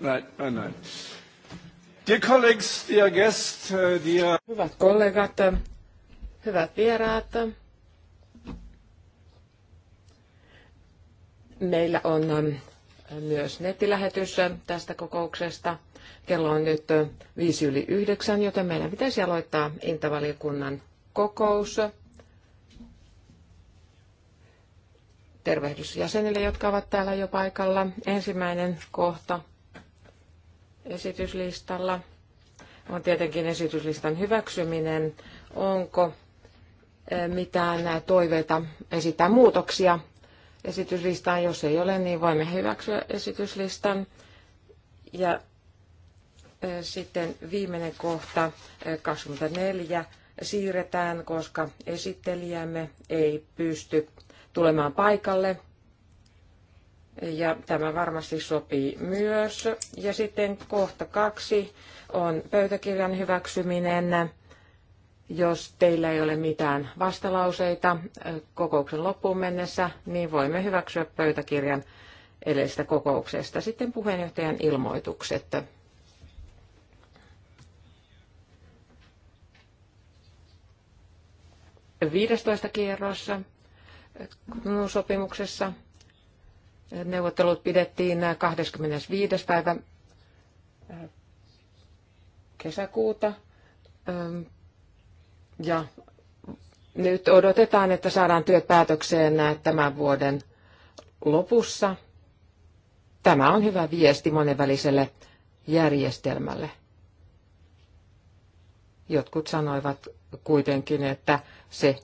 Näin, näin, näin. Dear colleagues, dear guests, uh, dear... Hyvät kollegat, hyvät vieraat. Meillä on um, myös nettilähetys tästä kokouksesta. Kello on nyt viisi yli yhdeksän, joten meidän pitäisi aloittaa intavaliokunnan kokous. Tervehdys jäsenille, jotka ovat täällä jo paikalla. Ensimmäinen kohta esityslistalla on tietenkin esityslistan hyväksyminen. Onko eh, mitään toiveita esittää muutoksia esityslistaan? Jos ei ole, niin voimme hyväksyä esityslistan. Ja eh, sitten viimeinen kohta, 24, eh, siirretään, koska esittelijämme ei pysty tulemaan paikalle ja tämä varmasti sopii myös. Ja sitten kohta kaksi on pöytäkirjan hyväksyminen. Jos teillä ei ole mitään vastalauseita kokouksen loppuun mennessä, niin voimme hyväksyä pöytäkirjan edellisestä kokouksesta. Sitten puheenjohtajan ilmoitukset. Viidestoista kierrossa sopimuksessa Neuvottelut pidettiin 25. päivä kesäkuuta ja nyt odotetaan, että saadaan työt päätökseen tämän vuoden lopussa. Tämä on hyvä viesti monenväliselle järjestelmälle. Jotkut sanoivat kuitenkin, että se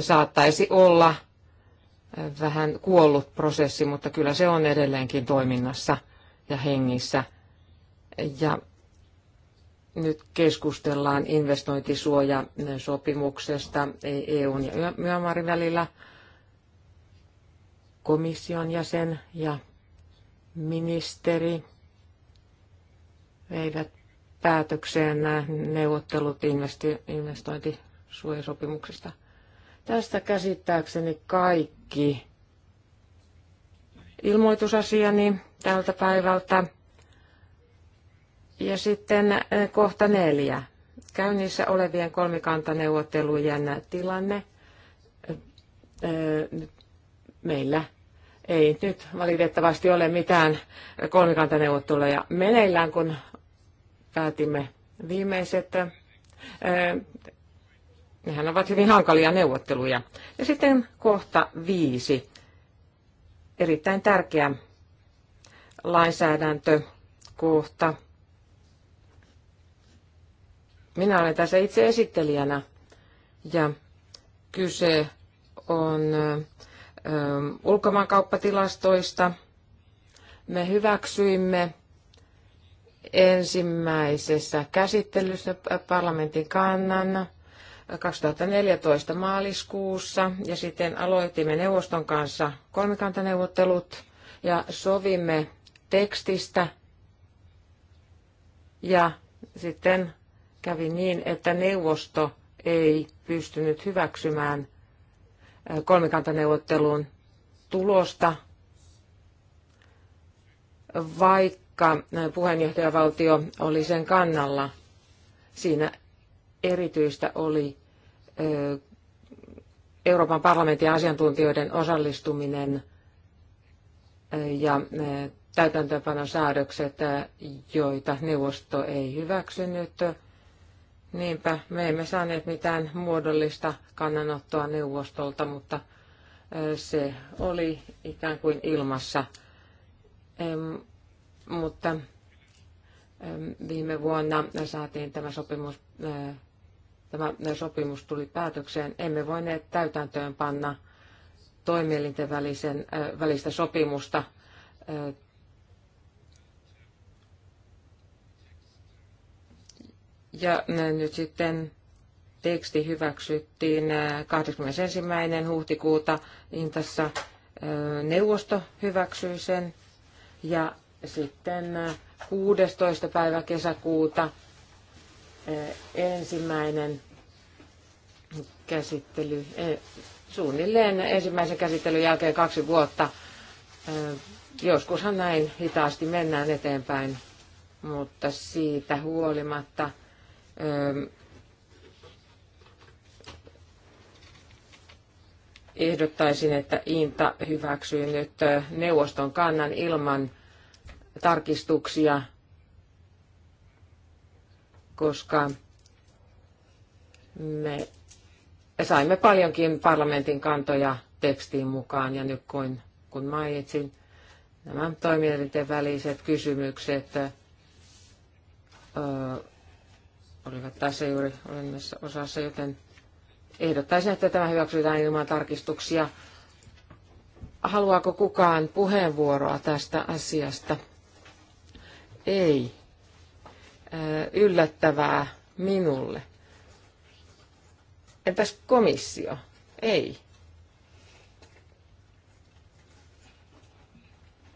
saattaisi olla vähän kuollut prosessi, mutta kyllä se on edelleenkin toiminnassa ja hengissä. Ja nyt keskustellaan investointisuojasopimuksesta EUn ja Myanmarin välillä komission jäsen ja ministeri veivät päätökseen nämä neuvottelut investointisuojasopimuksesta. Tästä käsittääkseni kaikki kaikki ilmoitusasiani tältä päivältä. Ja sitten äh, kohta neljä. Käynnissä olevien kolmikantaneuvottelujen tilanne. Äh, äh, meillä ei nyt valitettavasti ole mitään kolmikantaneuvotteluja meneillään, kun päätimme viimeiset Nehän ovat hyvin hankalia neuvotteluja. Ja sitten kohta viisi. Erittäin tärkeä lainsäädäntökohta. Minä olen tässä itse esittelijänä ja kyse on ö, ähm, ulkomaankauppatilastoista. Me hyväksyimme ensimmäisessä käsittelyssä äh, parlamentin kannan 2014 maaliskuussa ja sitten aloitimme neuvoston kanssa kolmikantaneuvottelut ja sovimme tekstistä ja sitten kävi niin, että neuvosto ei pystynyt hyväksymään kolmikantaneuvottelun tulosta, vaikka puheenjohtajavaltio oli sen kannalla. Siinä erityistä oli Euroopan parlamentin asiantuntijoiden osallistuminen ja täytäntöönpanosäädökset, joita neuvosto ei hyväksynyt. Niinpä me emme saaneet mitään muodollista kannanottoa neuvostolta, mutta se oli ikään kuin ilmassa. Mutta viime vuonna saatiin tämä sopimus tämä sopimus tuli päätökseen, emme voineet täytäntöön panna toimielinten välisen, välistä sopimusta. Ja nyt sitten teksti hyväksyttiin 21. huhtikuuta Intassa. Neuvosto hyväksyi sen ja sitten 16. päivä kesäkuuta ensimmäinen käsittely, suunnilleen ensimmäisen käsittelyn jälkeen kaksi vuotta. Joskushan näin hitaasti mennään eteenpäin, mutta siitä huolimatta ehdottaisin, että Inta hyväksyy nyt neuvoston kannan ilman tarkistuksia – koska me saimme paljonkin parlamentin kantoja tekstiin mukaan ja nyt kun, kun mainitsin nämä toimielinten väliset kysymykset, ö, olivat tässä juuri olemassa osassa, joten ehdottaisin, että tämä hyväksytään ilman tarkistuksia. Haluaako kukaan puheenvuoroa tästä asiasta? Ei yllättävää minulle. Entäs komissio? Ei.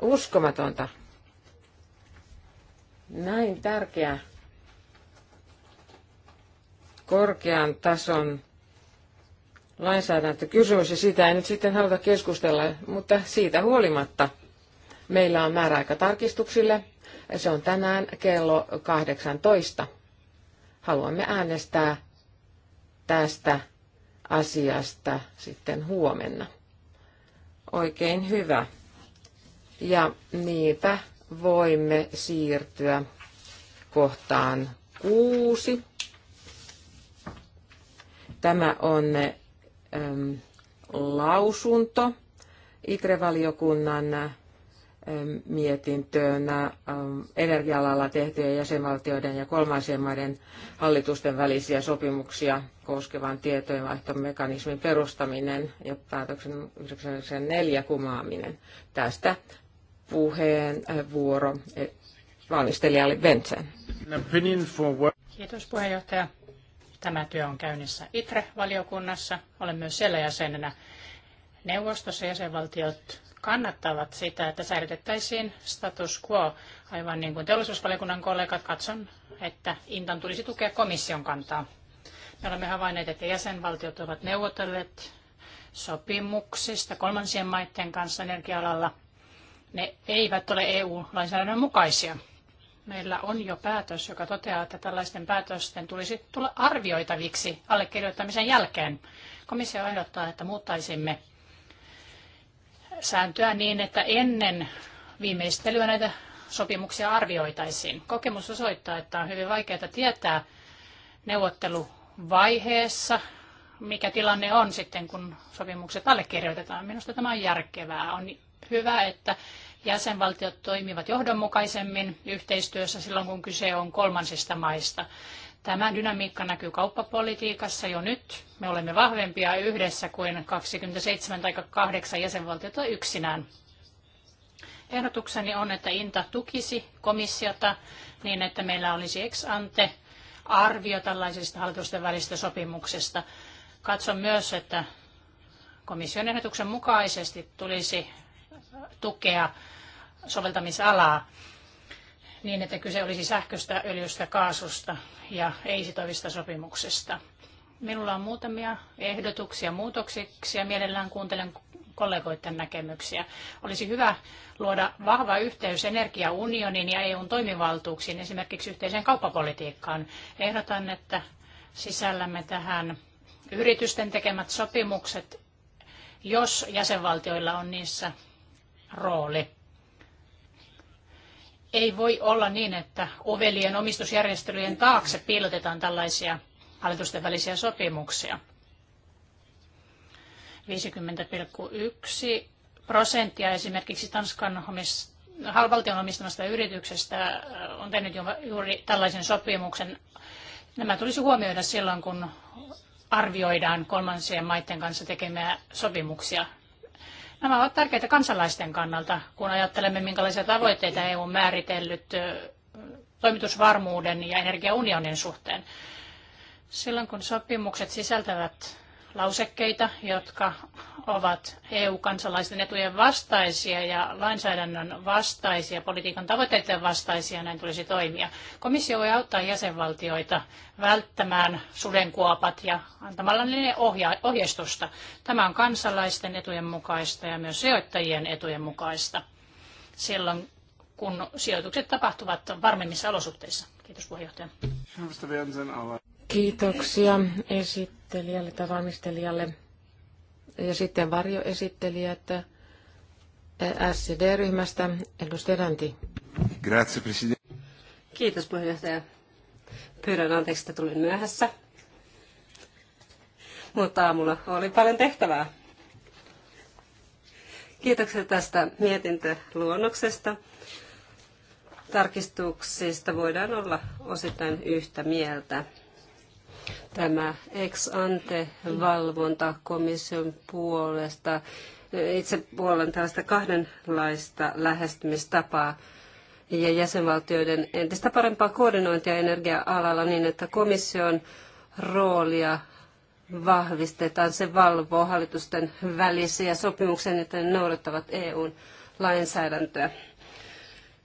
Uskomatonta. Näin tärkeä korkean tason lainsäädäntökysymys ja siitä ei nyt sitten haluta keskustella, mutta siitä huolimatta meillä on määräaika tarkistuksille se on tänään kello 18. Haluamme äänestää tästä asiasta sitten huomenna. Oikein hyvä. Ja niinpä voimme siirtyä kohtaan kuusi. Tämä on ähm, lausunto Itrevaliokunnan valiokunnan mietintöön ähm, energia-alalla tehtyjä jäsenvaltioiden ja kolmansien maiden hallitusten välisiä sopimuksia koskevan tietojenvaihtomekanismin perustaminen ja päätöksen 94 kumaaminen. Tästä puheenvuoro äh, e, valmistelijalle Bentsen. Kiitos puheenjohtaja. Tämä työ on käynnissä ITRE-valiokunnassa. Olen myös siellä jäsenenä neuvostossa jäsenvaltiot kannattavat sitä, että säilytettäisiin status quo. Aivan niin kuin teollisuusvaliokunnan kollegat katson, että Intan tulisi tukea komission kantaa. Me olemme havainneet, että jäsenvaltiot ovat neuvotelleet sopimuksista kolmansien maiden kanssa energia-alalla. Ne eivät ole EU-lainsäädännön mukaisia. Meillä on jo päätös, joka toteaa, että tällaisten päätösten tulisi tulla arvioitaviksi allekirjoittamisen jälkeen. Komissio ehdottaa, että muuttaisimme sääntöä niin, että ennen viimeistelyä näitä sopimuksia arvioitaisiin. Kokemus osoittaa, että on hyvin vaikeaa tietää neuvotteluvaiheessa, mikä tilanne on sitten, kun sopimukset allekirjoitetaan. Minusta tämä on järkevää. On hyvä, että jäsenvaltiot toimivat johdonmukaisemmin yhteistyössä silloin, kun kyse on kolmansista maista. Tämä dynamiikka näkyy kauppapolitiikassa jo nyt. Me olemme vahvempia yhdessä kuin 27 tai 8 jäsenvaltiota yksinään. Ehdotukseni on, että INTA tukisi komissiota niin, että meillä olisi ex ante arvio tällaisista hallitusten välisistä sopimuksesta. Katson myös, että komission ehdotuksen mukaisesti tulisi tukea soveltamisalaa niin, että kyse olisi sähköstä, öljystä, kaasusta ja ei-sitovista sopimuksesta. Minulla on muutamia ehdotuksia muutoksiksi ja mielellään kuuntelen kollegoiden näkemyksiä. Olisi hyvä luoda vahva yhteys energiaunionin ja EUn toimivaltuuksiin, esimerkiksi yhteiseen kauppapolitiikkaan. Ehdotan, että sisällämme tähän yritysten tekemät sopimukset, jos jäsenvaltioilla on niissä rooli. Ei voi olla niin, että ovelien omistusjärjestelyjen taakse piilotetaan tällaisia hallitusten välisiä sopimuksia. 50,1 prosenttia esimerkiksi Tanskan valtion omistamasta yrityksestä äh, on tehnyt juuri tällaisen sopimuksen. Nämä tulisi huomioida silloin, kun arvioidaan kolmansien maiden kanssa tekemiä sopimuksia. Nämä ovat tärkeitä kansalaisten kannalta, kun ajattelemme, minkälaisia tavoitteita EU on määritellyt toimitusvarmuuden ja energiaunionin suhteen. Silloin kun sopimukset sisältävät lausekkeita, jotka ovat EU-kansalaisten etujen vastaisia ja lainsäädännön vastaisia, politiikan tavoitteiden vastaisia, näin tulisi toimia. Komissio voi auttaa jäsenvaltioita välttämään sudenkuopat ja antamalla niille ohja- ohjeistusta. Tämä on kansalaisten etujen mukaista ja myös sijoittajien etujen mukaista silloin, kun sijoitukset tapahtuvat varmemmissa olosuhteissa. Kiitos puheenjohtaja. Kiitoksia esittelijälle tai valmistelijalle ja sitten varjoesittelijät SCD-ryhmästä, edustaja Danti. Grazie, president. Kiitos puheenjohtaja. Pyydän anteeksi, että tulin myöhässä. Mutta aamulla oli paljon tehtävää. Kiitoksia tästä mietintöluonnoksesta. Tarkistuksista voidaan olla osittain yhtä mieltä. Tämä ex ante valvonta komission puolesta. Itse puolen tällaista kahdenlaista lähestymistapaa ja jäsenvaltioiden entistä parempaa koordinointia energia-alalla niin, että komission roolia vahvistetaan. Se valvoo hallitusten välisiä sopimuksia, niin että ne noudattavat EUn lainsäädäntöä.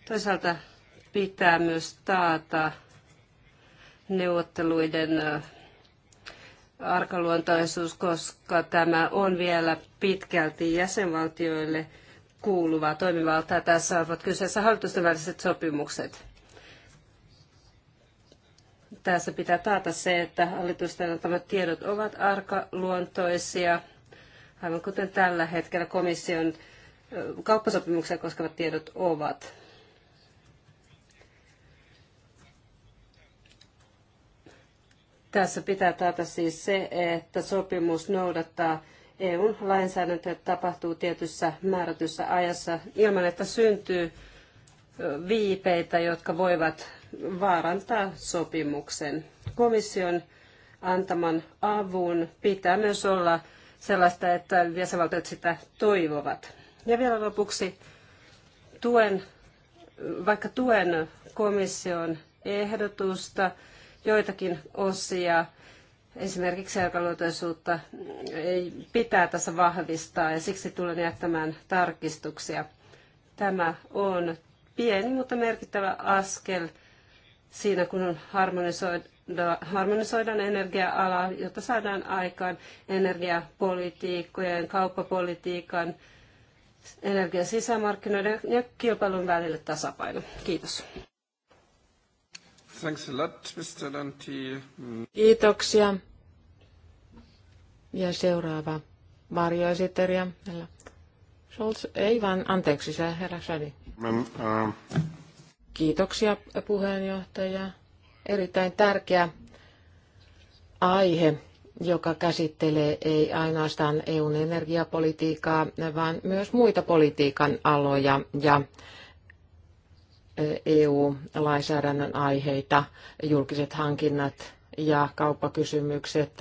Toisaalta pitää myös taata neuvotteluiden äh, arkaluontoisuus, koska tämä on vielä pitkälti jäsenvaltioille kuuluvaa toimivaltaa. Tässä ovat kyseessä hallitusten väliset sopimukset. Tässä pitää taata se, että hallitusten antamat tiedot ovat arkaluontoisia, aivan kuten tällä hetkellä komission äh, kauppasopimuksia koskevat tiedot ovat. Tässä pitää taata siis se, että sopimus noudattaa EUn lainsäädäntöä tapahtuu tietyssä määrätyssä ajassa ilman, että syntyy viipeitä, jotka voivat vaarantaa sopimuksen. Komission antaman avun pitää myös olla sellaista, että jäsenvaltiot sitä toivovat. Ja vielä lopuksi tuen, vaikka tuen komission ehdotusta, joitakin osia, esimerkiksi selkäluotoisuutta, ei pitää tässä vahvistaa ja siksi tulen jättämään tarkistuksia. Tämä on pieni, mutta merkittävä askel siinä, kun harmonisoida, harmonisoidaan energia jotta saadaan aikaan energiapolitiikkojen, kauppapolitiikan, energian sisämarkkinoiden ja kilpailun välille tasapaino. Kiitos. Thanks a lot, Mr. Lanti. Kiitoksia. Ja seuraava varjoesittelijä. Scholz, ei vaan, anteeksi, sä herra Shadi. Kiitoksia puheenjohtaja. Erittäin tärkeä aihe, joka käsittelee ei ainoastaan EUn energiapolitiikkaa, vaan myös muita politiikan aloja ja EU-lainsäädännön aiheita, julkiset hankinnat ja kauppakysymykset.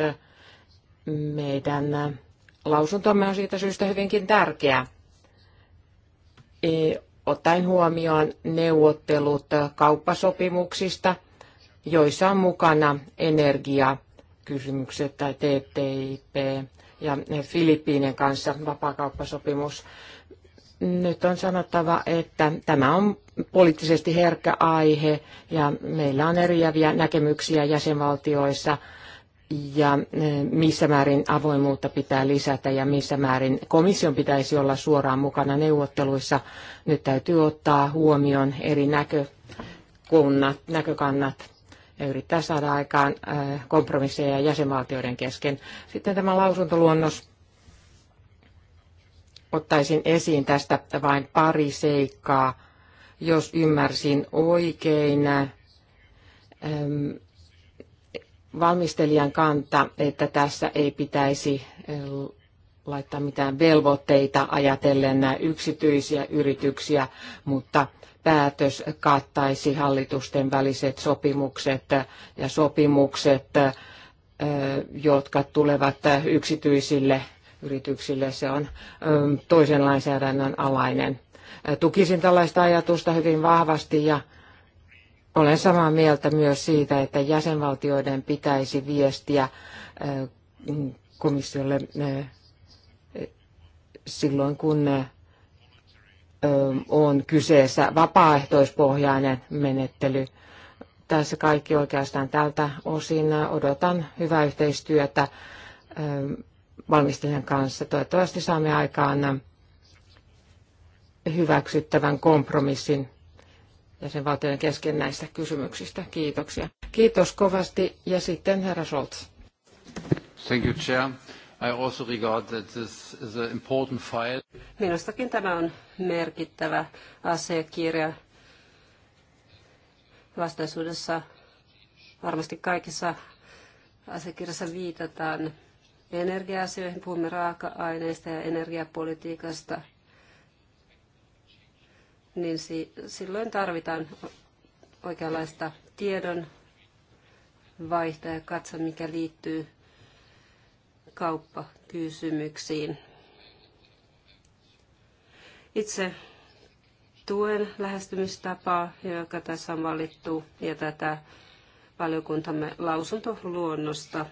Meidän lausuntomme on siitä syystä hyvinkin tärkeä. E, ottaen huomioon neuvottelut kauppasopimuksista, joissa on mukana energiakysymykset tai TTIP ja Filippiinien kanssa vapaakauppasopimus nyt on sanottava, että tämä on poliittisesti herkkä aihe ja meillä on eriäviä näkemyksiä jäsenvaltioissa ja eh, missä määrin avoimuutta pitää lisätä ja missä määrin komission pitäisi olla suoraan mukana neuvotteluissa. Nyt täytyy ottaa huomioon eri näkökunnat, näkökannat ja yrittää saada aikaan eh, kompromisseja jäsenvaltioiden kesken. Sitten tämä lausuntoluonnos ottaisin esiin tästä vain pari seikkaa, jos ymmärsin oikein. Ehm, valmistelijan kanta, että tässä ei pitäisi eh, laittaa mitään velvoitteita ajatellen nämä yksityisiä yrityksiä, mutta päätös kattaisi hallitusten väliset sopimukset ja sopimukset, eh, jotka tulevat yksityisille yrityksille. Se on toisen lainsäädännön alainen. Tukisin tällaista ajatusta hyvin vahvasti ja olen samaa mieltä myös siitä, että jäsenvaltioiden pitäisi viestiä komissiolle silloin, kun on kyseessä vapaaehtoispohjainen menettely. Tässä kaikki oikeastaan tältä osin odotan hyvää yhteistyötä valmistajan kanssa. Toivottavasti saamme aikaan hyväksyttävän kompromissin ja sen valtion kesken näistä kysymyksistä. Kiitoksia. Kiitos kovasti ja sitten herra Scholz. Thank you, Chair. I also regard that this is an important file. Minustakin tämä on merkittävä asiakirja. Vastaisuudessa varmasti kaikissa asiakirjassa viitataan energia-asioihin, puhumme raaka-aineista ja energiapolitiikasta, niin silloin tarvitaan oikeanlaista tiedon vaihtaa ja katso, mikä liittyy kauppakysymyksiin. Itse tuen lähestymistapaa, joka tässä on valittu, ja tätä valiokuntamme lausuntoluonnosta –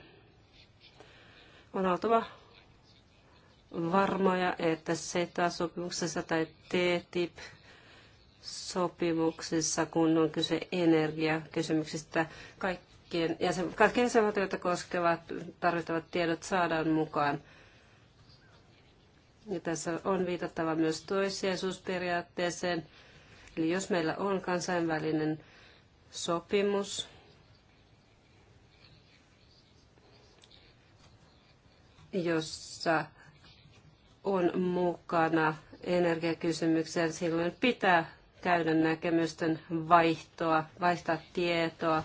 on oltava varmoja, että ceta sopimuksessa tai TTIP-sopimuksessa, e kun on kyse energiakysymyksistä, kaikkien, jäsen, kaikkien jäsenvaltioita koskevat tarvittavat tiedot saadaan mukaan. Ja tässä on viitattava myös toissijaisuusperiaatteeseen. Eli jos meillä on kansainvälinen sopimus, jossa on mukana energiakysymykseen, silloin pitää käydä näkemysten vaihtoa, vaihtaa tietoa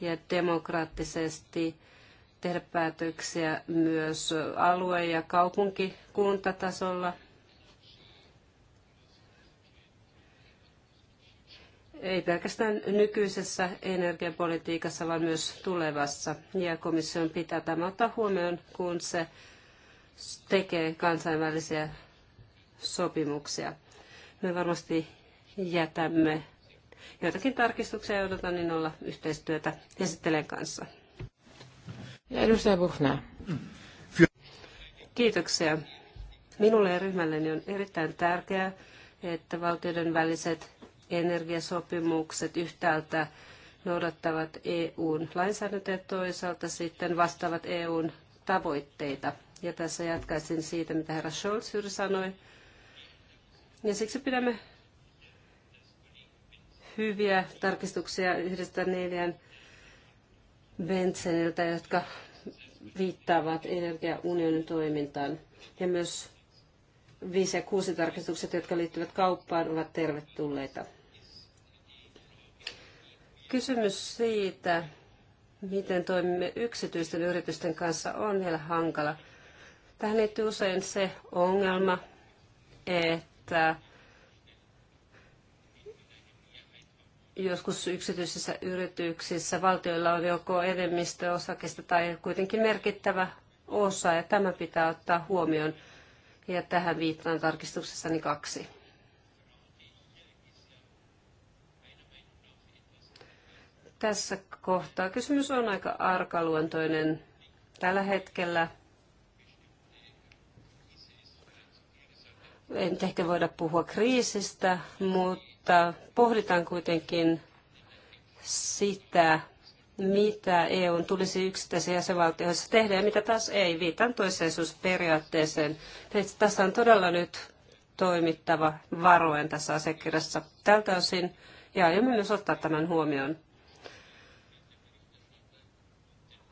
ja demokraattisesti tehdä päätöksiä myös alue- ja kaupunki kuntatasolla – ei pelkästään nykyisessä energiapolitiikassa, vaan myös tulevassa. Ja komission pitää tämä ottaa huomioon, kun se tekee kansainvälisiä sopimuksia. Me varmasti jätämme joitakin tarkistuksia ja odotan innolla yhteistyötä esittelen kanssa. Ja edustaja Buchner. Kiitoksia. Minulle ja ryhmälleni on erittäin tärkeää, että valtioiden väliset energiasopimukset yhtäältä noudattavat EUn lainsäädäntöä ja toisaalta sitten vastaavat EUn tavoitteita. Ja tässä jatkaisin siitä, mitä herra Scholz juuri sanoi. Ja siksi pidämme hyviä tarkistuksia yhdestä neljän Bentseniltä, jotka viittaavat energiaunionin toimintaan. Ja myös viisi ja kuusi tarkistukset, jotka liittyvät kauppaan, ovat tervetulleita. Kysymys siitä, miten toimimme yksityisten yritysten kanssa, on vielä hankala. Tähän liittyy usein se ongelma, että joskus yksityisissä yrityksissä valtioilla on joko enemmistö osakista tai kuitenkin merkittävä osa, ja tämä pitää ottaa huomioon. Ja tähän viittaan tarkistuksessani kaksi. Tässä kohtaa kysymys on aika arkaluontoinen. Tällä hetkellä en ehkä voida puhua kriisistä, mutta pohditaan kuitenkin sitä, mitä EUn tulisi yksittäisissä jäsenvaltioissa tehdä ja mitä taas ei. Viitan toiseisuusperiaatteeseen. Tässä on todella nyt toimittava varoen tässä asiakirjassa tältä osin ja aiomme myös ottaa tämän huomioon.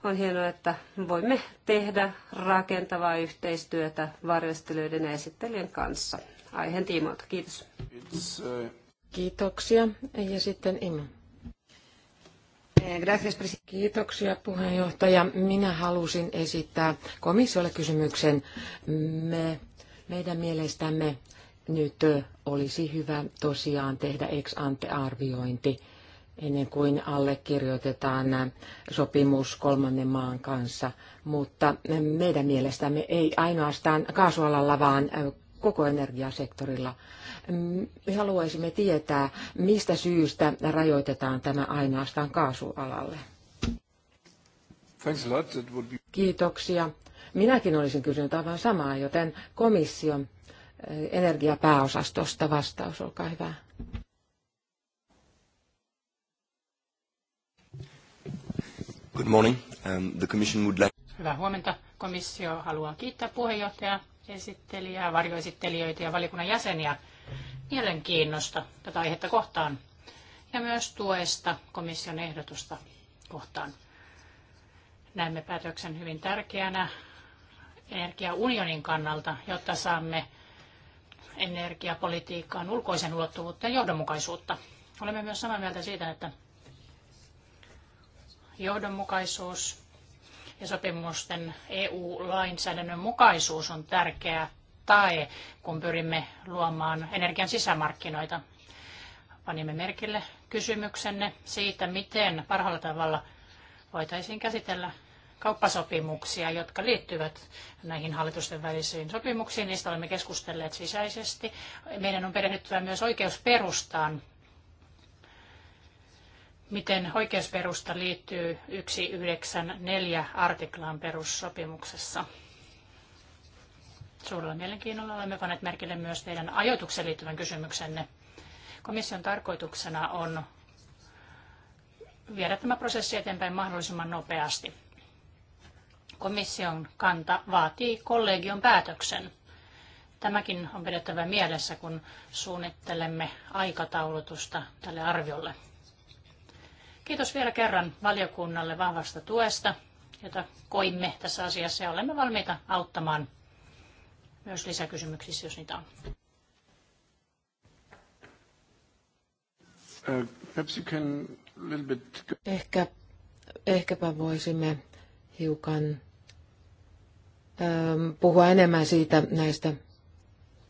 On hienoa, että voimme tehdä rakentavaa yhteistyötä varjostelijoiden ja esittelijän kanssa aiheen tiimoilta. Kiitos. Kiitoksia. Ja sitten Imo. Kiitoksia puheenjohtaja. Minä halusin esittää komissiolle kysymyksen. Me, meidän mielestämme nyt olisi hyvä tosiaan tehdä ex ante arviointi ennen kuin allekirjoitetaan sopimus kolmannen maan kanssa. Mutta meidän mielestämme ei ainoastaan kaasualalla, vaan koko energiasektorilla. Me haluaisimme tietää, mistä syystä rajoitetaan tämä ainoastaan kaasualalle. Kiitoksia. Minäkin olisin kysynyt aivan samaa, joten komission eh, energiapääosastosta vastaus, olkaa hyvä. Good morning. Um, the commission would like... Hyvää huomenta. Komissio haluaa kiittää puheenjohtajaa, esittelijää, varjoesittelijöitä ja valikunnan jäseniä mielenkiinnosta tätä aihetta kohtaan ja myös tuesta komission ehdotusta kohtaan. Näemme päätöksen hyvin tärkeänä energiaunionin kannalta, jotta saamme energiapolitiikkaan ulkoisen ulottuvuutta ja johdonmukaisuutta. Olemme myös samaa mieltä siitä, että johdonmukaisuus ja sopimusten EU-lainsäädännön mukaisuus on tärkeä tae, kun pyrimme luomaan energian sisämarkkinoita. Panimme merkille kysymyksenne siitä, miten parhaalla tavalla voitaisiin käsitellä kauppasopimuksia, jotka liittyvät näihin hallitusten välisiin sopimuksiin. Niistä olemme keskustelleet sisäisesti. Meidän on perehdyttävä myös oikeusperustaan miten oikeusperusta liittyy 194 artiklaan perussopimuksessa. Suurella mielenkiinnolla olemme panneet merkille myös teidän ajoitukseen liittyvän kysymyksenne. Komission tarkoituksena on viedä tämä prosessi eteenpäin mahdollisimman nopeasti. Komission kanta vaatii kollegion päätöksen. Tämäkin on pidettävä mielessä, kun suunnittelemme aikataulutusta tälle arviolle. Kiitos vielä kerran valiokunnalle vahvasta tuesta, jota koimme tässä asiassa ja olemme valmiita auttamaan myös lisäkysymyksissä, jos niitä on. Uh, Ehkä, ehkäpä voisimme hiukan ähm, puhua enemmän siitä näistä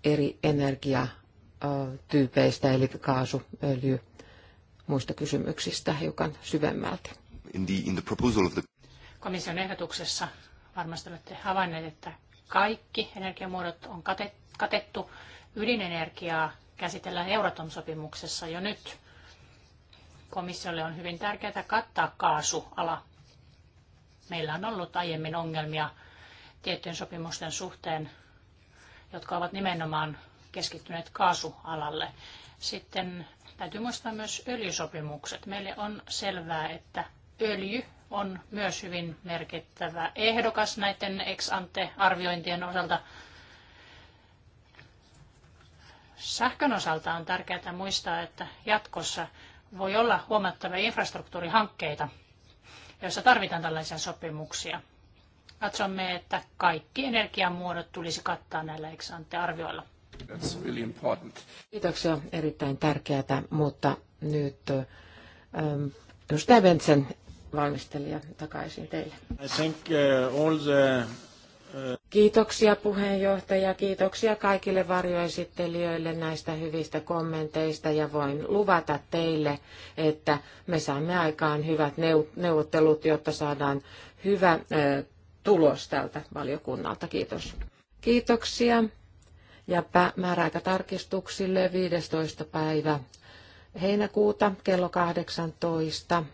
eri energiatyypeistä, äh, eli kaasu, öljy, muista kysymyksistä hiukan syvemmälti. In the, in the the... Komission ehdotuksessa varmasti olette havainneet, että kaikki energiamuodot on katettu. Ydinenergiaa käsitellään Euratom-sopimuksessa jo nyt. Komissiolle on hyvin tärkeää kattaa kaasuala. Meillä on ollut aiemmin ongelmia tiettyjen sopimusten suhteen, jotka ovat nimenomaan keskittyneet kaasualalle. Sitten Täytyy muistaa myös öljysopimukset. Meille on selvää, että öljy on myös hyvin merkittävä ehdokas näiden ex ante arviointien osalta. Sähkön osalta on tärkeää muistaa, että jatkossa voi olla huomattavia infrastruktuurihankkeita, joissa tarvitaan tällaisia sopimuksia. Katsomme, että kaikki energiamuodot tulisi kattaa näillä ex ante arvioilla. That's really important. Kiitoksia, erittäin tärkeää, mutta nyt ähm, edustaja Bentsen valmistelija takaisin teille. I think, uh, all the uh, Kiitoksia puheenjohtaja, kiitoksia kaikille varjoesittelijöille näistä hyvistä kommenteista ja voin luvata teille, että me saamme aikaan hyvät neuvottelut, jotta saadaan hyvä tulos tältä valiokunnalta. Kiitos. Kiitoksia ja määräaika tarkistuksille 15. päivä heinäkuuta kello 18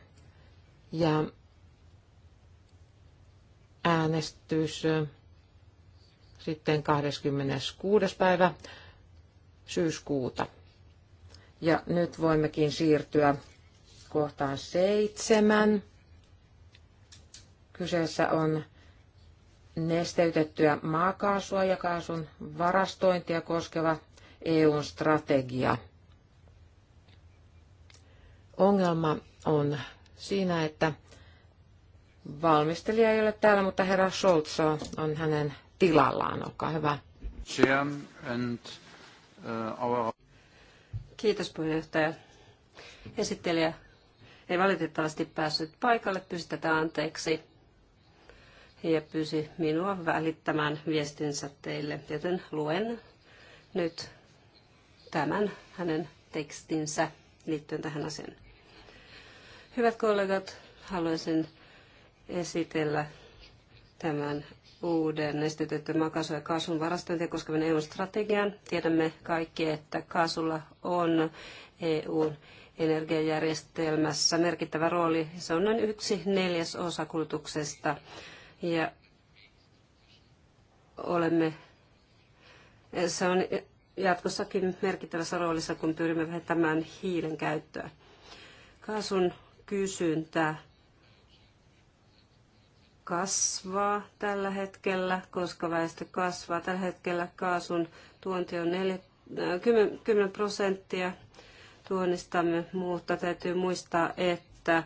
ja äänestys sitten 26. päivä syyskuuta. Ja nyt voimmekin siirtyä kohtaan seitsemän. Kyseessä on nesteytettyä maakaasua ja kaasun varastointia koskeva EUn strategia. Ongelma on siinä, että valmistelija ei ole täällä, mutta herra Scholz on hänen tilallaan. Olkaa hyvä. Uh, Kiitos puheenjohtaja. Esittelijä ei valitettavasti päässyt paikalle, pystytään anteeksi ja pyysi minua välittämään viestinsä teille, joten luen nyt tämän hänen tekstinsä liittyen tähän asiaan. Hyvät kollegat, haluaisin esitellä tämän uuden nesteytetty makasu- ja kaasun varastointia koskevan EU-strategian. Tiedämme kaikki, että kaasulla on EUn energiajärjestelmässä merkittävä rooli. Se on noin yksi neljäs osa kulutuksesta. Ja olemme, se on jatkossakin merkittävässä roolissa, kun pyrimme vähentämään hiilen käyttöä. Kaasun kysyntä kasvaa tällä hetkellä, koska väestö kasvaa. Tällä hetkellä kaasun tuonti on 4, 10 äh, prosenttia tuonnistamme, mutta täytyy muistaa, että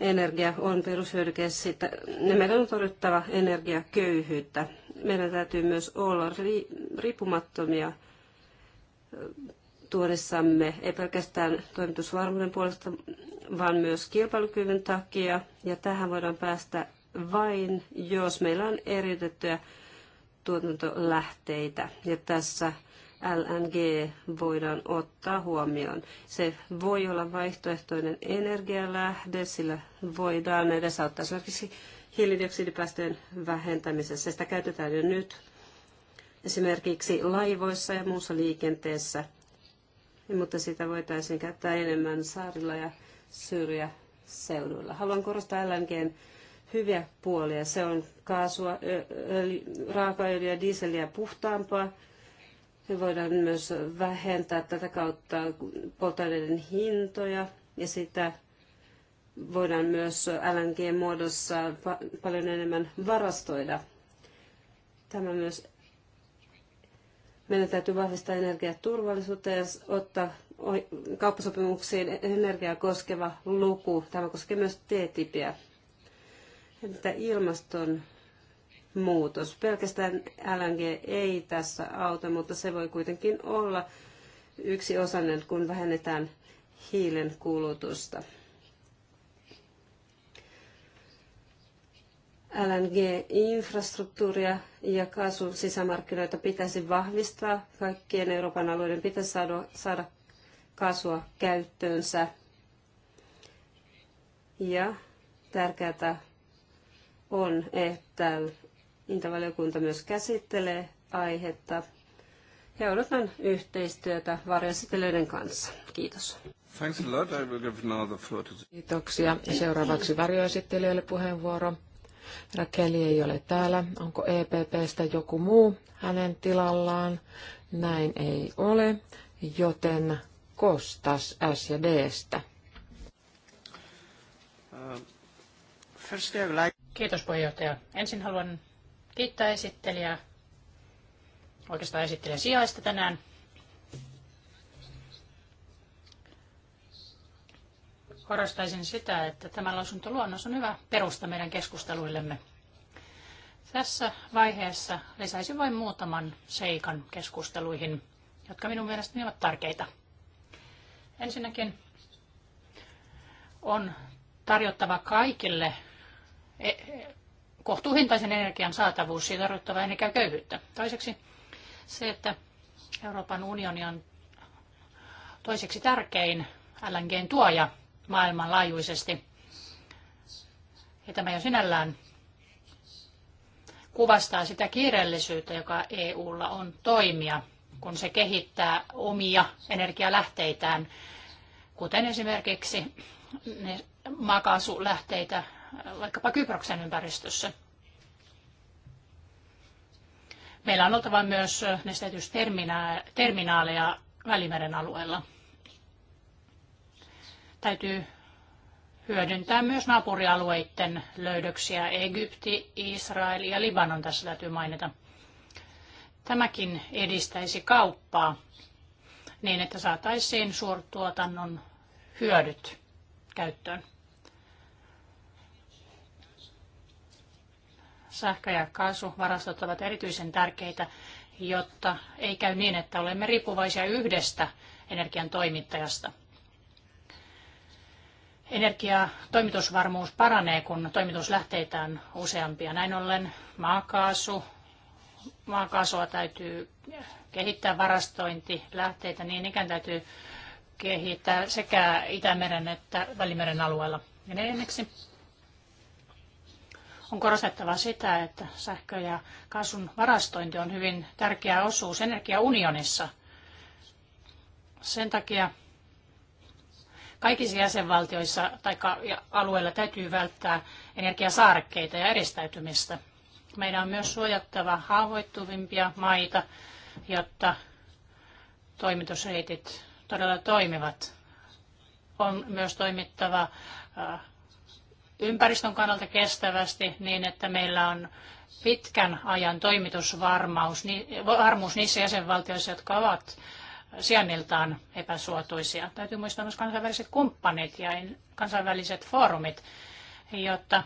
energia on perushyödyke, sitä, ja meidän on torjuttava energiaköyhyyttä. Meidän täytyy myös olla riippumattomia tuodessamme, ei pelkästään toimitusvarmuuden puolesta, vaan myös kilpailukyvyn takia. Ja tähän voidaan päästä vain, jos meillä on eriytettyjä tuotantolähteitä. Ja tässä LNG voidaan ottaa huomioon. Se voi olla vaihtoehtoinen energialähde, sillä voidaan edesauttaa esimerkiksi hiilidioksidipäästöjen vähentämisessä. Sitä käytetään jo nyt esimerkiksi laivoissa ja muussa liikenteessä, mutta sitä voitaisiin käyttää enemmän saarilla ja syrjäseuduilla. Haluan korostaa LNGn hyviä puolia. Se on kaasua, raakaöljyä, dieseliä puhtaampaa me voidaan myös vähentää tätä kautta polttoaineiden hintoja ja sitä voidaan myös LNG-muodossa paljon enemmän varastoida. Tämä myös meidän täytyy vahvistaa energiaturvallisuutta ja ottaa kauppasopimuksiin energiaa koskeva luku. Tämä koskee myös TTIPiä. Entä ilmaston muutos. Pelkästään LNG ei tässä auta, mutta se voi kuitenkin olla yksi osanen, kun vähennetään hiilen kulutusta. LNG-infrastruktuuria ja kaasun sisämarkkinoita pitäisi vahvistaa. Kaikkien Euroopan alueiden pitäisi saada, saada kaasua käyttöönsä. Ja tärkeää on, että Intavaliokunta myös käsittelee aihetta ja odotan yhteistyötä varjoesittelyiden kanssa. Kiitos. Thanks a lot. I will give now the floor to... Kiitoksia. Seuraavaksi varjoesittelijöille puheenvuoro. Rakeli ei ole täällä. Onko EPPstä joku muu hänen tilallaan? Näin ei ole, joten Kostas S ja Dstä. Uh, Kiitos puheenjohtaja. Ensin haluan kiittää esittelijää, oikeastaan esittelijän sijaista tänään. Korostaisin sitä, että tämä lausuntoluonnos on hyvä perusta meidän keskusteluillemme. Tässä vaiheessa lisäisin vain muutaman seikan keskusteluihin, jotka minun mielestäni ovat tärkeitä. Ensinnäkin on tarjottava kaikille e- kohtuuhintaisen energian saatavuus, siitä tarvittava ennen köyhyyttä. Toiseksi se, että Euroopan unioni on toiseksi tärkein LNGn tuoja maailmanlaajuisesti. Ja tämä jo sinällään kuvastaa sitä kiireellisyyttä, joka EUlla on toimia, kun se kehittää omia energialähteitään, kuten esimerkiksi ne maakaasulähteitä vaikkapa Kyproksen ympäristössä. Meillä on oltava myös nesteytysterminaaleja Välimeren alueella. Täytyy hyödyntää myös naapurialueiden löydöksiä. Egypti, Israel ja Libanon tässä täytyy mainita. Tämäkin edistäisi kauppaa niin, että saataisiin suurtuotannon hyödyt käyttöön. sähkö- ja kaasuvarastot ovat erityisen tärkeitä, jotta ei käy niin, että olemme riippuvaisia yhdestä energian toimittajasta. Energiatoimitusvarmuus paranee, kun toimituslähteitä on useampia. Näin ollen maakaasu, maakaasua täytyy kehittää varastointilähteitä, niin ikään täytyy kehittää sekä Itämeren että Välimeren alueella. Ja neljänneksi on korostettava sitä, että sähkö- ja kaasun varastointi on hyvin tärkeä osuus energiaunionissa. Sen takia kaikissa jäsenvaltioissa tai alueilla täytyy välttää energiasaarekkeita ja eristäytymistä. Meidän on myös suojattava haavoittuvimpia maita, jotta toimitusreitit todella toimivat. On myös toimittava äh, ympäristön kannalta kestävästi niin, että meillä on pitkän ajan toimitusvarmuus niissä jäsenvaltioissa, jotka ovat sijainniltaan epäsuotuisia. Täytyy muistaa myös kansainväliset kumppanit ja kansainväliset foorumit, jotta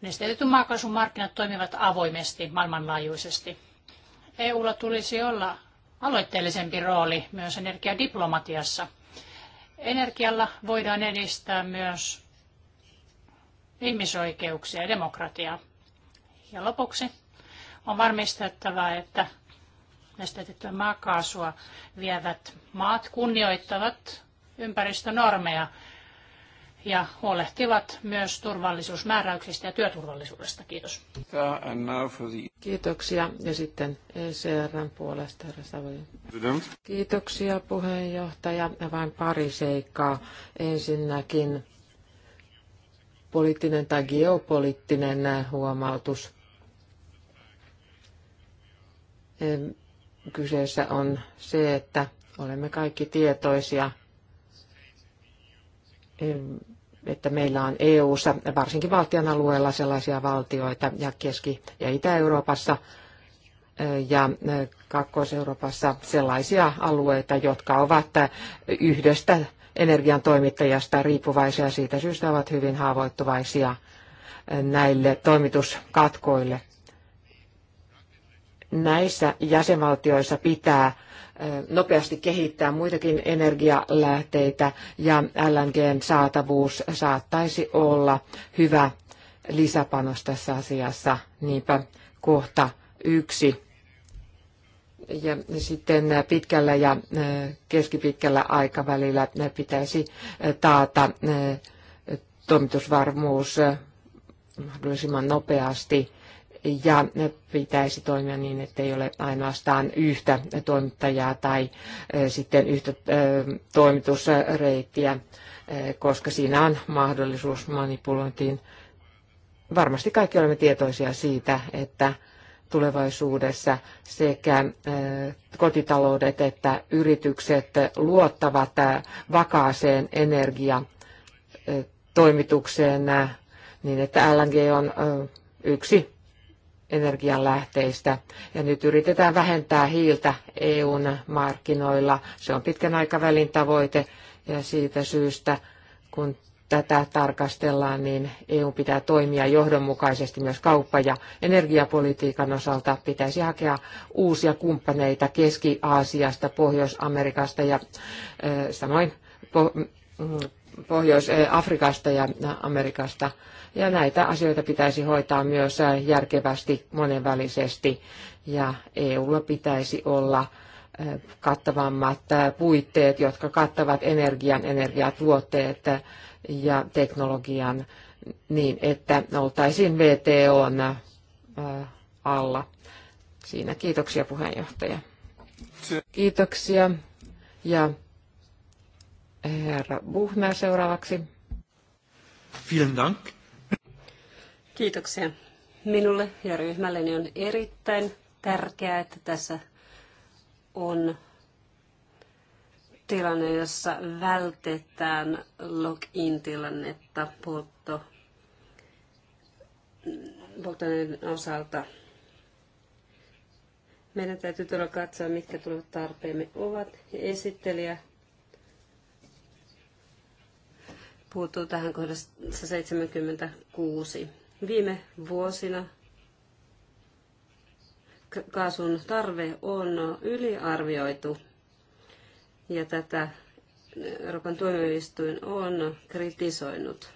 nesteytetyn maakaasun markkinat toimivat avoimesti maailmanlaajuisesti. EUlla tulisi olla aloitteellisempi rooli myös energiadiplomatiassa. Energialla voidaan edistää myös ihmisoikeuksia ja demokratiaa. Ja lopuksi on varmistettava, että nestetettyä maakaasua vievät maat kunnioittavat ympäristönormeja ja huolehtivat myös turvallisuusmääräyksistä ja työturvallisuudesta. Kiitos. Kiitoksia. Ja sitten ECRn puolesta, herra Kiitoksia puheenjohtaja. Vain pari seikkaa. Ensinnäkin poliittinen tai geopoliittinen huomautus. Kyseessä on se, että olemme kaikki tietoisia, että meillä on EU-ssa, varsinkin valtion alueella, sellaisia valtioita ja Keski- ja Itä-Euroopassa e, ja e, kaakkois euroopassa sellaisia alueita, jotka ovat e, yhdestä energian toimittajasta riippuvaisia. Siitä syystä ovat hyvin haavoittuvaisia näille toimituskatkoille. Näissä jäsenvaltioissa pitää nopeasti kehittää muitakin energialähteitä ja LNGn saatavuus saattaisi olla hyvä lisäpanos tässä asiassa. Niinpä kohta yksi ja sitten pitkällä ja keskipitkällä aikavälillä pitäisi taata toimitusvarmuus mahdollisimman nopeasti ja pitäisi toimia niin, että ei ole ainoastaan yhtä toimittajaa tai sitten yhtä toimitusreittiä, koska siinä on mahdollisuus manipulointiin. Varmasti kaikki olemme tietoisia siitä, että tulevaisuudessa sekä kotitaloudet että yritykset luottavat vakaaseen energiatoimitukseen niin, että LNG on yksi energianlähteistä. Ja nyt yritetään vähentää hiiltä EUn markkinoilla. Se on pitkän aikavälin tavoite ja siitä syystä, kun tätä tarkastellaan, niin EU pitää toimia johdonmukaisesti myös kauppa- ja energiapolitiikan osalta. Pitäisi hakea uusia kumppaneita Keski-Aasiasta, Pohjois-Amerikasta ja samoin mm, Pohjois-Afrikasta ja Amerikasta. Ja näitä asioita pitäisi hoitaa myös järkevästi, monenvälisesti. Ja EUlla pitäisi olla kattavammat puitteet, jotka kattavat energian, energiatuotteet, ja teknologian niin, että oltaisiin VTOn äh, alla. Siinä kiitoksia puheenjohtaja. Kiitoksia. Ja herra Buhner seuraavaksi. Vielen Dank. Kiitoksia. Minulle ja ryhmälleni on erittäin tärkeää, että tässä on tilanne, jossa vältetään login-tilannetta poltto, polttoaineiden osalta. Meidän täytyy todella katsoa, mitkä tulevat tarpeemme ovat. Esittelijä puuttuu tähän kohdassa 76. Viime vuosina kaasun tarve on yliarvioitu ja tätä Euroopan tuomioistuin on kritisoinut.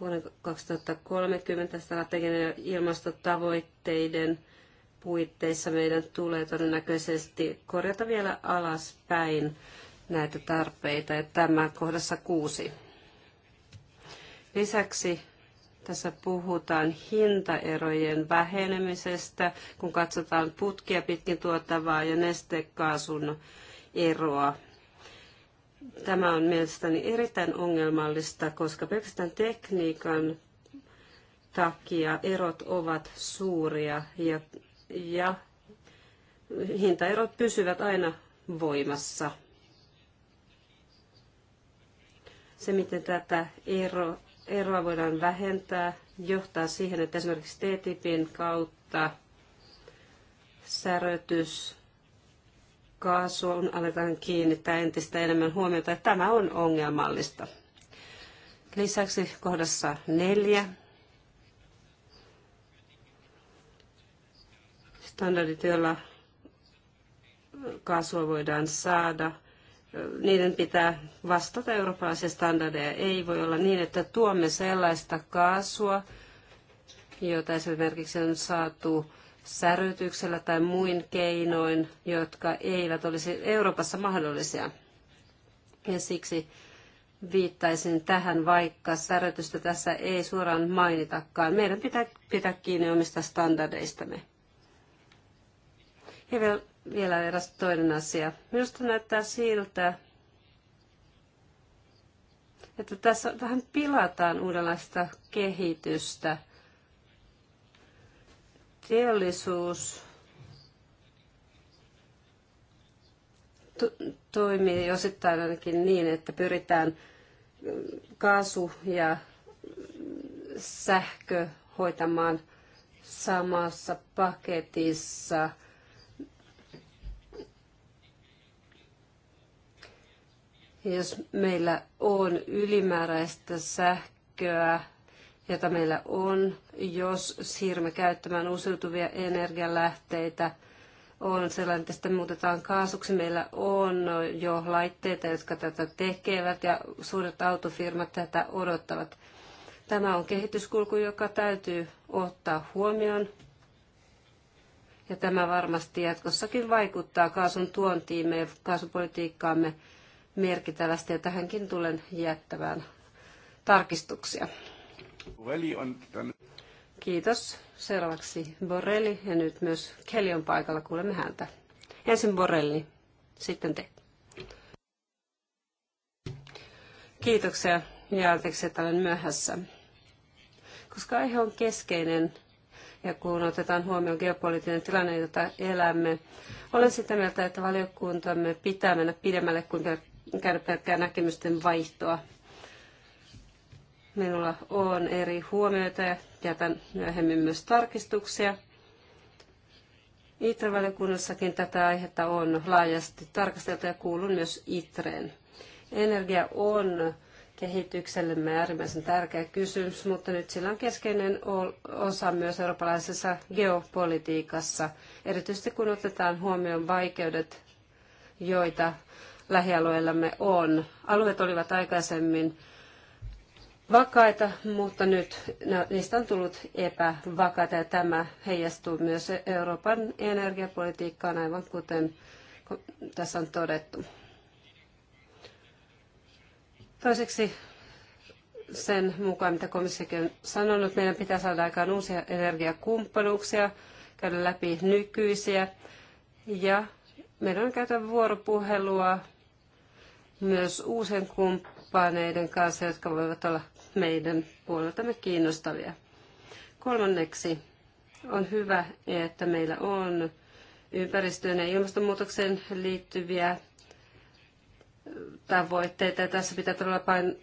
Vuonna 2030 strateginen ilmastotavoitteiden puitteissa meidän tulee todennäköisesti korjata vielä alaspäin näitä tarpeita, ja tämä kohdassa kuusi. Lisäksi tässä puhutaan hintaerojen vähenemisestä, kun katsotaan putkia pitkin tuottavaa ja nestekaasun eroa. Tämä on mielestäni erittäin ongelmallista, koska pelkästään tekniikan takia erot ovat suuria ja, ja hintaerot pysyvät aina voimassa. Se, miten tätä ero, eroa voidaan vähentää, johtaa siihen, että esimerkiksi TTIPin kautta särötys kaasuun aletaan kiinnittää entistä enemmän huomiota, että tämä on ongelmallista. Lisäksi kohdassa neljä standardit, joilla kaasua voidaan saada, niiden pitää vastata eurooppalaisia standardeja. Ei voi olla niin, että tuomme sellaista kaasua, jota esimerkiksi on saatu särytyksellä tai muin keinoin, jotka eivät olisi Euroopassa mahdollisia. Ja siksi viittaisin tähän, vaikka särötystä tässä ei suoraan mainitakaan. Meidän pitää pitää kiinni omista standardeistamme. Ja vielä eräs toinen asia. Minusta näyttää siltä, että tässä vähän pilataan uudenlaista kehitystä – Teollisuus toimii osittain ainakin niin, että pyritään kaasu ja sähkö hoitamaan samassa paketissa. Jos meillä on ylimääräistä sähköä, jota meillä on, jos siirrymme käyttämään uusiutuvia energialähteitä, on sellainen, että sitä muutetaan kaasuksi. Meillä on jo laitteita, jotka tätä tekevät ja suuret autofirmat tätä odottavat. Tämä on kehityskulku, joka täytyy ottaa huomioon. Ja tämä varmasti jatkossakin vaikuttaa kaasun tuontiimme ja kaasupolitiikkaamme merkittävästi ja tähänkin tulen jättämään tarkistuksia. Kiitos. Seuraavaksi Borrelli ja nyt myös Kelly on paikalla. Kuulemme häntä. Ensin Borrelli, sitten te. Kiitoksia ja anteeksi, että olen myöhässä. Koska aihe on keskeinen ja kun otetaan huomioon geopoliittinen tilanne, jota elämme, olen sitä mieltä, että valiokuntamme pitää mennä pidemmälle kuin käydä pelkkää näkemysten vaihtoa. Minulla on eri huomioita ja jätän myöhemmin myös tarkistuksia. ITRE-valiokunnassakin tätä aihetta on laajasti tarkasteltu ja kuulun myös ITREen. Energia on kehityksellemme äärimmäisen tärkeä kysymys, mutta nyt sillä on keskeinen osa myös eurooppalaisessa geopolitiikassa, erityisesti kun otetaan huomioon vaikeudet, joita lähialueillamme on. Alueet olivat aikaisemmin vakaita, mutta nyt niistä on tullut epävakaita ja tämä heijastuu myös Euroopan energiapolitiikkaan, aivan kuten tässä on todettu. Toiseksi sen mukaan, mitä komissiokin on sanonut, meidän pitää saada aikaan uusia energiakumppanuuksia, käydä läpi nykyisiä ja meidän on käytävä vuoropuhelua myös uusien kumppaneiden kanssa, jotka voivat olla meidän puoleltamme kiinnostavia. Kolmanneksi on hyvä, että meillä on ympäristöön ja ilmastonmuutokseen liittyviä tavoitteita. tässä pitää todella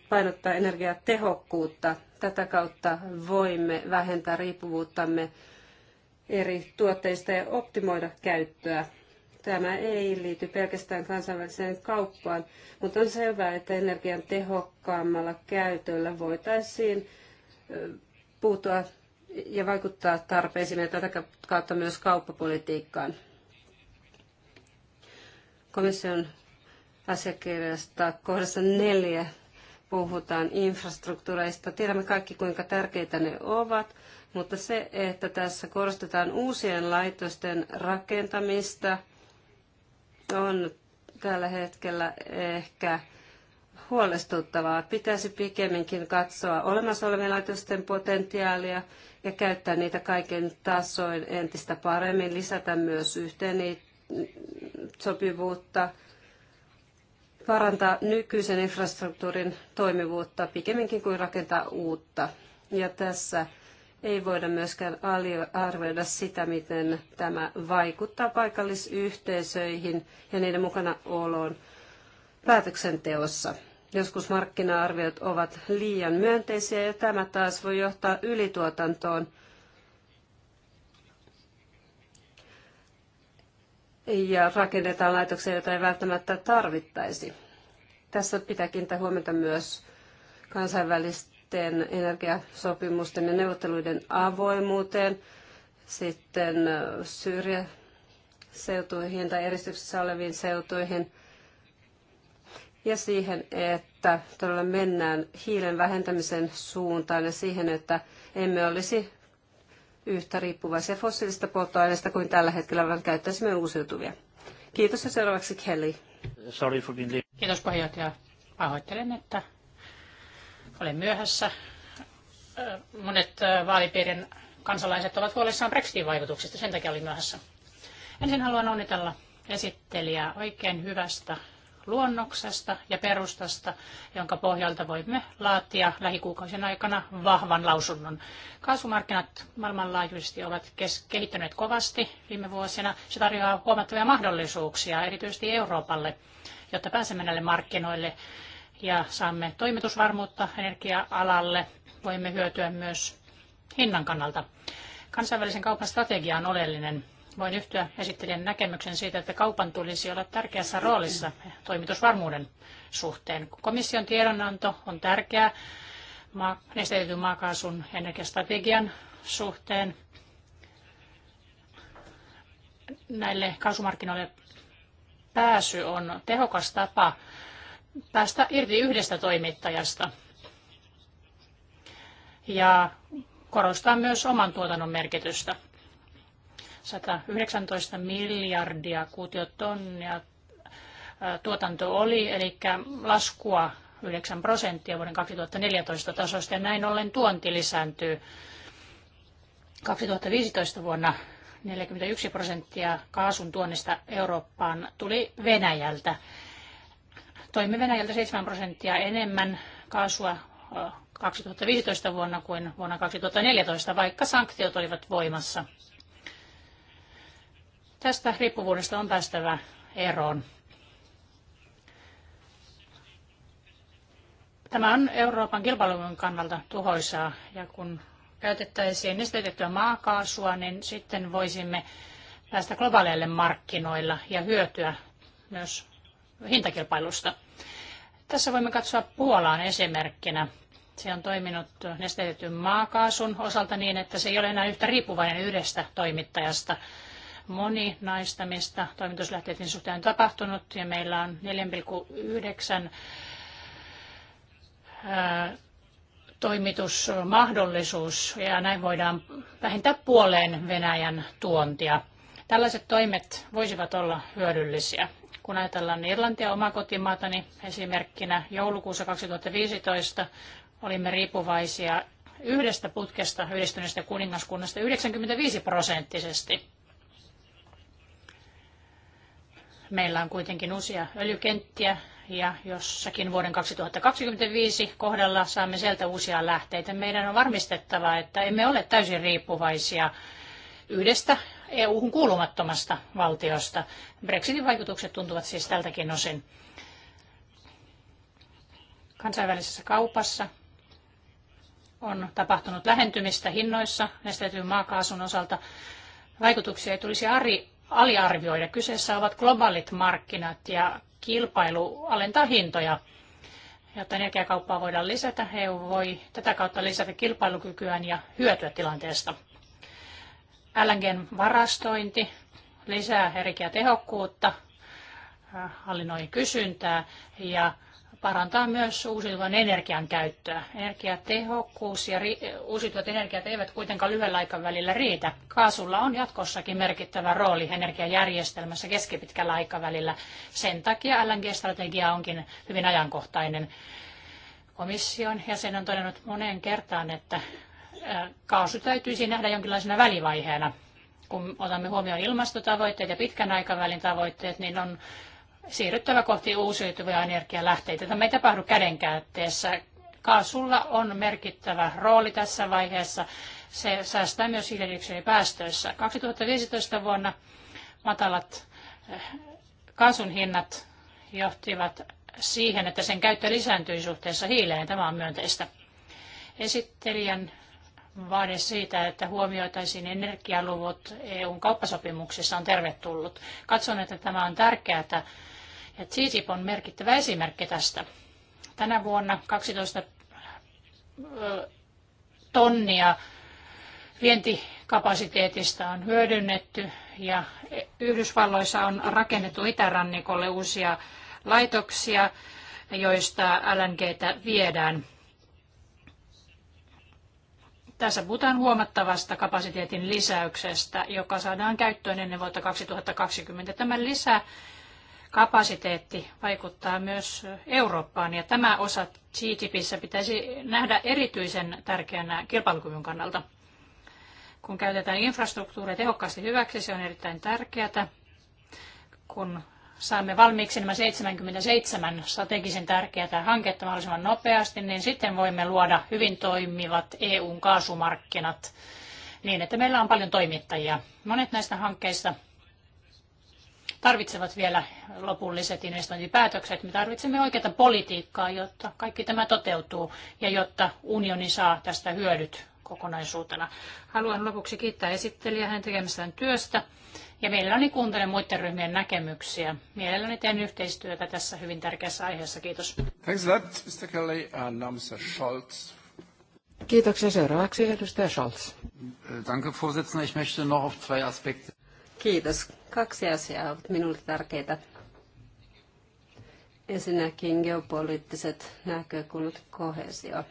painottaa energiatehokkuutta. Tätä kautta voimme vähentää riippuvuuttamme eri tuotteista ja optimoida käyttöä. Tämä ei liity pelkästään kansainväliseen kauppaan, mutta on selvää, että energian tehokkaammalla käytöllä voitaisiin puuttua ja vaikuttaa tarpeisiin ja tätä kautta myös kauppapolitiikkaan. Komission asiakirjasta kohdassa neljä puhutaan infrastruktuureista. Tiedämme kaikki, kuinka tärkeitä ne ovat, mutta se, että tässä korostetaan uusien laitosten rakentamista – on tällä hetkellä ehkä huolestuttavaa. Pitäisi pikemminkin katsoa olemassa olevien laitosten potentiaalia ja käyttää niitä kaiken tasoin entistä paremmin, lisätä myös yhteen sopivuutta, parantaa nykyisen infrastruktuurin toimivuutta pikemminkin kuin rakentaa uutta. Ja tässä ei voida myöskään arvioida sitä, miten tämä vaikuttaa paikallisyhteisöihin ja niiden mukana oloon päätöksenteossa. Joskus markkina-arviot ovat liian myönteisiä ja tämä taas voi johtaa ylituotantoon. Ja rakennetaan laitoksia, joita ei välttämättä tarvittaisi. Tässä pitää kiinnittää huomiota myös kansainvälistä sitten energiasopimusten ja neuvotteluiden avoimuuteen, sitten syrjäseutuihin tai eristyksessä oleviin seutuihin ja siihen, että todella mennään hiilen vähentämisen suuntaan ja siihen, että emme olisi yhtä riippuvaisia fossiilisista polttoaineista kuin tällä hetkellä, vaan käyttäisimme uusiutuvia. Kiitos ja seuraavaksi Kelly. Sorry for being Kiitos puheenjohtaja. Pahoittelen, että olen myöhässä. Monet vaalipiirin kansalaiset ovat huolissaan Brexitin vaikutuksista, sen takia olin myöhässä. Ensin haluan onnitella esittelijää oikein hyvästä luonnoksesta ja perustasta, jonka pohjalta voimme laatia lähikuukausien aikana vahvan lausunnon. Kaasumarkkinat maailmanlaajuisesti ovat kehittyneet kovasti viime vuosina. Se tarjoaa huomattavia mahdollisuuksia erityisesti Euroopalle, jotta pääsemme näille markkinoille ja saamme toimitusvarmuutta energia-alalle. Voimme hyötyä myös hinnan kannalta. Kansainvälisen kaupan strategia on oleellinen. Voin yhtyä esittelijän näkemyksen siitä, että kaupan tulisi olla tärkeässä roolissa toimitusvarmuuden suhteen. Komission tiedonanto on tärkeä nesteytetyn maakaasun energiastrategian suhteen. Näille kaasumarkkinoille pääsy on tehokas tapa päästä irti yhdestä toimittajasta ja korostaa myös oman tuotannon merkitystä. 119 miljardia kuutiotonnia tuotanto oli, eli laskua 9 prosenttia vuoden 2014 tasosta, ja näin ollen tuonti lisääntyy 2015 vuonna 41 prosenttia kaasun tuonnista Eurooppaan tuli Venäjältä toimme Venäjältä 7 prosenttia enemmän kaasua 2015 vuonna kuin vuonna 2014, vaikka sanktiot olivat voimassa. Tästä riippuvuudesta on päästävä eroon. Tämä on Euroopan kilpailun kannalta tuhoisaa ja kun käytettäisiin nesteytettyä maakaasua, niin sitten voisimme päästä globaaleille markkinoilla ja hyötyä myös hintakilpailusta. Tässä voimme katsoa Puolaan esimerkkinä. Se on toiminut nesteytetyn maakaasun osalta niin, että se ei ole enää yhtä riippuvainen yhdestä toimittajasta. Moni naistamista toimituslähteiden suhteen on tapahtunut ja meillä on 4,9 toimitusmahdollisuus ja näin voidaan vähentää puoleen Venäjän tuontia. Tällaiset toimet voisivat olla hyödyllisiä. Kun ajatellaan Irlantia omaa niin esimerkkinä, joulukuussa 2015 olimme riippuvaisia yhdestä putkesta yhdistyneestä kuningaskunnasta 95 prosenttisesti. Meillä on kuitenkin uusia öljykenttiä ja jossakin vuoden 2025 kohdalla saamme sieltä uusia lähteitä. Meidän on varmistettava, että emme ole täysin riippuvaisia yhdestä EU-hun kuulumattomasta valtiosta. Brexitin vaikutukset tuntuvat siis tältäkin osin. Kansainvälisessä kaupassa on tapahtunut lähentymistä hinnoissa nestetyn maakaasun osalta. Vaikutuksia ei tulisi ari, aliarvioida. Kyseessä ovat globaalit markkinat ja kilpailu alentaa hintoja. Jotta energiakauppaa voidaan lisätä, EU voi tätä kautta lisätä kilpailukykyään ja hyötyä tilanteesta. LNGn varastointi lisää energiatehokkuutta, äh, hallinnoi kysyntää ja parantaa myös uusiutuvan energian käyttöä. Energiatehokkuus ja uusiutuvat energiat eivät kuitenkaan lyhyellä aikavälillä riitä. Kaasulla on jatkossakin merkittävä rooli energiajärjestelmässä keskipitkällä aikavälillä. Sen takia LNG-strategia onkin hyvin ajankohtainen. Komission jäsen on todennut moneen kertaan, että kaasu täytyisi nähdä jonkinlaisena välivaiheena. Kun otamme huomioon ilmastotavoitteet ja pitkän aikavälin tavoitteet, niin on siirryttävä kohti uusiutuvia energialähteitä. Tämä ei tapahdu kädenkäytteessä. Kaasulla on merkittävä rooli tässä vaiheessa. Se säästää myös päästöissä. 2015 vuonna matalat eh, kaasun hinnat johtivat siihen, että sen käyttö lisääntyi suhteessa hiileen. Tämä on myönteistä. Esittelijän vaade siitä, että huomioitaisiin energialuvut EUn kauppasopimuksissa on tervetullut. Katson, että tämä on tärkeää, että TTIP on merkittävä esimerkki tästä. Tänä vuonna 12 tonnia vientikapasiteetista on hyödynnetty ja Yhdysvalloissa on rakennettu itärannikolle uusia laitoksia, joista LNGtä viedään. Tässä puhutaan huomattavasta kapasiteetin lisäyksestä, joka saadaan käyttöön ennen vuotta 2020. Tämä lisäkapasiteetti vaikuttaa myös Eurooppaan ja tämä osa GDPissä pitäisi nähdä erityisen tärkeänä kilpailukyvyn kannalta. Kun käytetään infrastruktuuria tehokkaasti hyväksi, se on erittäin tärkeää. Kun saamme valmiiksi nämä 77 strategisen tärkeää hanketta mahdollisimman nopeasti, niin sitten voimme luoda hyvin toimivat EUn kaasumarkkinat niin, että meillä on paljon toimittajia. Monet näistä hankkeista tarvitsevat vielä lopulliset investointipäätökset. Me tarvitsemme oikeaa politiikkaa, jotta kaikki tämä toteutuu ja jotta unioni saa tästä hyödyt kokonaisuutena. Haluan lopuksi kiittää esittelijää hänen tekemästään työstä ja mielelläni kuuntelen muiden ryhmien näkemyksiä. Mielelläni teen yhteistyötä tässä hyvin tärkeässä aiheessa. Kiitos. Thanks a lot, Mr. Kelly. Scholz. Kiitoksia. Seuraavaksi edustaja Scholz. Äh, danke, Vorsitzender. Ich möchte noch auf zwei Aspekte. Kiitos. Kaksi asiaa ovat minulle tärkeitä. Ensinnäkin geopoliittiset näkökulmat kohesio.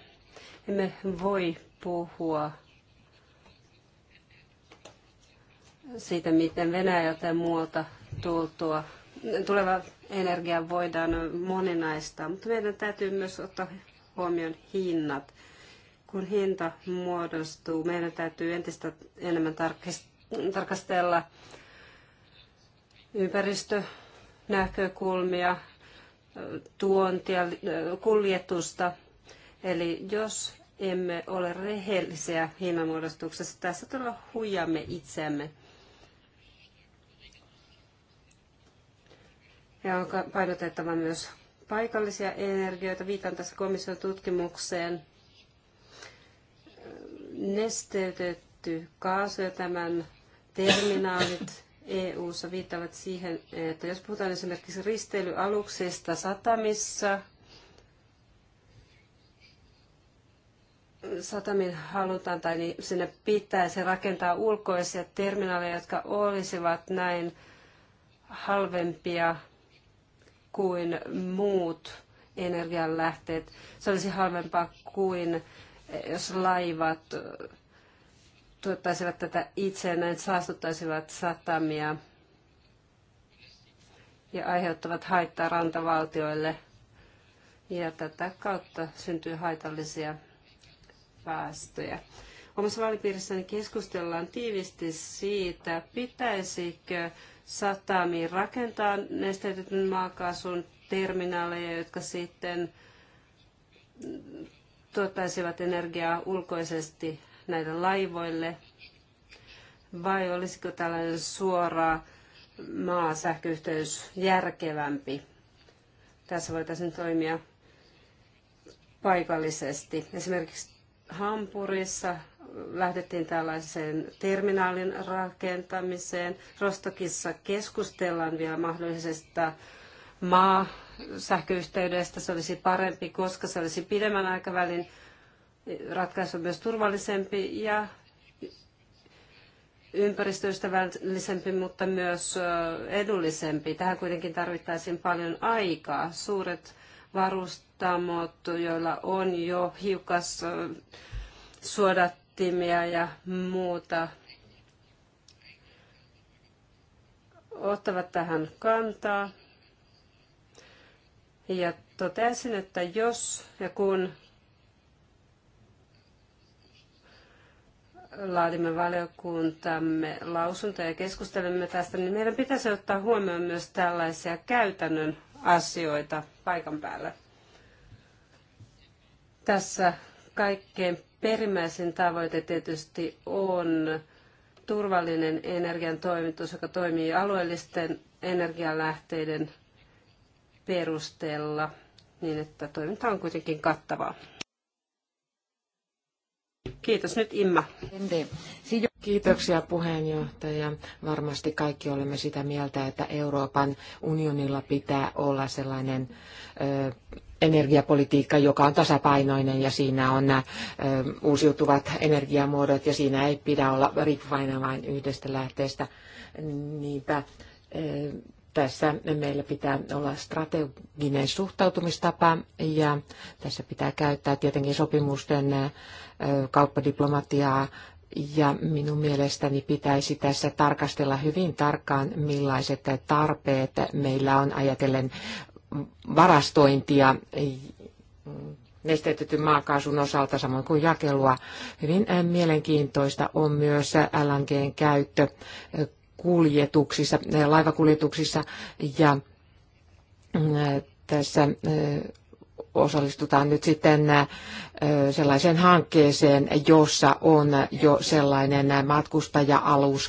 Emme voi puhua siitä, miten Venäjältä ja muualta tultua, tuleva energia voidaan moninaistaa, mutta meidän täytyy myös ottaa huomioon hinnat. Kun hinta muodostuu, meidän täytyy entistä enemmän tarkastella ympäristönäkökulmia, tuontia, kuljetusta. Eli jos emme ole rehellisiä hinnanmuodostuksessa, tässä todella huijamme itseämme. ja on painotettava myös paikallisia energioita. Viitan tässä komission tutkimukseen. Nesteytetty kaasu ja tämän terminaalit EU-ssa viittavat siihen, että jos puhutaan esimerkiksi risteilyaluksista satamissa, satamin halutaan tai niin sinne pitäisi rakentaa ulkoisia terminaaleja, jotka olisivat näin halvempia kuin muut energianlähteet. Se olisi halvempaa kuin eh, jos laivat eh, tuottaisivat tätä itse näin saastuttaisivat satamia ja aiheuttavat haittaa rantavaltioille. Ja tätä kautta syntyy haitallisia päästöjä. Omassa vaalipiirissäni keskustellaan tiivisti siitä, pitäisikö satamiin rakentaa nesteytetyn maakaasun terminaaleja, jotka sitten tuottaisivat energiaa ulkoisesti näille laivoille? Vai olisiko tällainen suora maasähköyhteys järkevämpi? Tässä voitaisiin toimia paikallisesti. Esimerkiksi Hampurissa lähdettiin tällaiseen terminaalin rakentamiseen. Rostokissa keskustellaan vielä mahdollisesta maa sähköyhteydestä. Se olisi parempi, koska se olisi pidemmän aikavälin ratkaisu myös turvallisempi ja ympäristöystävällisempi, mutta myös edullisempi. Tähän kuitenkin tarvittaisiin paljon aikaa. Suuret varustamot, joilla on jo hiukas suodat kannustimia ja muuta, ottavat tähän kantaa. Ja totesin, että jos ja kun laadimme valiokuntamme lausuntoja ja keskustelemme tästä, niin meidän pitäisi ottaa huomioon myös tällaisia käytännön asioita paikan päällä. Tässä kaikkein perimmäisin tavoite tietysti on turvallinen energiantoimitus, joka toimii alueellisten energialähteiden perusteella niin, että toiminta on kuitenkin kattavaa. Kiitos nyt Imma. Kiitoksia puheenjohtaja. Varmasti kaikki olemme sitä mieltä, että Euroopan unionilla pitää olla sellainen ö, energiapolitiikka, joka on tasapainoinen ja siinä on nämä uusiutuvat energiamuodot ja siinä ei pidä olla riippuvainen vain yhdestä lähteestä. Niinpä tässä meillä pitää olla strateginen suhtautumistapa ja tässä pitää käyttää tietenkin sopimusten kauppadiplomatiaa ja minun mielestäni pitäisi tässä tarkastella hyvin tarkkaan, millaiset tarpeet meillä on ajatellen varastointia nesteytetyn maakaasun osalta, samoin kuin jakelua. Hyvin eh, mielenkiintoista on myös eh, LNGn käyttö eh, kuljetuksissa, laivakuljetuksissa ja tässä osallistutaan nyt sitten sellaiseen hankkeeseen, jossa on jo sellainen matkustaja-alus, kauppa-alus,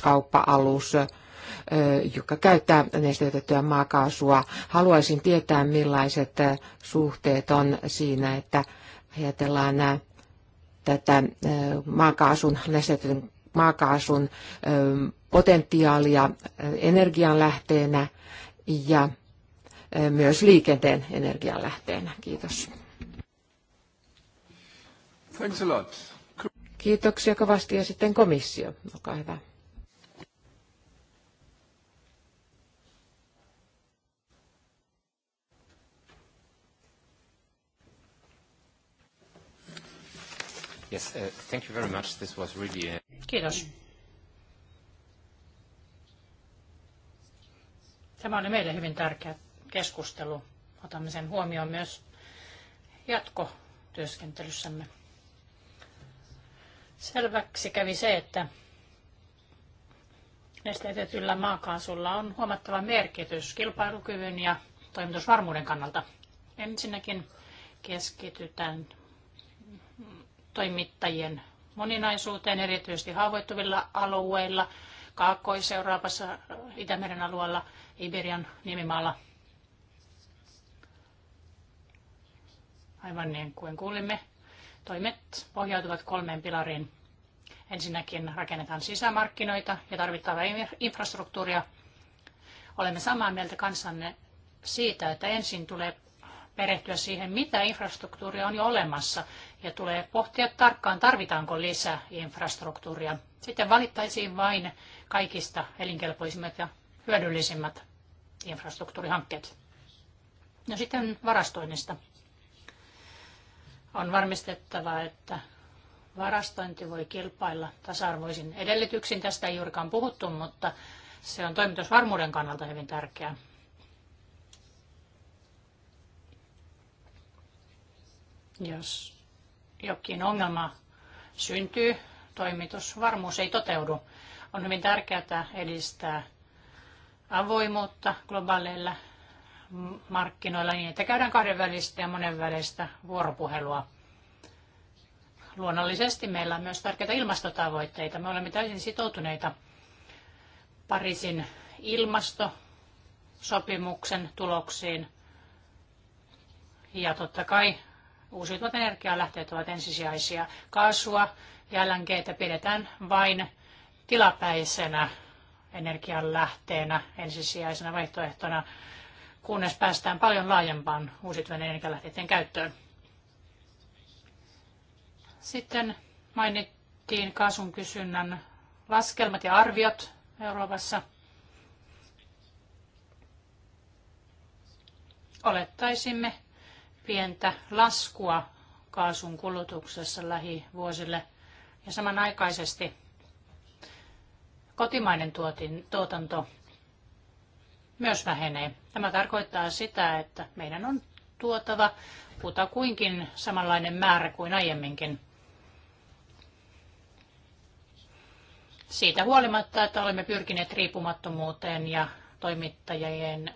kauppa-alus joka käyttää nesteytettyä maakaasua. Haluaisin tietää, millaiset suhteet on siinä, että ajatellaan nämä tätä maakaasun, nesteytetyn maakaasun potentiaalia energianlähteenä ja myös liikenteen energianlähteenä. Kiitos. Thanks a lot. Kiitoksia kovasti ja sitten komissio. Olkaa hyvä. Yes, uh, thank you very much. This was really a... Uh, Kiitos. Tämä oli meille hyvin tärkeä keskustelu. Otamme sen huomioon myös jatkotyöskentelyssämme. Selväksi kävi se, että nesteetetyllä maakaasulla on huomattava merkitys kilpailukyvyn ja toimitusvarmuuden kannalta. Ensinnäkin keskitytään toimittajien moninaisuuteen, erityisesti haavoittuvilla alueilla, Kaakkois-Euroopassa, Itämeren alueella, Iberian nimimaalla. Aivan niin kuin kuulimme, toimet pohjautuvat kolmeen pilariin. Ensinnäkin rakennetaan sisämarkkinoita ja tarvittavaa infrastruktuuria. Olemme samaa mieltä kanssanne siitä, että ensin tulee perehtyä siihen, mitä infrastruktuuria on jo olemassa, ja tulee pohtia tarkkaan, tarvitaanko lisää infrastruktuuria. Sitten valittaisiin vain kaikista elinkelpoisimmat ja hyödyllisimmät infrastruktuurihankkeet. No sitten varastoinnista. On varmistettava, että varastointi voi kilpailla tasa-arvoisin edellytyksin. Tästä ei juurikaan puhuttu, mutta se on toimitusvarmuuden kannalta hyvin tärkeää. Jos jokin ongelma syntyy, toimitusvarmuus ei toteudu. On hyvin tärkeää edistää avoimuutta globaaleilla markkinoilla niin, että käydään kahdenvälistä ja monenvälistä vuoropuhelua. Luonnollisesti meillä on myös tärkeitä ilmastotavoitteita. Me olemme täysin sitoutuneita Pariisin ilmastosopimuksen tuloksiin. Ja totta kai Uusiutuvat energialähteet ovat ensisijaisia. Kaasua ja LNG pidetään vain tilapäisenä energialähteenä ensisijaisena vaihtoehtona, kunnes päästään paljon laajempaan uusiutuvien energialähteiden käyttöön. Sitten mainittiin kaasun kysynnän laskelmat ja arviot Euroopassa. Olettaisimme, pientä laskua kaasun kulutuksessa lähivuosille. Ja samanaikaisesti kotimainen tuotin, tuotanto myös vähenee. Tämä tarkoittaa sitä, että meidän on tuotava kutakuinkin samanlainen määrä kuin aiemminkin. Siitä huolimatta, että olemme pyrkineet riippumattomuuteen ja toimittajien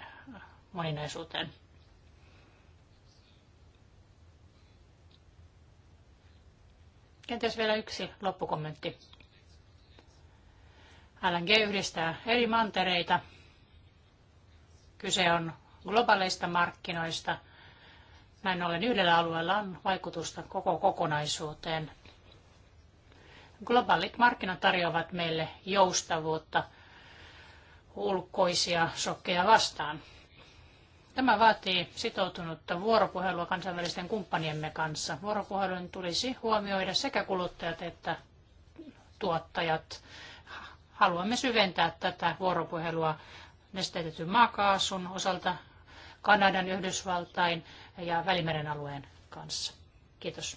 moninaisuuteen. Kenties vielä yksi loppukommentti. LNG yhdistää eri mantereita. Kyse on globaaleista markkinoista. Näin ollen yhdellä alueella on vaikutusta koko kokonaisuuteen. Globaalit markkinat tarjoavat meille joustavuutta ulkoisia sokkeja vastaan. Tämä vaatii sitoutunutta vuoropuhelua kansainvälisten kumppaniemme kanssa. Vuoropuhelun tulisi huomioida sekä kuluttajat että tuottajat. Haluamme syventää tätä vuoropuhelua nesteytetyn maakaasun osalta Kanadan, Yhdysvaltain ja Välimeren alueen kanssa. Kiitos.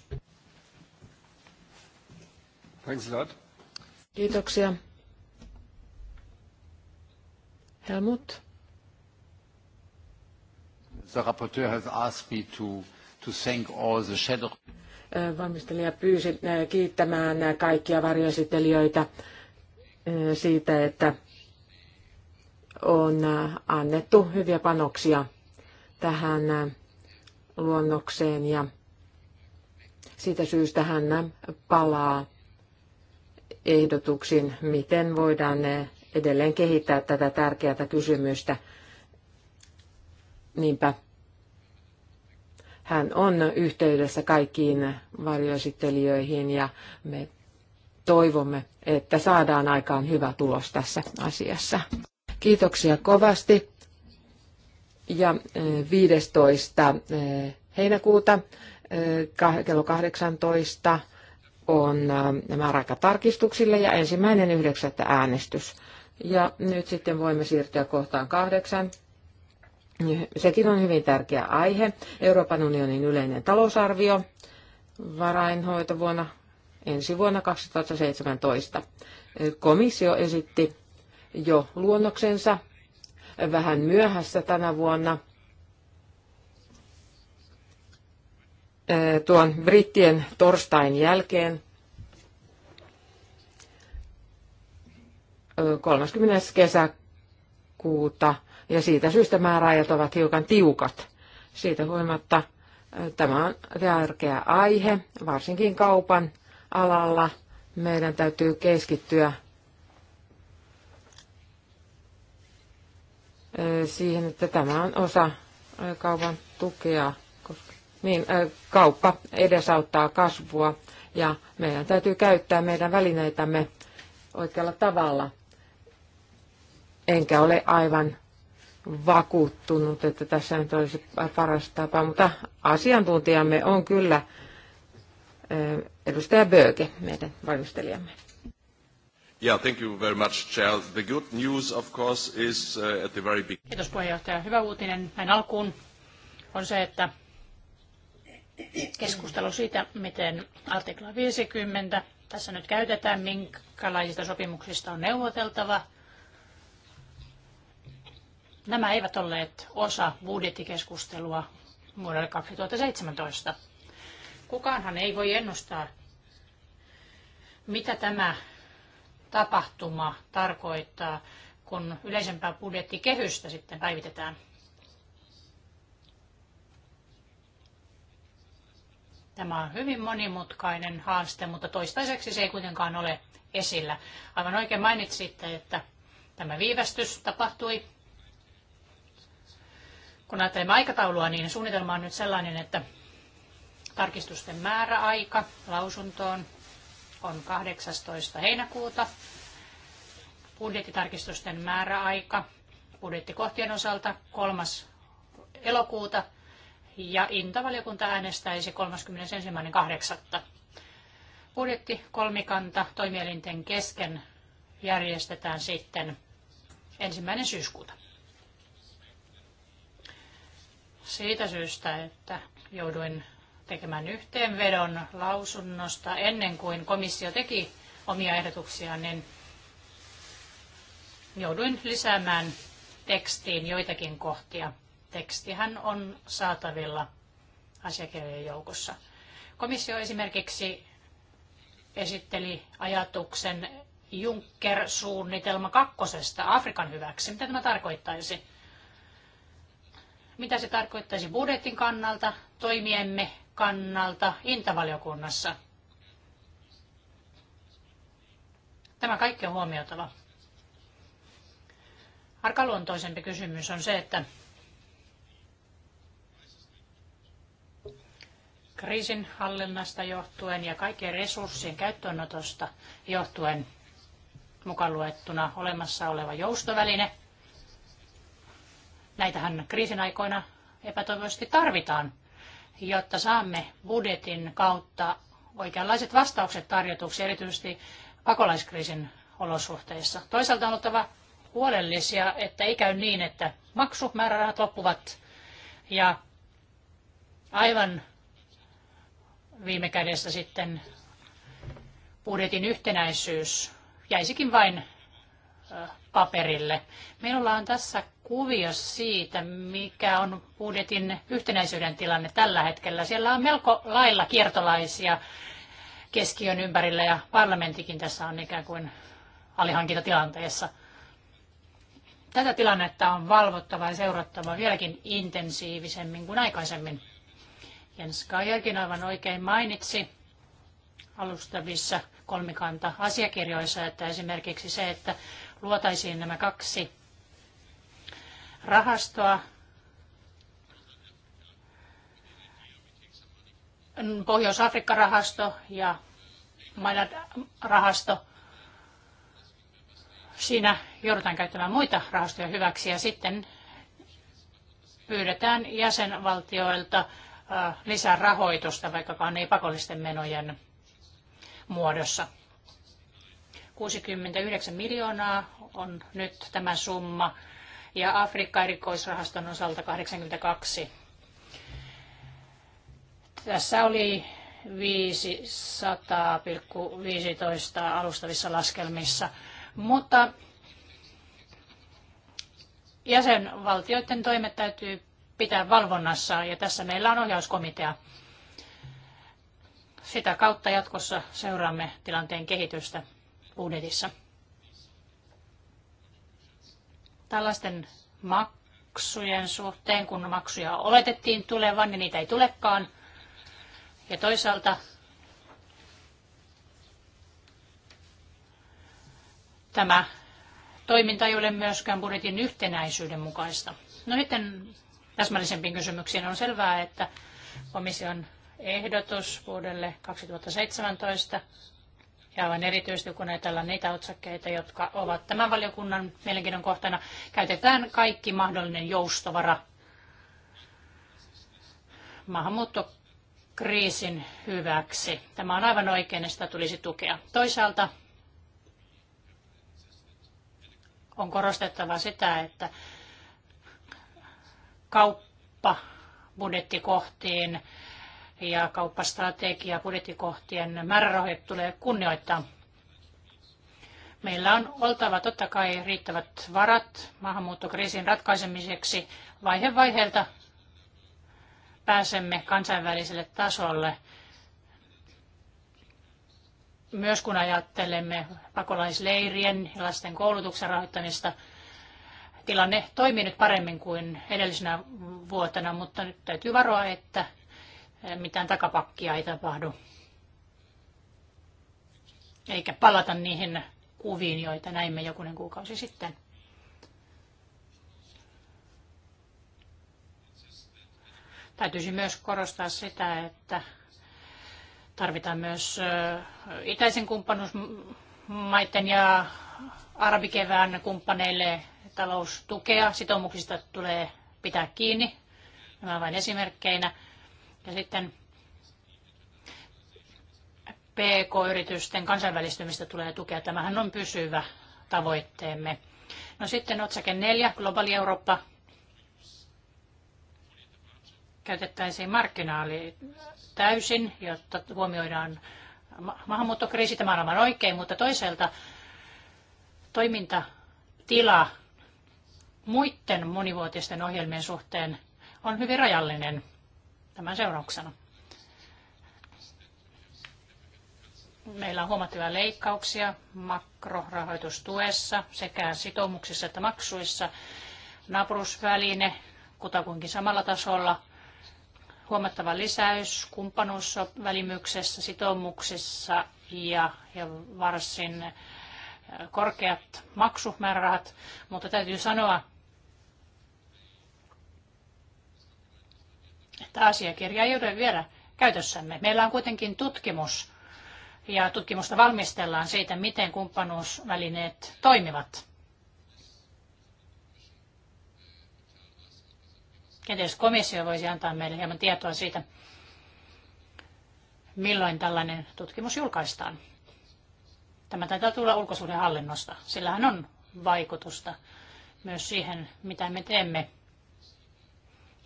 Thanks a lot. Kiitoksia. Helmut. The rapporteur has asked me to, to thank all the shadow. Valmistelija pyysi kiittämään kaikkia varjoesittelijöitä siitä, että on annettu hyviä panoksia tähän luonnokseen ja siitä syystä hän palaa ehdotuksin, miten voidaan edelleen kehittää tätä tärkeää kysymystä. Niinpä hän on yhteydessä kaikkiin varjoesittelijöihin ja me toivomme, että saadaan aikaan hyvä tulos tässä asiassa. Kiitoksia kovasti. Ja 15. E, e, heinäkuuta e, kello 18 on määräaika tarkistuksille ja ensimmäinen yhdeksättä äänestys. Ja nyt sitten voimme siirtyä kohtaan kahdeksan. Sekin on hyvin tärkeä aihe. Euroopan unionin yleinen talousarvio, varainhoito vuonna ensi vuonna 2017. Komissio esitti jo luonnoksensa vähän myöhässä tänä vuonna tuon brittien torstain jälkeen 30. kesäkuuta ja siitä syystä määräajat ovat hiukan tiukat. Siitä huolimatta tämä on tärkeä aihe, varsinkin kaupan alalla. Meidän täytyy keskittyä siihen, että tämä on osa kaupan tukea, niin, kauppa edesauttaa kasvua ja meidän täytyy käyttää meidän välineitämme oikealla tavalla. Enkä ole aivan vakuuttunut, että tässä nyt olisi paras tapa, mutta asiantuntijamme on kyllä edustaja Böke, meidän valmistelijamme. Yeah, thank you very much, Charles. The good news, of course, is uh, at the very beginning. Kiitos puheenjohtaja. Hyvä uutinen näin alkuun on se, että keskustelu siitä, miten artikla 50 tässä nyt käytetään, minkälaisista sopimuksista on neuvoteltava – Nämä eivät olleet osa budjettikeskustelua vuodelle 2017. Kukaanhan ei voi ennustaa, mitä tämä tapahtuma tarkoittaa, kun yleisempää budjettikehystä sitten päivitetään. Tämä on hyvin monimutkainen haaste, mutta toistaiseksi se ei kuitenkaan ole esillä. Aivan oikein mainitsitte, että tämä viivästys tapahtui kun ajattelemme aikataulua, niin suunnitelma on nyt sellainen, että tarkistusten määräaika lausuntoon on 18. heinäkuuta. Budjettitarkistusten määräaika budjettikohtien osalta 3. elokuuta ja Intavaliokunta äänestäisi 31.8. Budjetti kolmikanta toimielinten kesken järjestetään sitten ensimmäinen syyskuuta siitä syystä, että jouduin tekemään yhteenvedon lausunnosta ennen kuin komissio teki omia ehdotuksiaan, niin jouduin lisäämään tekstiin joitakin kohtia. Tekstihän on saatavilla asiakirjojen joukossa. Komissio esimerkiksi esitteli ajatuksen Juncker-suunnitelma kakkosesta Afrikan hyväksi. Mitä tämä tarkoittaisi? mitä se tarkoittaisi budjetin kannalta, toimiemme kannalta intavaliokunnassa. Tämä kaikki on huomioitava. Arkaluontoisempi kysymys on se, että kriisin hallinnasta johtuen ja kaikkien resurssien käyttöönotosta johtuen mukaan luettuna olemassa oleva joustoväline – Näitähän kriisin aikoina epätoivoisesti tarvitaan, jotta saamme budjetin kautta oikeanlaiset vastaukset tarjotuksi, erityisesti pakolaiskriisin olosuhteissa. Toisaalta on oltava huolellisia, että ei käy niin, että maksumäärärahat loppuvat ja aivan viime kädessä sitten budjetin yhtenäisyys jäisikin vain paperille. Minulla on tässä kuvio siitä, mikä on budjetin yhtenäisyyden tilanne tällä hetkellä. Siellä on melko lailla kiertolaisia keskiön ympärillä ja parlamenttikin tässä on ikään kuin alihankintatilanteessa. Tätä tilannetta on valvottava ja seurattava vieläkin intensiivisemmin kuin aikaisemmin. Jens Kajerkin aivan oikein mainitsi alustavissa kolmikanta asiakirjoissa, että esimerkiksi se, että luotaisiin nämä kaksi rahastoa Pohjois-Afrikka-rahasto ja Mainat-rahasto. Siinä joudutaan käyttämään muita rahastoja hyväksi ja sitten pyydetään jäsenvaltioilta lisää rahoitusta, vaikkakaan ei pakollisten menojen muodossa. 69 miljoonaa on nyt tämä summa ja Afrikka-erikoisrahaston osalta 82. Tässä oli 500,15 alustavissa laskelmissa, mutta jäsenvaltioiden toimet täytyy pitää valvonnassa ja tässä meillä on ohjauskomitea. Sitä kautta jatkossa seuraamme tilanteen kehitystä budjetissa. Tällaisten maksujen suhteen, kun maksuja oletettiin tulevan, niin niitä ei tulekaan. Ja toisaalta tämä toiminta ei ole myöskään budjetin yhtenäisyyden mukaista. No sitten täsmällisempiin kysymyksiin on selvää, että komission ehdotus vuodelle 2017 ja aivan erityisesti kun ajatellaan niitä otsakkeita, jotka ovat tämän valiokunnan mielenkiinnon kohtana, käytetään kaikki mahdollinen joustovara maahanmuuttokriisin hyväksi. Tämä on aivan oikein ja sitä tulisi tukea. Toisaalta on korostettava sitä, että kauppa budjettikohtiin kohtiin ja kauppastrategia budjettikohtien määrärahoja tulee kunnioittaa. Meillä on oltava totta kai riittävät varat maahanmuuttokriisin ratkaisemiseksi. Vaihe vaiheelta pääsemme kansainväliselle tasolle. Myös kun ajattelemme pakolaisleirien ja lasten koulutuksen rahoittamista, tilanne toimii nyt paremmin kuin edellisenä vuotena, mutta nyt täytyy varoa, että mitään takapakkia ei tapahdu. Eikä palata niihin kuviin, joita näimme jokunen kuukausi sitten. Täytyisi myös korostaa sitä, että tarvitaan myös itäisen kumppanuusmaiden ja arabikevään kumppaneille taloustukea. Sitoumuksista tulee pitää kiinni. Nämä vain esimerkkeinä. Ja sitten PK-yritysten kansainvälistymistä tulee tukea. Tämähän on pysyvä tavoitteemme. No sitten otsake 4, globaali Eurooppa. Käytettäisiin markkinaali täysin, jotta huomioidaan maahanmuuttokriisi. Tämä on aivan oikein, mutta toisaalta toimintatila muiden monivuotisten ohjelmien suhteen on hyvin rajallinen tämän seurauksena. Meillä on huomattavia leikkauksia makrorahoitustuessa sekä sitoumuksissa että maksuissa. Naapurusväline kutakuinkin samalla tasolla. Huomattava lisäys kumppanuusvälimyksessä, sitoumuksissa ja, ja varsin korkeat maksumäärärahat. Mutta täytyy sanoa, että asiakirja ei ole vielä käytössämme. Meillä on kuitenkin tutkimus ja tutkimusta valmistellaan siitä, miten kumppanuusvälineet toimivat. Kenties komissio voisi antaa meille hieman tietoa siitä, milloin tällainen tutkimus julkaistaan. Tämä taitaa tulla ulkosuhdehallinnosta. Sillähän on vaikutusta myös siihen, mitä me teemme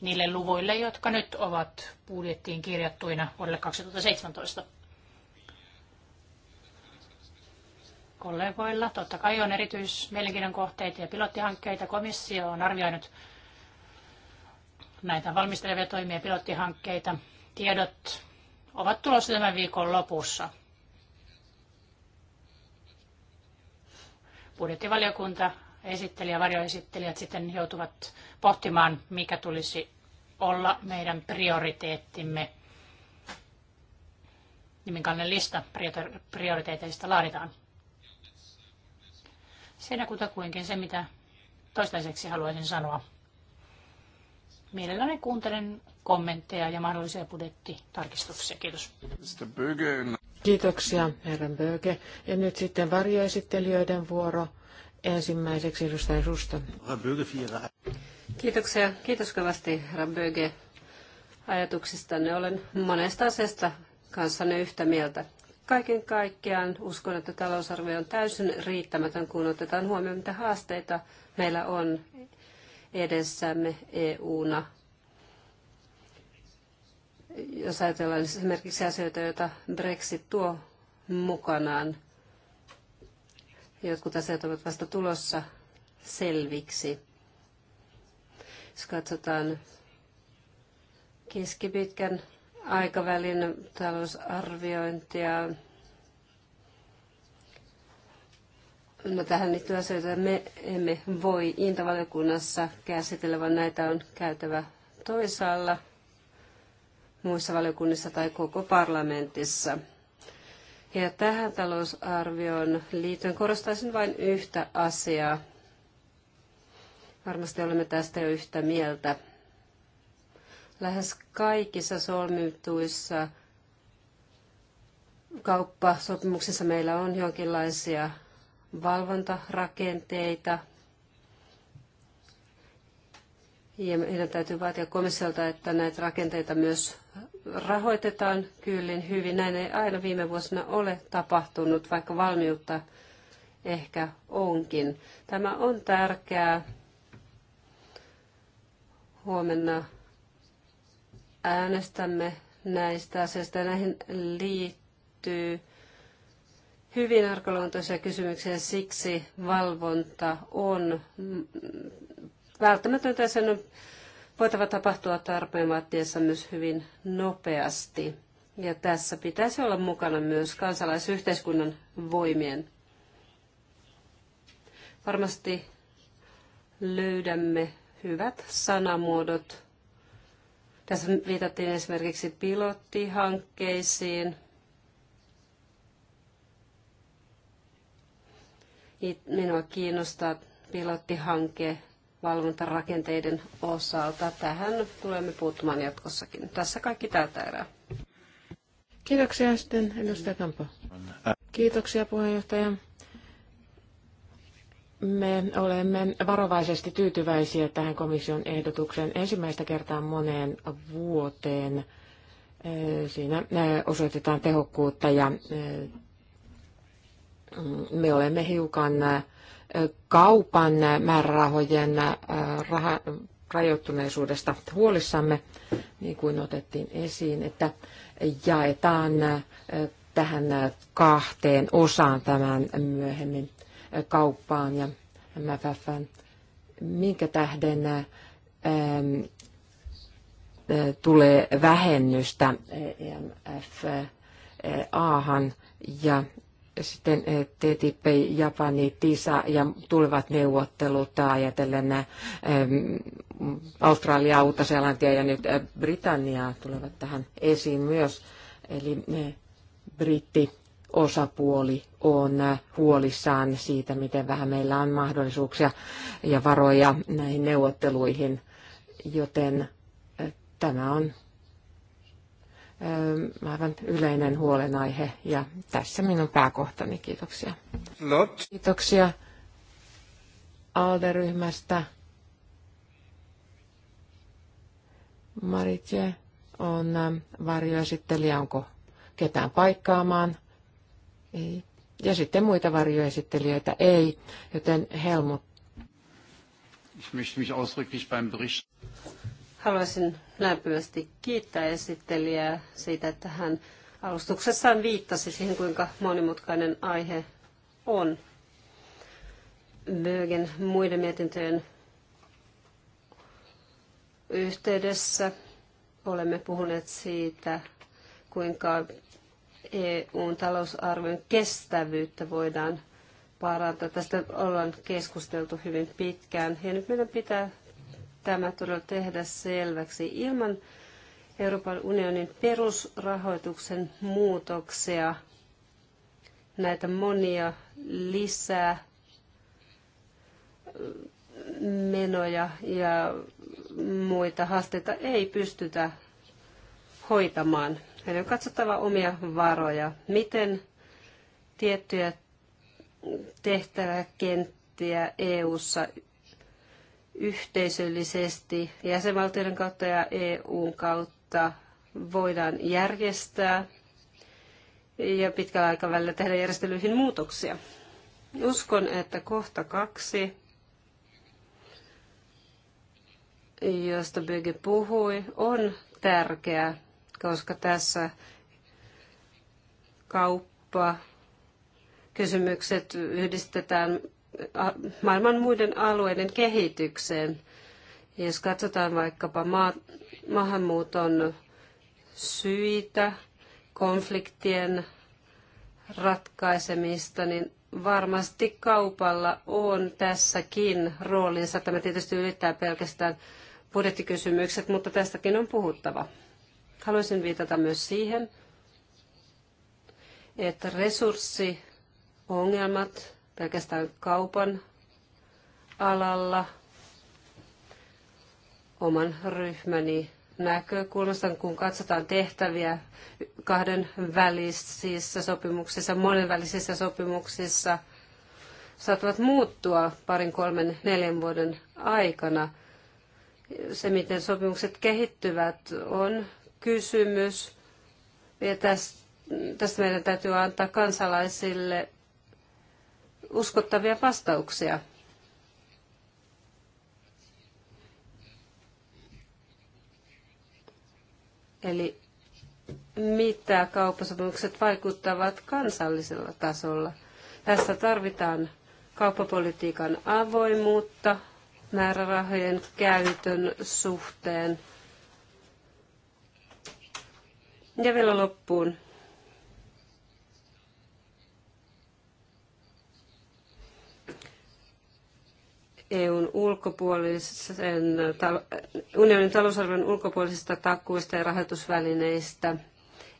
niille luvuille, jotka nyt ovat budjettiin kirjattuina vuodelle 2017. Kollegoilla totta kai on erityismielenkiinnon kohteita ja pilottihankkeita. Komissio on arvioinut näitä valmistelevia toimia pilottihankkeita. Tiedot ovat tulossa tämän viikon lopussa. Budjettivaliokunta esittelijä, varjoesittelijät sitten joutuvat pohtimaan, mikä tulisi olla meidän prioriteettimme ja niin minkälainen lista prioriteeteista laaditaan. Siinä kutakuinkin se, mitä toistaiseksi haluaisin sanoa. Mielelläni kuuntelen kommentteja ja mahdollisia budjettitarkistuksia. Kiitos. Kiitoksia, herran Böge. Ja nyt sitten varjoesittelijöiden vuoro. Ensimmäiseksi edustaja Rusta. Kiitoksia. Kiitos kovasti ajatuksista. Ne Olen monesta asiasta kanssanne yhtä mieltä. Kaiken kaikkiaan uskon, että talousarvio on täysin riittämätön, kun otetaan huomioon, mitä haasteita meillä on edessämme EU-na. Jos ajatellaan esimerkiksi asioita, joita Brexit tuo mukanaan – Jotkut asiat ovat vasta tulossa selviksi. Jos katsotaan keskipitkän aikavälin talousarviointia, No tähän liittyy asioita, me emme voi intavaliokunnassa käsitellä, vaan näitä on käytävä toisaalla muissa valiokunnissa tai koko parlamentissa. Ja tähän talousarvioon liittyen korostaisin vain yhtä asiaa. Varmasti olemme tästä jo yhtä mieltä. Lähes kaikissa solmituissa kauppasopimuksissa meillä on jonkinlaisia valvontarakenteita, ja meidän täytyy vaatia komissiolta, että näitä rakenteita myös rahoitetaan kyllin hyvin. Näin ei aina viime vuosina ole tapahtunut, vaikka valmiutta ehkä onkin. Tämä on tärkeää. Huomenna äänestämme näistä asioista. Näihin liittyy hyvin arkaluontoisia kysymyksiä, siksi valvonta on välttämätöntä ja sen on voitava tapahtua tarpeen vaatiessa myös hyvin nopeasti. Ja tässä pitäisi olla mukana myös kansalaisyhteiskunnan voimien. Varmasti löydämme hyvät sanamuodot. Tässä viitattiin esimerkiksi pilottihankkeisiin. Minua kiinnostaa pilottihanke valvontarakenteiden osalta. Tähän tulemme puuttumaan jatkossakin. Tässä kaikki tältä erää. Kiitoksia sitten edustaja Kampo. Kiitoksia puheenjohtaja. Me olemme varovaisesti tyytyväisiä tähän komission ehdotukseen ensimmäistä kertaa moneen vuoteen. Eh, siinä eh, osoitetaan tehokkuutta ja eh, mm, me olemme hiukan kaupan määrärahojen äh, raha- rajoittuneisuudesta huolissamme, niin kuin otettiin esiin, että jaetaan äh, tähän äh, kahteen osaan tämän myöhemmin kauppaan ja MFF, minkä tähden ää, ähm, tulee vähennystä EMF Ahan ja sitten eh, TTIP, Japani, TISA ja tulevat neuvottelut ajatellen eh, mm, Australia, Uutta-Seelantia ja nyt eh, Britanniaa tulevat tähän esiin myös. Eli britti osapuoli on huolissaan siitä, miten vähän meillä on mahdollisuuksia ja varoja näihin neuvotteluihin, joten tämä on aivan yleinen huolenaihe ja tässä minun pääkohtani. Kiitoksia. Kiitoksia Alderyhmästä. Maritje on ähm, varjoesittelijä, onko ketään paikkaamaan? Ei. Ja sitten muita varjoesittelijöitä ei, joten Helmut. Ich möchte mich ausdrücklich beim Bericht Haluaisin lämpimästi kiittää esittelijää siitä, että hän alustuksessaan viittasi siihen, kuinka monimutkainen aihe on. Bögen muiden mietintöjen yhteydessä olemme puhuneet siitä, kuinka EUn talousarvion kestävyyttä voidaan parantaa. Tästä ollaan keskusteltu hyvin pitkään. Ja nyt meidän pitää tämä todella tehdä selväksi. Ilman Euroopan unionin perusrahoituksen muutoksia näitä monia lisää menoja ja muita haasteita ei pystytä hoitamaan. Eli on katsottava omia varoja. Miten tiettyjä tehtäväkenttiä EU-ssa yhteisöllisesti jäsenvaltioiden kautta ja EUn kautta voidaan järjestää ja pitkällä aikavälillä tehdä järjestelyihin muutoksia. Uskon, että kohta kaksi, josta Byge puhui, on tärkeä, koska tässä kauppa kysymykset yhdistetään maailman muiden alueiden kehitykseen. Ja jos katsotaan vaikkapa maahanmuuton syitä, konfliktien ratkaisemista, niin varmasti kaupalla on tässäkin roolinsa. Tämä tietysti ylittää pelkästään budjettikysymykset, mutta tästäkin on puhuttava. Haluaisin viitata myös siihen, että resurssiongelmat pelkästään kaupan alalla oman ryhmäni näkökulmasta, kun katsotaan tehtäviä kahden välisissä sopimuksissa, monenvälisissä sopimuksissa, saattavat muuttua parin, kolmen, neljän vuoden aikana. Se, miten sopimukset kehittyvät, on kysymys. Ja tästä meidän täytyy antaa kansalaisille uskottavia vastauksia. Eli mitä kauppasopimukset vaikuttavat kansallisella tasolla. Tässä tarvitaan kauppapolitiikan avoimuutta määrärahojen käytön suhteen. Ja vielä loppuun EUn ulkopuolisen, unionin talousarvion ulkopuolisista takuista ja rahoitusvälineistä.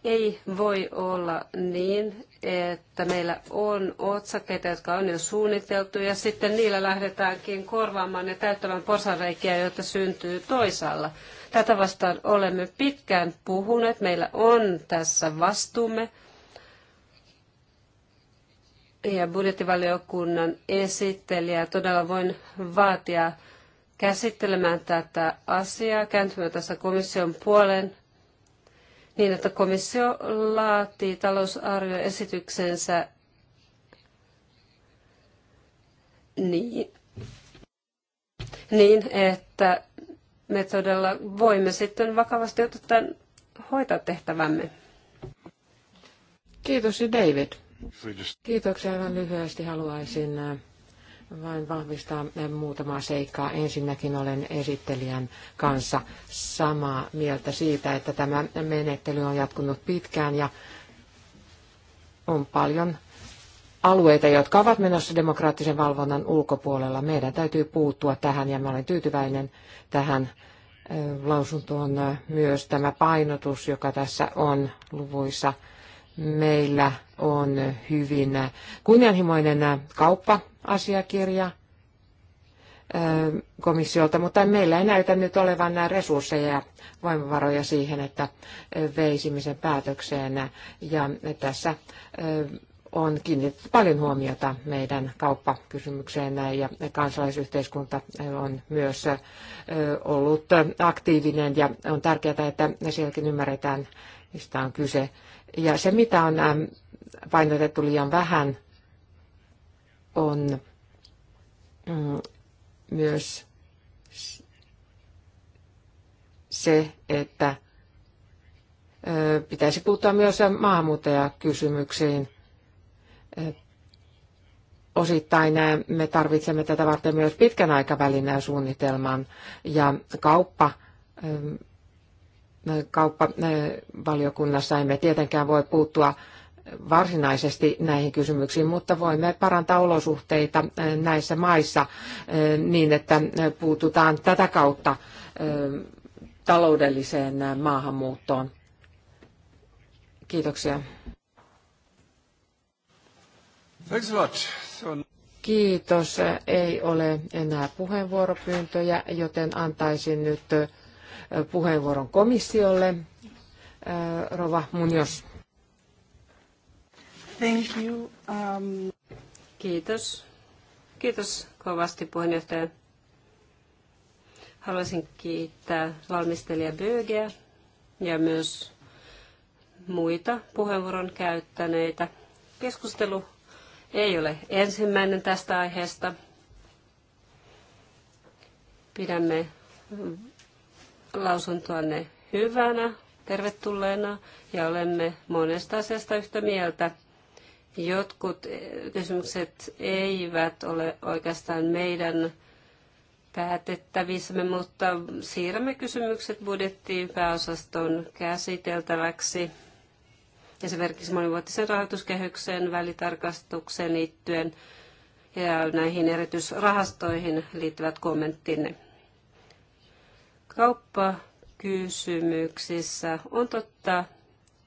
Ei voi olla niin, että meillä on otsakkeita, jotka on jo suunniteltu, ja sitten niillä lähdetäänkin korvaamaan ja täyttämään porsareikiä, joita syntyy toisaalla. Tätä vastaan olemme pitkään puhuneet. Meillä on tässä vastuumme ja budjettivaliokunnan esittelijä. Todella voin vaatia käsittelemään tätä asiaa, kääntymään tässä komission puolen niin, että komissio laatii talousarvioesityksensä niin, niin, että me todella voimme sitten vakavasti ottaa hoitaa tehtävämme. Kiitos David. Kiitoksia. Aivan lyhyesti haluaisin äh, vain vahvistaa äh, muutamaa seikkaa. Ensinnäkin olen esittelijän kanssa samaa mieltä siitä, että tämä menettely on jatkunut pitkään ja on paljon alueita, jotka ovat menossa demokraattisen valvonnan ulkopuolella. Meidän täytyy puuttua tähän ja mä olen tyytyväinen tähän äh, lausuntoon myös tämä painotus, joka tässä on luvuissa Meillä on hyvin kunnianhimoinen kauppa-asiakirja komissiolta, mutta meillä ei näytä nyt olevan nämä resursseja ja voimavaroja siihen, että veisimme sen päätökseen. Ja tässä on kiinnitetty paljon huomiota meidän kauppakysymykseen ja kansalaisyhteiskunta on myös ollut aktiivinen ja on tärkeää, että sielläkin ymmärretään, mistä on kyse. Ja se, mitä on ähm, painotettu liian vähän, on mm, myös se, että pitäisi puuttua myös maahanmuuttajakysymyksiin. Osittain äh, me tarvitsemme tätä varten myös pitkän aikavälin äh, suunnitelman ja kauppa ähm, kauppavaliokunnassa saimme tietenkään voi puuttua varsinaisesti näihin kysymyksiin, mutta voimme parantaa olosuhteita näissä maissa niin, että puututaan tätä kautta taloudelliseen maahanmuuttoon. Kiitoksia. Kiitos. Ei ole enää puheenvuoropyyntöjä, joten antaisin nyt puheenvuoron komissiolle. Äh, Rova Munios. Thank you. Um... Kiitos. Kiitos kovasti puheenjohtaja. Haluaisin kiittää valmistelija Bögeä ja myös muita puheenvuoron käyttäneitä. Keskustelu ei ole ensimmäinen tästä aiheesta. Pidämme lausuntoanne hyvänä, tervetulleena ja olemme monesta asiasta yhtä mieltä. Jotkut eh, kysymykset eivät ole oikeastaan meidän päätettävissämme, mutta siirrämme kysymykset budjettiin pääosaston käsiteltäväksi. Esimerkiksi monivuotisen rahoituskehyksen välitarkastukseen liittyen ja näihin erityisrahastoihin liittyvät kommenttinne. Kauppakysymyksissä on totta,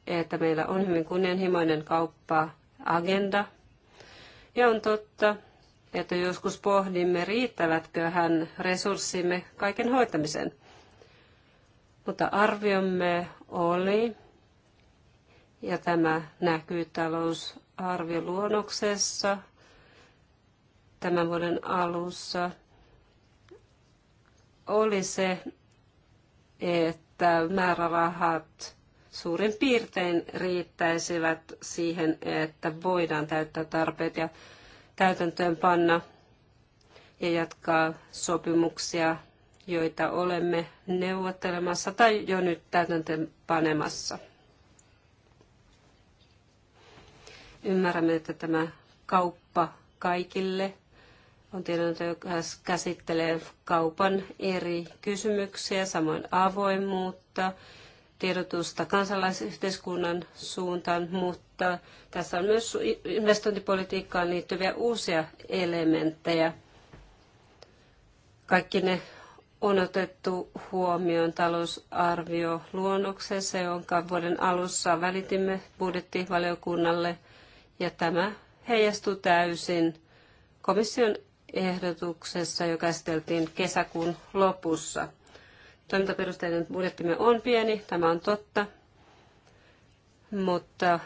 että meillä on hyvin kunnianhimoinen kauppa-agenda. Ja on totta, että joskus pohdimme, riittävätköhän resurssimme kaiken hoitamisen. Mutta arviomme oli, ja tämä näkyy talousarvioluonnoksessa tämän vuoden alussa, oli se, että määrärahat suurin piirtein riittäisivät siihen, että voidaan täyttää tarpeet ja täytäntöön panna ja jatkaa sopimuksia, joita olemme neuvottelemassa tai jo nyt täytäntöön panemassa. Ymmärrämme, että tämä kauppa kaikille on tiedonanto, joka käsittelee kaupan eri kysymyksiä, samoin avoimuutta, tiedotusta kansalaisyhteiskunnan suuntaan, mutta tässä on myös investointipolitiikkaan liittyviä uusia elementtejä. Kaikki ne on otettu huomioon talousarvio luonnoksessa, jonka vuoden alussa välitimme budjettivaliokunnalle, ja tämä heijastuu täysin komission ehdotuksessa, joka käsiteltiin kesäkuun lopussa. Toimintaperusteinen budjettimme on pieni, tämä on totta, mutta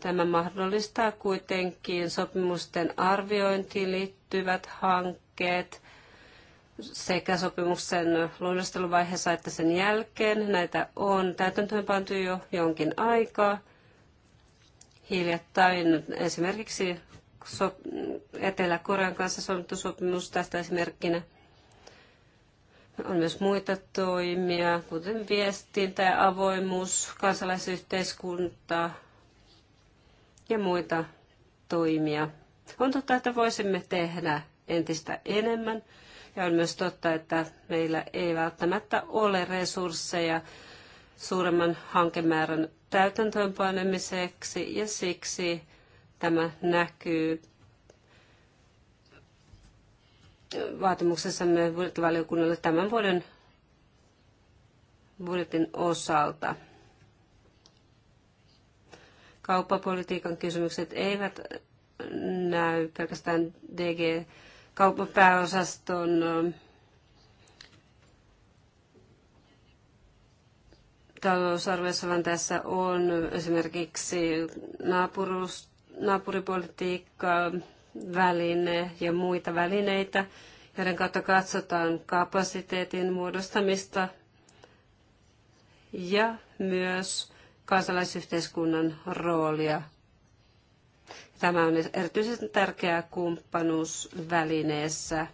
tämä mahdollistaa kuitenkin sopimusten arviointiin liittyvät hankkeet sekä sopimuksen luonnosteluvaiheessa että sen jälkeen. Näitä on täytäntöönpantu jo jonkin aikaa. Hiljattain esimerkiksi so, Etelä-Korean kanssa solmittu sopimus tästä esimerkkinä. On myös muita toimia, kuten viestintä ja avoimuus, kansalaisyhteiskunta ja muita toimia. On totta, että voisimme tehdä entistä enemmän. Ja on myös totta, että meillä ei välttämättä ole resursseja suuremman hankemäärän täytäntöönpanemiseksi ja siksi Tämä näkyy vaatimuksessamme budjettivaliokunnalle tämän vuoden budjetin osalta. Kauppapolitiikan kysymykset eivät näy pelkästään DG kauppapääosaston talousarviossa, vaan tässä on esimerkiksi naapuruus, naapuripolitiikka, väline ja muita välineitä, joiden kautta katsotaan kapasiteetin muodostamista ja myös kansalaisyhteiskunnan roolia. Tämä on erityisen tärkeä kumppanuusvälineessä.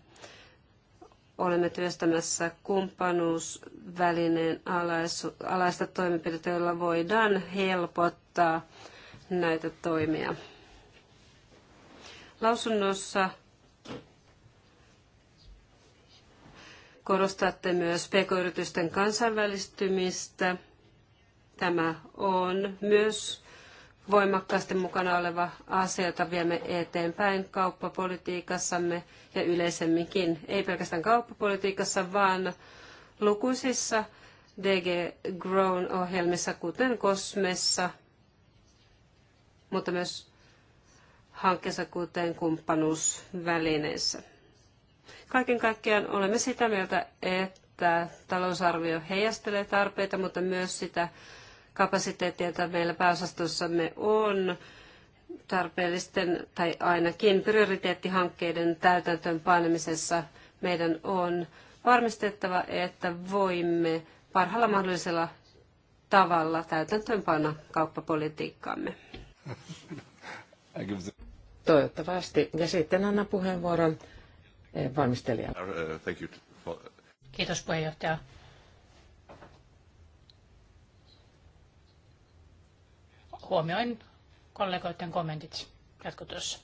Olemme työstämässä kumppanuusvälineen alaista toimenpidettä, jolla voidaan helpottaa näitä toimia. Lausunnossa korostatte myös pk-yritysten kansainvälistymistä. Tämä on myös voimakkaasti mukana oleva asia, jota viemme eteenpäin kauppapolitiikassamme ja yleisemminkin, ei pelkästään kauppapolitiikassa, vaan lukuisissa DG Grown ohjelmissa, kuten Kosmessa, mutta myös hankkeensa, kuten kumppanuusvälineissä. Kaiken kaikkiaan olemme sitä mieltä, että talousarvio heijastelee tarpeita, mutta myös sitä kapasiteettia, jota meillä pääosastossamme on tarpeellisten tai ainakin prioriteettihankkeiden täytäntöönpanemisessa meidän on varmistettava, että voimme parhaalla mahdollisella tavalla täytäntöönpanna kauppapolitiikkaamme. Toivottavasti. Ja sitten annan puheenvuoron eh, valmistelijalle. Uh, Kiitos puheenjohtaja. Huomioin kollegoiden kommentit jatkotyössä.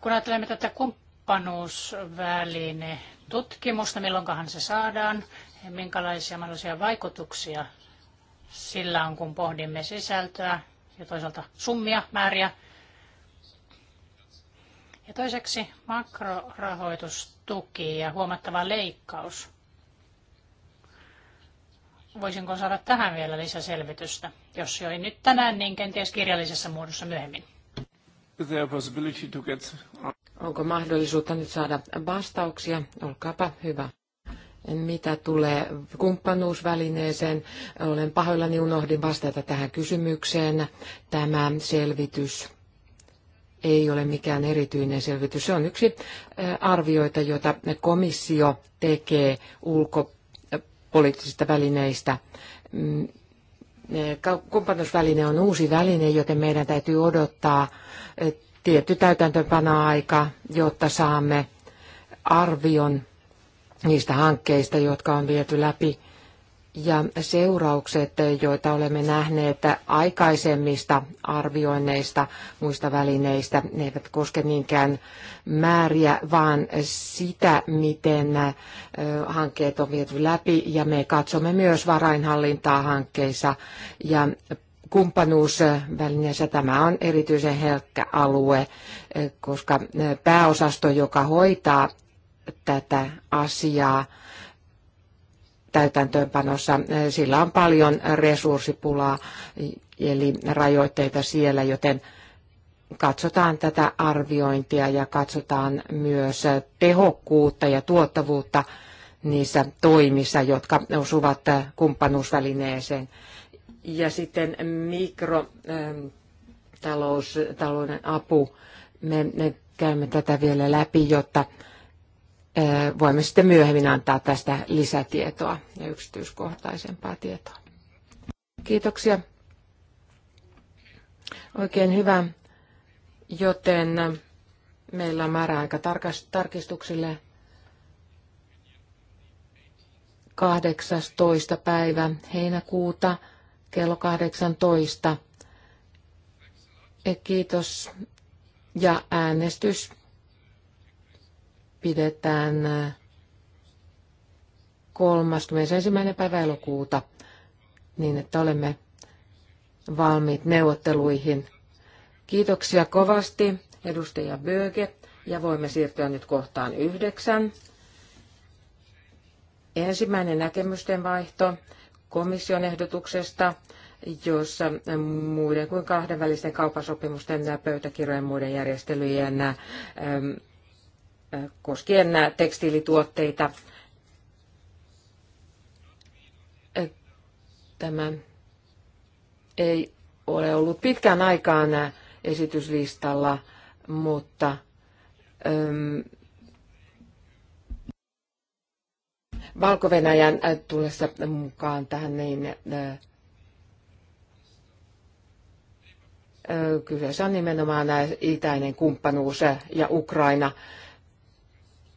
Kun ajattelemme tätä kumppanuusväline tutkimusta, milloinkahan se saadaan minkälaisia mahdollisia vaikutuksia sillä on, kun pohdimme sisältöä ja toisaalta summia, määriä. Ja toiseksi makrorahoitustuki ja huomattava leikkaus. Voisinko saada tähän vielä lisäselvitystä? Jos jo ei nyt tänään, niin kenties kirjallisessa muodossa myöhemmin. Onko mahdollisuutta nyt saada vastauksia? Olkaapa hyvä. Mitä tulee kumppanuusvälineeseen, olen pahoillani unohdin vastata tähän kysymykseen. Tämä selvitys ei ole mikään erityinen selvitys. Se on yksi arvioita, jota komissio tekee ulkopoliittisista välineistä. Mm, kumppanuusväline on uusi väline, joten meidän täytyy odottaa tietty täytäntöpanoaika, jotta saamme arvion niistä hankkeista, jotka on viety läpi ja seuraukset, joita olemme nähneet aikaisemmista arvioinneista, muista välineistä, ne eivät koske niinkään määriä, vaan sitä, miten hankkeet on viety läpi, ja me katsomme myös varainhallintaa hankkeissa, ja kumppanuusvälineessä tämä on erityisen helkkä alue, koska pääosasto, joka hoitaa tätä asiaa täytäntöönpanossa. Sillä on paljon resurssipulaa, eli rajoitteita siellä, joten katsotaan tätä arviointia ja katsotaan myös tehokkuutta ja tuottavuutta niissä toimissa, jotka osuvat kumppanuusvälineeseen. Ja sitten mikrotalouden ähm, apu. Me, me käymme tätä vielä läpi, jotta voimme sitten myöhemmin antaa tästä lisätietoa ja yksityiskohtaisempaa tietoa. Kiitoksia. Oikein hyvä. Joten meillä on määräaika tarkistuksille 18. päivä heinäkuuta kello 18. E, kiitos ja äänestys pidetään 31. päivä elokuuta niin, että olemme valmiit neuvotteluihin. Kiitoksia kovasti edustaja Böge ja voimme siirtyä nyt kohtaan yhdeksän. Ensimmäinen näkemysten vaihto komission ehdotuksesta, jossa muiden kuin kahdenvälisten kauppasopimusten pöytäkirjojen muiden järjestelyjen koskien nämä tekstiilituotteita. Tämä ei ole ollut pitkään aikaan esityslistalla, mutta Valko-Venäjän tullessa mukaan tähän niin kyseessä on nimenomaan itäinen kumppanuus ja Ukraina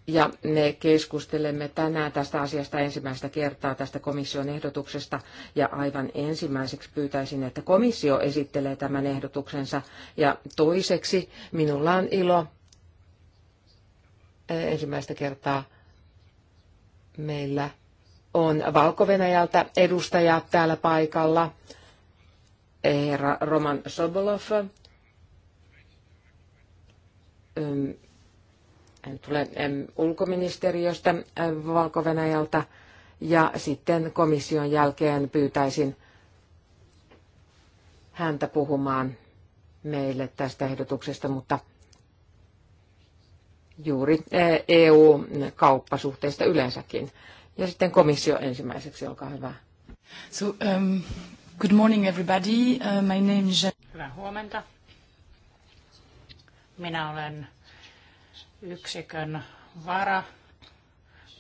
ja me keskustelemme tänään tästä asiasta ensimmäistä kertaa tästä komission ehdotuksesta ja aivan ensimmäiseksi pyytäisin, että komissio esittelee tämän ehdotuksensa ja toiseksi minulla on ilo eh, ensimmäistä kertaa meillä on Valko-Venäjältä edustaja täällä paikalla, eh, herra Roman Sobolov tulee ulkoministeriöstä valko -Venäjältä. ja sitten komission jälkeen pyytäisin häntä puhumaan meille tästä ehdotuksesta, mutta juuri EU-kauppasuhteista e yleensäkin. Ja sitten komissio ensimmäiseksi, olkaa hyvä. So, um, good morning everybody. Uh, my name is... Hyvää huomenta. Minä olen yksikön vara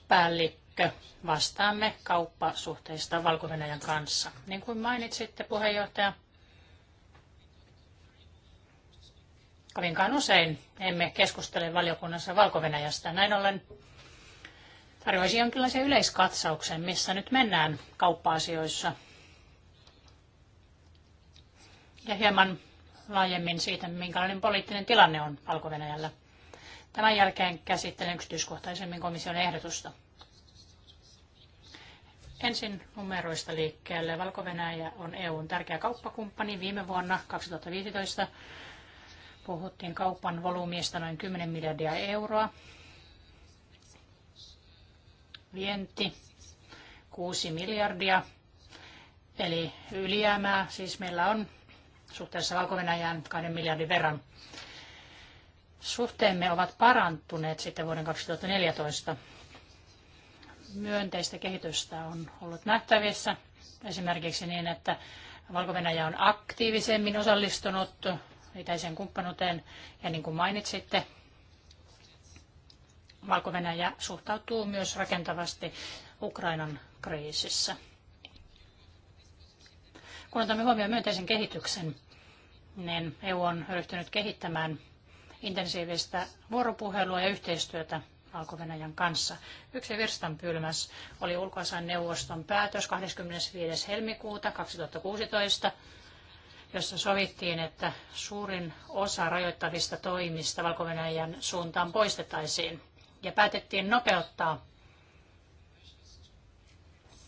päällikkö. Vastaamme kauppasuhteista valko kanssa. Niin kuin mainitsitte, puheenjohtaja, kovinkaan usein emme keskustele valiokunnassa valko -Venäjästä. Näin ollen tarjoaisin jonkinlaisen yleiskatsauksen, missä nyt mennään kauppa-asioissa. Ja hieman laajemmin siitä, minkälainen poliittinen tilanne on valko -Venäjällä. Tämän jälkeen käsittelen yksityiskohtaisemmin komission ehdotusta. Ensin numeroista liikkeelle. valko on EUn tärkeä kauppakumppani. Viime vuonna 2015 puhuttiin kaupan volyymista noin 10 miljardia euroa. Vienti 6 miljardia, eli ylijäämää. Siis meillä on suhteessa valko 2 miljardin verran suhteemme ovat parantuneet sitten vuoden 2014. Myönteistä kehitystä on ollut nähtävissä esimerkiksi niin, että valko on aktiivisemmin osallistunut itäiseen kumppanuuteen ja niin kuin mainitsitte, valko suhtautuu myös rakentavasti Ukrainan kriisissä. Kun otamme huomioon myönteisen kehityksen, niin EU on ryhtynyt kehittämään intensiivistä vuoropuhelua ja yhteistyötä valko kanssa. Yksi virstanpylmäs oli ulkoasain neuvoston päätös 25. helmikuuta 2016, jossa sovittiin, että suurin osa rajoittavista toimista valko suuntaan poistettaisiin ja päätettiin nopeuttaa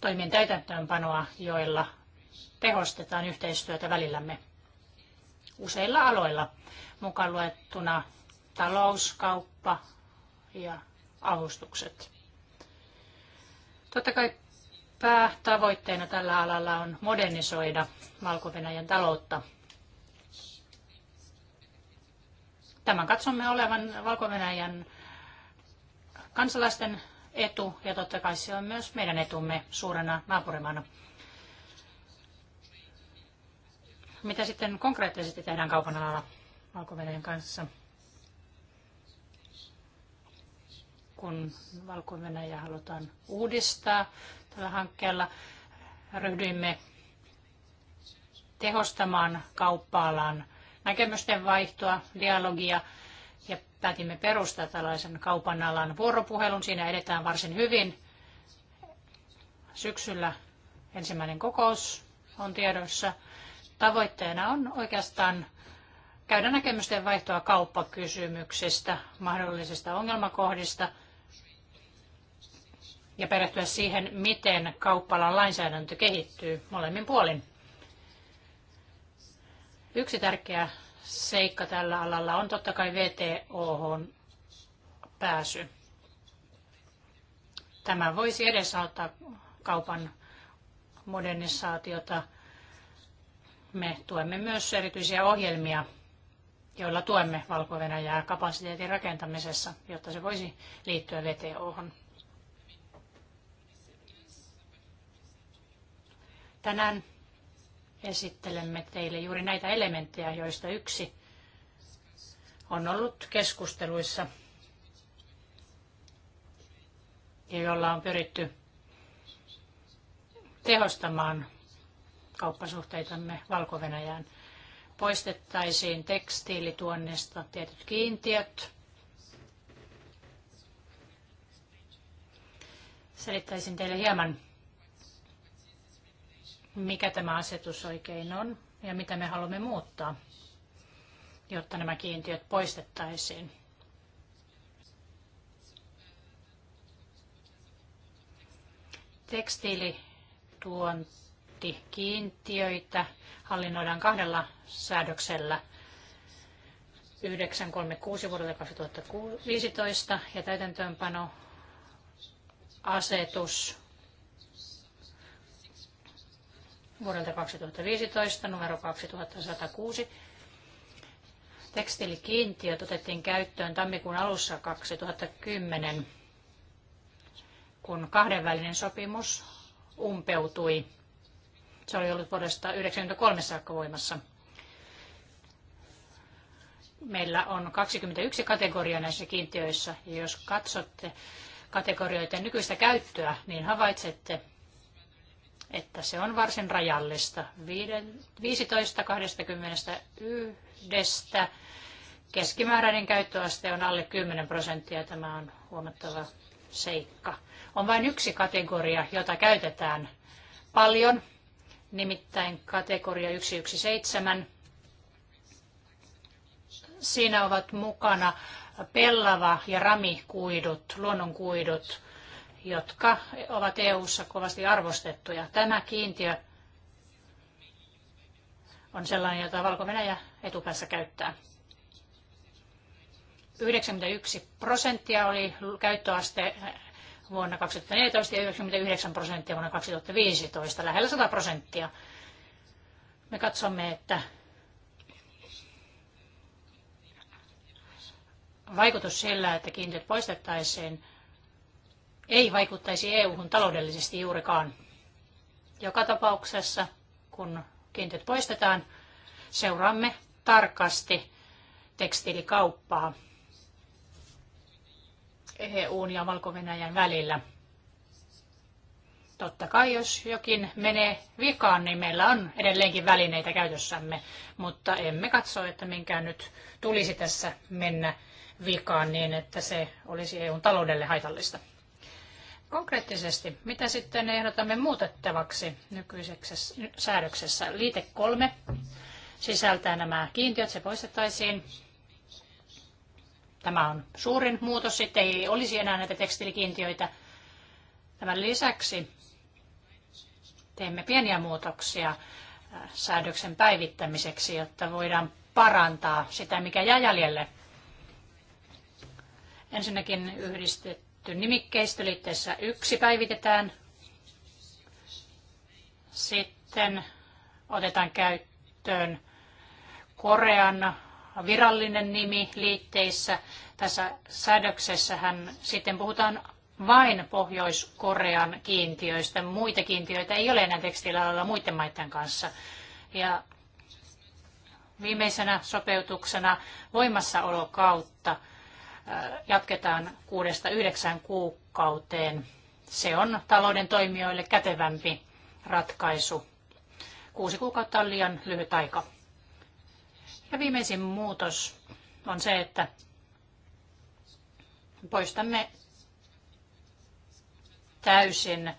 toimien täytäntöönpanoa, joilla tehostetaan yhteistyötä välillämme useilla aloilla mukaan luettuna talous, kauppa ja avustukset. Totta kai päätavoitteena tällä alalla on modernisoida valko taloutta. Tämän katsomme olevan valko kansalaisten etu ja totta kai se on myös meidän etumme suurena naapurimaana. Mitä sitten konkreettisesti tehdään kaupan alalla? valko kanssa. Kun valko halutaan uudistaa tällä hankkeella, ryhdyimme tehostamaan kauppa-alan näkemysten vaihtoa, dialogia ja päätimme perustaa tällaisen kaupan alan vuoropuhelun. Siinä edetään varsin hyvin. Syksyllä ensimmäinen kokous on tiedossa. Tavoitteena on oikeastaan käydä näkemysten vaihtoa kauppakysymyksistä, mahdollisista ongelmakohdista ja perehtyä siihen, miten kauppalan lainsäädäntö kehittyy molemmin puolin. Yksi tärkeä seikka tällä alalla on totta kai VTOhon pääsy. Tämä voisi edesauttaa kaupan modernisaatiota. Me tuemme myös erityisiä ohjelmia joilla tuemme valko kapasiteetin rakentamisessa, jotta se voisi liittyä VTOhon. Tänään esittelemme teille juuri näitä elementtejä, joista yksi on ollut keskusteluissa ja jolla on pyritty tehostamaan kauppasuhteitamme valko -Venäjään poistettaisiin tekstiilituonnista tietyt kiintiöt. Selittäisin teille hieman, mikä tämä asetus oikein on ja mitä me haluamme muuttaa, jotta nämä kiintiöt poistettaisiin. Tekstiilituonti kiintiöitä hallinnoidaan kahdella säädöksellä – 936 vuodelta 2015 ja täytäntöönpano asetus vuodelta 2015 numero 2106. Tekstiilikiintiöt otettiin käyttöön tammikuun alussa 2010, kun kahdenvälinen sopimus umpeutui se oli ollut vuodesta 1993 saakka voimassa. Meillä on 21 kategoriaa näissä kiintiöissä, ja jos katsotte kategorioiden nykyistä käyttöä, niin havaitsette, että se on varsin rajallista. 15, 21, keskimääräinen käyttöaste on alle 10 prosenttia. Tämä on huomattava seikka. On vain yksi kategoria, jota käytetään paljon nimittäin kategoria 117. Siinä ovat mukana pellava ja ramikuidut, luonnonkuidut, jotka ovat EU-ssa kovasti arvostettuja. Tämä kiintiö on sellainen, jota valko etupäässä käyttää. 91 prosenttia oli käyttöaste vuonna 2014 ja 99 prosenttia vuonna 2015, lähellä 100 prosenttia. Me katsomme, että vaikutus sillä, että kiintiöt poistettaisiin, ei vaikuttaisi EU-hun taloudellisesti juurikaan. Joka tapauksessa, kun kiintiöt poistetaan, seuraamme tarkasti tekstiilikauppaa EUn ja valko välillä. Totta kai, jos jokin menee vikaan, niin meillä on edelleenkin välineitä käytössämme, mutta emme katso, että minkään nyt tulisi tässä mennä vikaan niin, että se olisi EUn taloudelle haitallista. Konkreettisesti, mitä sitten ehdotamme muutettavaksi nykyisessä säädöksessä? Liite kolme sisältää nämä kiintiöt, se poistettaisiin. Tämä on suurin muutos, sitten ei olisi enää näitä tekstilikiintiöitä. Tämän lisäksi teemme pieniä muutoksia äh, säädöksen päivittämiseksi, jotta voidaan parantaa sitä, mikä jää jäljelle. Ensinnäkin yhdistetty nimikkeistö yksi päivitetään. Sitten otetaan käyttöön Korean virallinen nimi liitteissä. Tässä hän sitten puhutaan vain Pohjois-Korean kiintiöistä. Muita kiintiöitä ei ole enää tekstiilialalla muiden maiden kanssa. Ja viimeisenä sopeutuksena voimassaolokautta äh, jatketaan kuudesta yhdeksän kuukauteen. Se on talouden toimijoille kätevämpi ratkaisu. Kuusi kuukautta on liian lyhyt aika. Ja viimeisin muutos on se, että poistamme täysin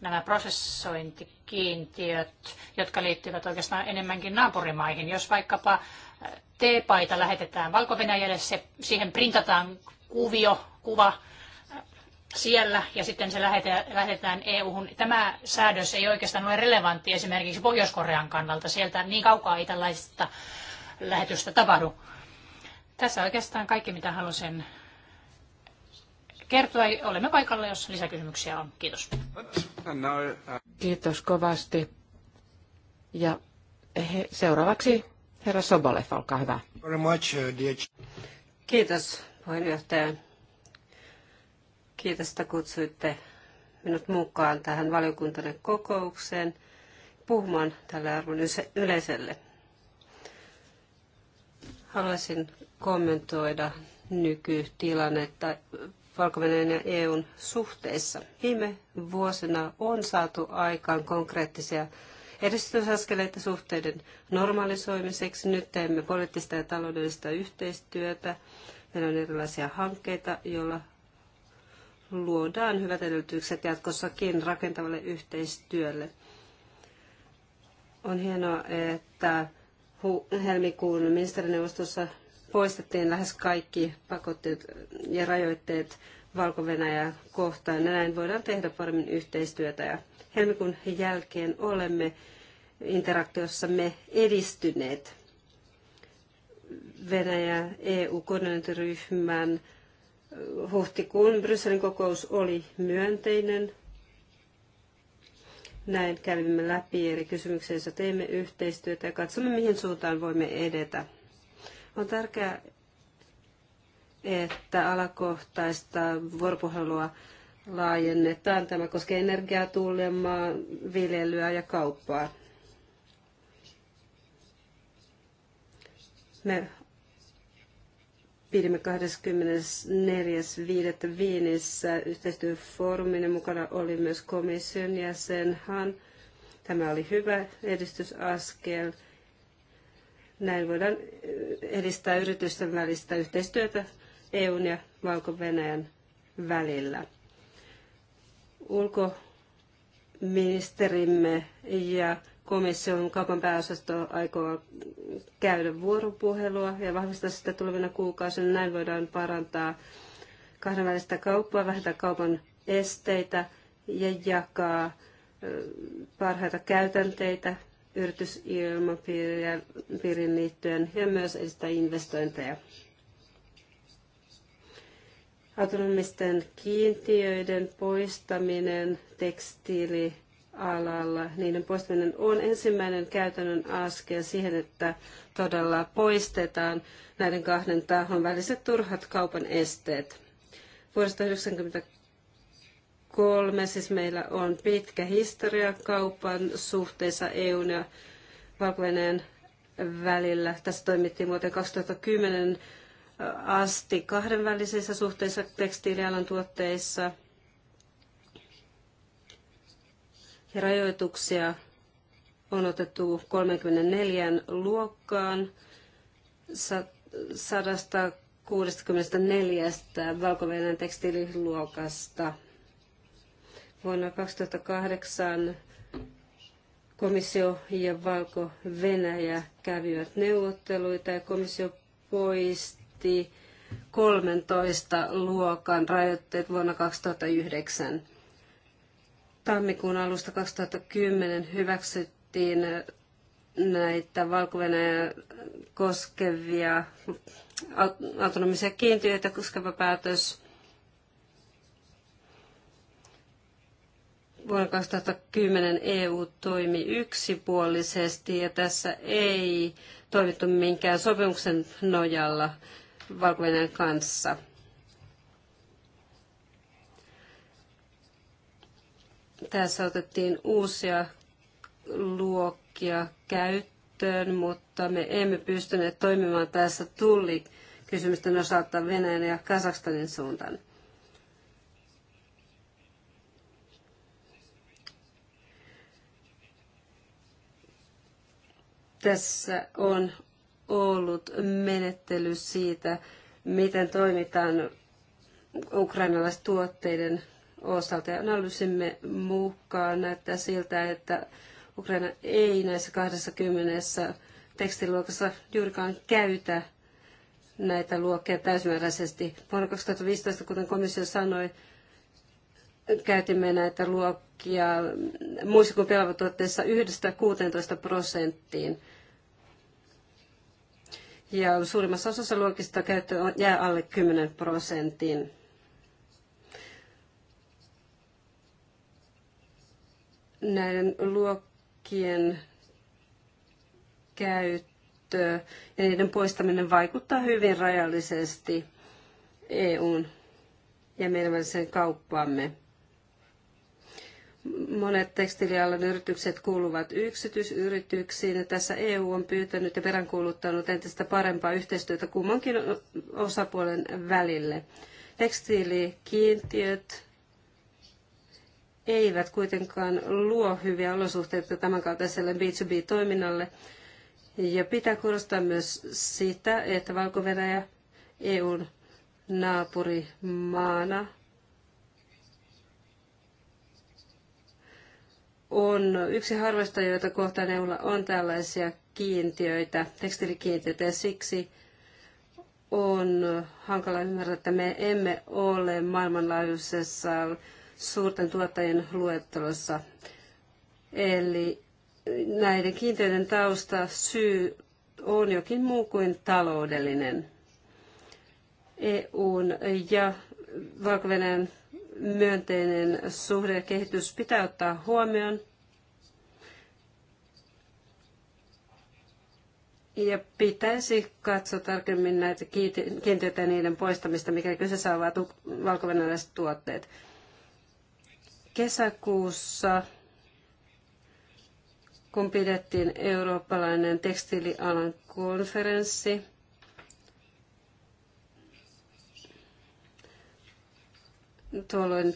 nämä prosessointikiintiöt, jotka liittyvät oikeastaan enemmänkin naapurimaihin. Jos vaikkapa T-paita lähetetään valko se, siihen printataan kuvio, kuva siellä ja sitten se lähetetään EU-hun. Tämä säädös ei oikeastaan ole relevantti esimerkiksi Pohjois-Korean kannalta. Sieltä niin kaukaa ei tällaista lähetystä tapahdu. Tässä oikeastaan kaikki, mitä halusin kertoa. Olemme paikalla, jos lisäkysymyksiä on. Kiitos. Kiitos kovasti. Ja he, seuraavaksi herra Sobolev, olkaa hyvä. Kiitos puheenjohtaja. Kiitos, että kutsuitte minut mukaan tähän valiokuntainen kokoukseen puhumaan tälle arvon yleiselle. Haluaisin kommentoida nykytilannetta valko ja EUn suhteessa Viime vuosina on saatu aikaan konkreettisia edistysaskeleita suhteiden normalisoimiseksi. Nyt teemme poliittista ja taloudellista yhteistyötä. Meillä on erilaisia hankkeita, joilla luodaan hyvät edellytykset jatkossakin rakentavalle yhteistyölle. On hienoa, että helmikuun ministerineuvostossa poistettiin lähes kaikki pakotteet ja rajoitteet valko kohtaan. Ja näin voidaan tehdä paremmin yhteistyötä. Ja helmikuun jälkeen olemme me edistyneet Venäjä EU-koordinaatioryhmän huhtikuun Brysselin kokous oli myönteinen näin kävimme läpi eri kysymyksiä, teemme yhteistyötä ja katsomme, mihin suuntaan voimme edetä. On tärkeää, että alakohtaista vuoropuhelua laajennetaan. Tämä koskee energiaa, tuulemaa, viljelyä ja kauppaa. Me pidimme 24.5. Viinissä yhteistyöfoorumin ja mukana oli myös komission jäsen Han. Tämä oli hyvä edistysaskel. Näin voidaan edistää yritysten välistä yhteistyötä EUn ja Valko-Venäjän välillä. Ulkoministerimme ja komission kaupan pääosasto aikoo käydä vuoropuhelua ja vahvistaa sitä tulevina kuukausina. Näin voidaan parantaa kahdenvälistä kauppaa, vähentää kaupan esteitä ja jakaa parhaita käytänteitä yritysilmapiirin liittyen ja myös edistää investointeja. Autonomisten kiintiöiden poistaminen tekstiili alalla, niiden poistaminen on ensimmäinen käytännön askel siihen, että todella poistetaan näiden kahden tahon väliset turhat kaupan esteet. Vuodesta 1993 siis meillä on pitkä historia kaupan suhteessa EUn ja valko välillä. Tässä toimittiin vuoteen 2010 asti kahdenvälisissä suhteissa tekstiilialan tuotteissa – ja rajoituksia on otettu 34 luokkaan 164 valko tekstiililuokasta. Vuonna 2008 komissio ja Valko-Venäjä kävivät neuvotteluita ja komissio poisti 13 luokan rajoitteet vuonna 2009. Tammikuun alusta 2010 hyväksyttiin näitä valko koskevia autonomisia kiintiöitä koskeva päätös. Vuonna 2010 EU toimi yksipuolisesti ja tässä ei toimittu minkään sopimuksen nojalla valko kanssa. Tässä otettiin uusia luokkia käyttöön, mutta me emme pystyneet toimimaan tässä tullikysymysten osalta Venäjän ja Kazakstanin suuntaan. Tässä on ollut menettely siitä, miten toimitaan ukrainalaistuotteiden osalta. Ja analyysimme mukaan näyttää siltä, että Ukraina ei näissä 20 tekstiluokassa juurikaan käytä näitä luokkeja täysimääräisesti. Vuonna 2015, kuten komissio sanoi, käytimme näitä luokkia muissa kuin pelavatuotteissa 1-16 prosenttiin. Ja suurimmassa osassa luokista käyttö jää alle 10 prosentin. näiden luokkien käyttö ja niiden poistaminen vaikuttaa hyvin rajallisesti EUn ja meidän väliseen kauppaamme. Monet tekstiilialan yritykset kuuluvat yksityisyrityksiin ja tässä EU on pyytänyt ja peräänkuuluttanut entistä parempaa yhteistyötä kummankin osapuolen välille. Tekstiilikiintiöt eivät kuitenkaan luo hyviä olosuhteita tämänkaltaiselle B2B-toiminnalle. Ja pitää korostaa myös sitä, että valko EUn naapurimaana on yksi harvoista, joita kohtaan EUlla on tällaisia kiintiöitä, tekstilikiintiöitä, ja siksi on hankala ymmärtää, että me emme ole maailmanlaajuisessa suurten tuottajien luettelossa. Eli näiden kiinteiden tausta syy on jokin muu kuin taloudellinen. EUn ja valko myönteinen suhde ja kehitys pitää ottaa huomioon. Ja pitäisi katsoa tarkemmin näitä kiinteitä ja niiden poistamista, mikä kyseessä ovat valko tuotteet. Kesäkuussa, kun pidettiin eurooppalainen tekstiilialan konferenssi, tuolloin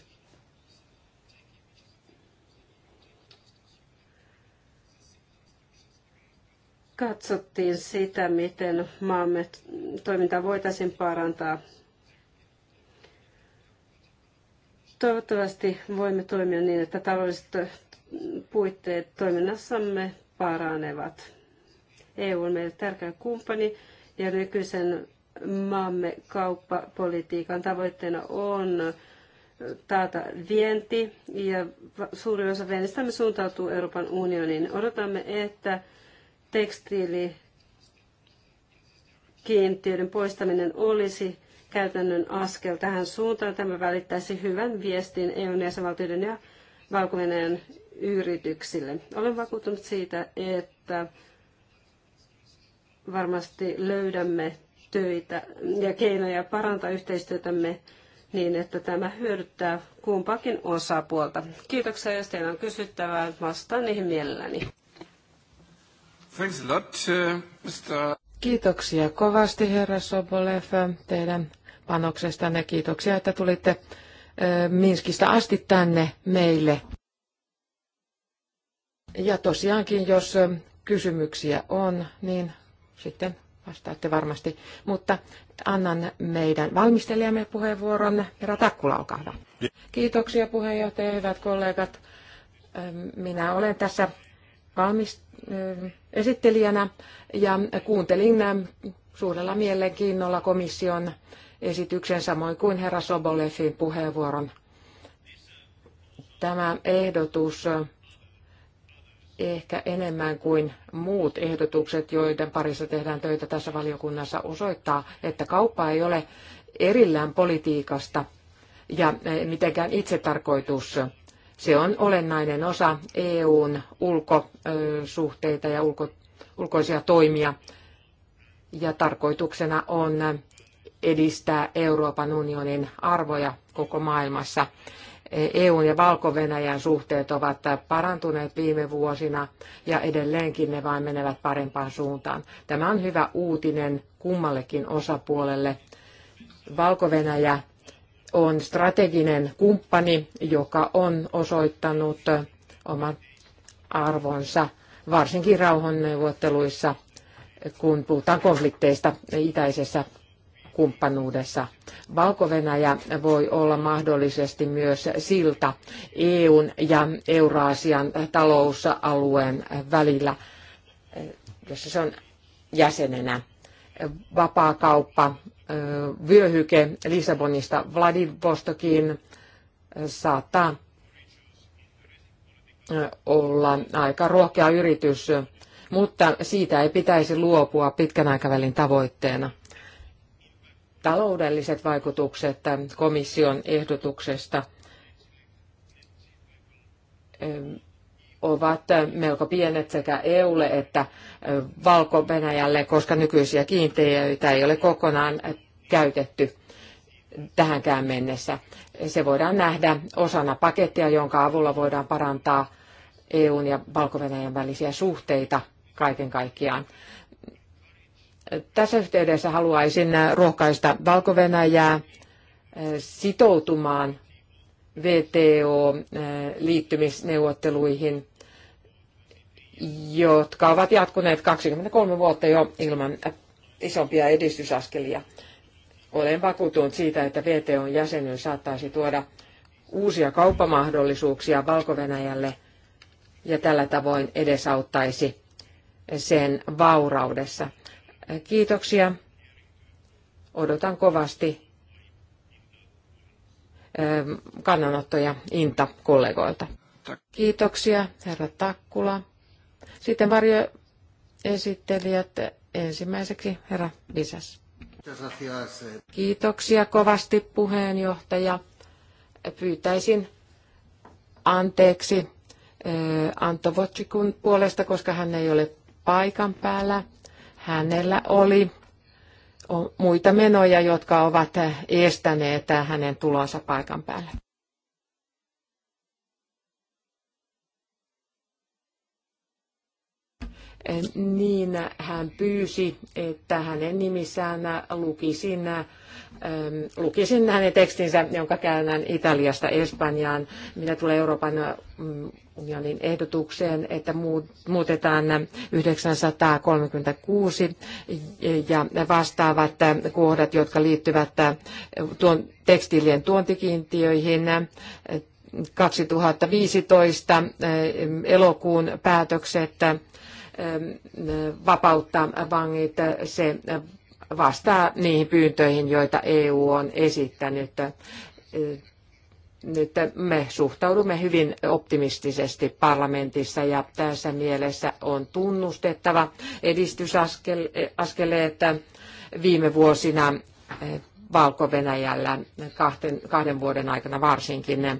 katsottiin sitä, miten maamme toiminta voitaisiin parantaa Toivottavasti voimme toimia niin, että taloudelliset puitteet toiminnassamme paranevat. EU on meille tärkeä kumppani ja nykyisen maamme kauppapolitiikan tavoitteena on taata vienti ja suurin osa viennistämme suuntautuu Euroopan unioniin. Odotamme, että tekstiili poistaminen olisi käytännön askel tähän suuntaan. Tämä välittäisi hyvän viestin EUn jäsenvaltioiden ja valko yrityksille. Olen vakuuttunut siitä, että varmasti löydämme töitä ja keinoja parantaa yhteistyötämme niin, että tämä hyödyttää kumpakin osapuolta. Kiitoksia, jos teillä on kysyttävää. Vastaan niihin mielelläni. Thanks a lot, uh, Mr. Kiitoksia kovasti, herra Sobolev, teidän panoksestanne. Kiitoksia, että tulitte Minskistä asti tänne meille. Ja tosiaankin, jos kysymyksiä on, niin sitten vastaatte varmasti. Mutta annan meidän valmistelijamme puheenvuoron. Herra Takkula, olkaa hyvä. Kiitoksia puheenjohtaja, hyvät kollegat. Minä olen tässä valmis, esittelijänä ja kuuntelin suurella mielenkiinnolla komission esityksen samoin kuin herra Sobolefin puheenvuoron. Tämä ehdotus eh, ehkä enemmän kuin muut ehdotukset, joiden parissa tehdään töitä tässä valiokunnassa, osoittaa, että kauppa ei ole erillään politiikasta ja eh, mitenkään itsetarkoitus. Se on olennainen osa EUn ulkosuhteita eh, ja ulko, ulkoisia toimia. Ja tarkoituksena on edistää Euroopan unionin arvoja koko maailmassa. EUn ja valko suhteet ovat parantuneet viime vuosina ja edelleenkin ne vain menevät parempaan suuntaan. Tämä on hyvä uutinen kummallekin osapuolelle. valko on strateginen kumppani, joka on osoittanut oman arvonsa, varsinkin rauhanneuvotteluissa, kun puhutaan konflikteista itäisessä kumppanuudessa. valko voi olla mahdollisesti myös silta EUn ja Euraasian talousalueen välillä, jossa se on jäsenenä. Vapaakauppa, vyöhyke Lissabonista Vladivostokiin saattaa olla aika rohkea yritys, mutta siitä ei pitäisi luopua pitkän aikavälin tavoitteena taloudelliset vaikutukset komission ehdotuksesta ovat melko pienet sekä EUlle että Valko-Venäjälle, koska nykyisiä kiinteitä ei ole kokonaan käytetty tähänkään mennessä. Se voidaan nähdä osana pakettia, jonka avulla voidaan parantaa EUn ja valko välisiä suhteita kaiken kaikkiaan. Tässä yhteydessä haluaisin rohkaista valko eh, sitoutumaan VTO-liittymisneuvotteluihin, eh, jotka ovat jatkuneet 23 vuotta jo ilman isompia edistysaskelia. Olen vakuutunut siitä, että VTOn jäsenyys saattaisi tuoda uusia kauppamahdollisuuksia valko ja tällä tavoin edesauttaisi sen vauraudessa. Kiitoksia. Odotan kovasti ähm, kannanottoja Inta-kollegoilta. Kiitoksia, herra Takkula. Sitten varjoesittelijät ensimmäiseksi, herra Visas. Kiitoksia kovasti puheenjohtaja. Pyytäisin anteeksi äh, Anto Votsikun puolesta, koska hän ei ole paikan päällä hänellä oli muita menoja, jotka ovat estäneet hänen tulonsa paikan päälle. E, niin hän pyysi, että hänen nimissään lukisin, e, lukisin hänen tekstinsä, jonka käännän Italiasta Espanjaan, mitä tulee Euroopan mm, unionin ehdotukseen, että muutetaan 936 ja vastaavat kohdat, jotka liittyvät tuon tekstiilien tuontikiintiöihin. 2015 elokuun päätökset vapauttaa vangit, se vastaa niihin pyyntöihin, joita EU on esittänyt nyt me suhtaudumme hyvin optimistisesti parlamentissa ja tässä mielessä on tunnustettava edistysaskeleet viime vuosina eh, Valko-Venäjällä kahden, kahden vuoden aikana varsinkin. Eh,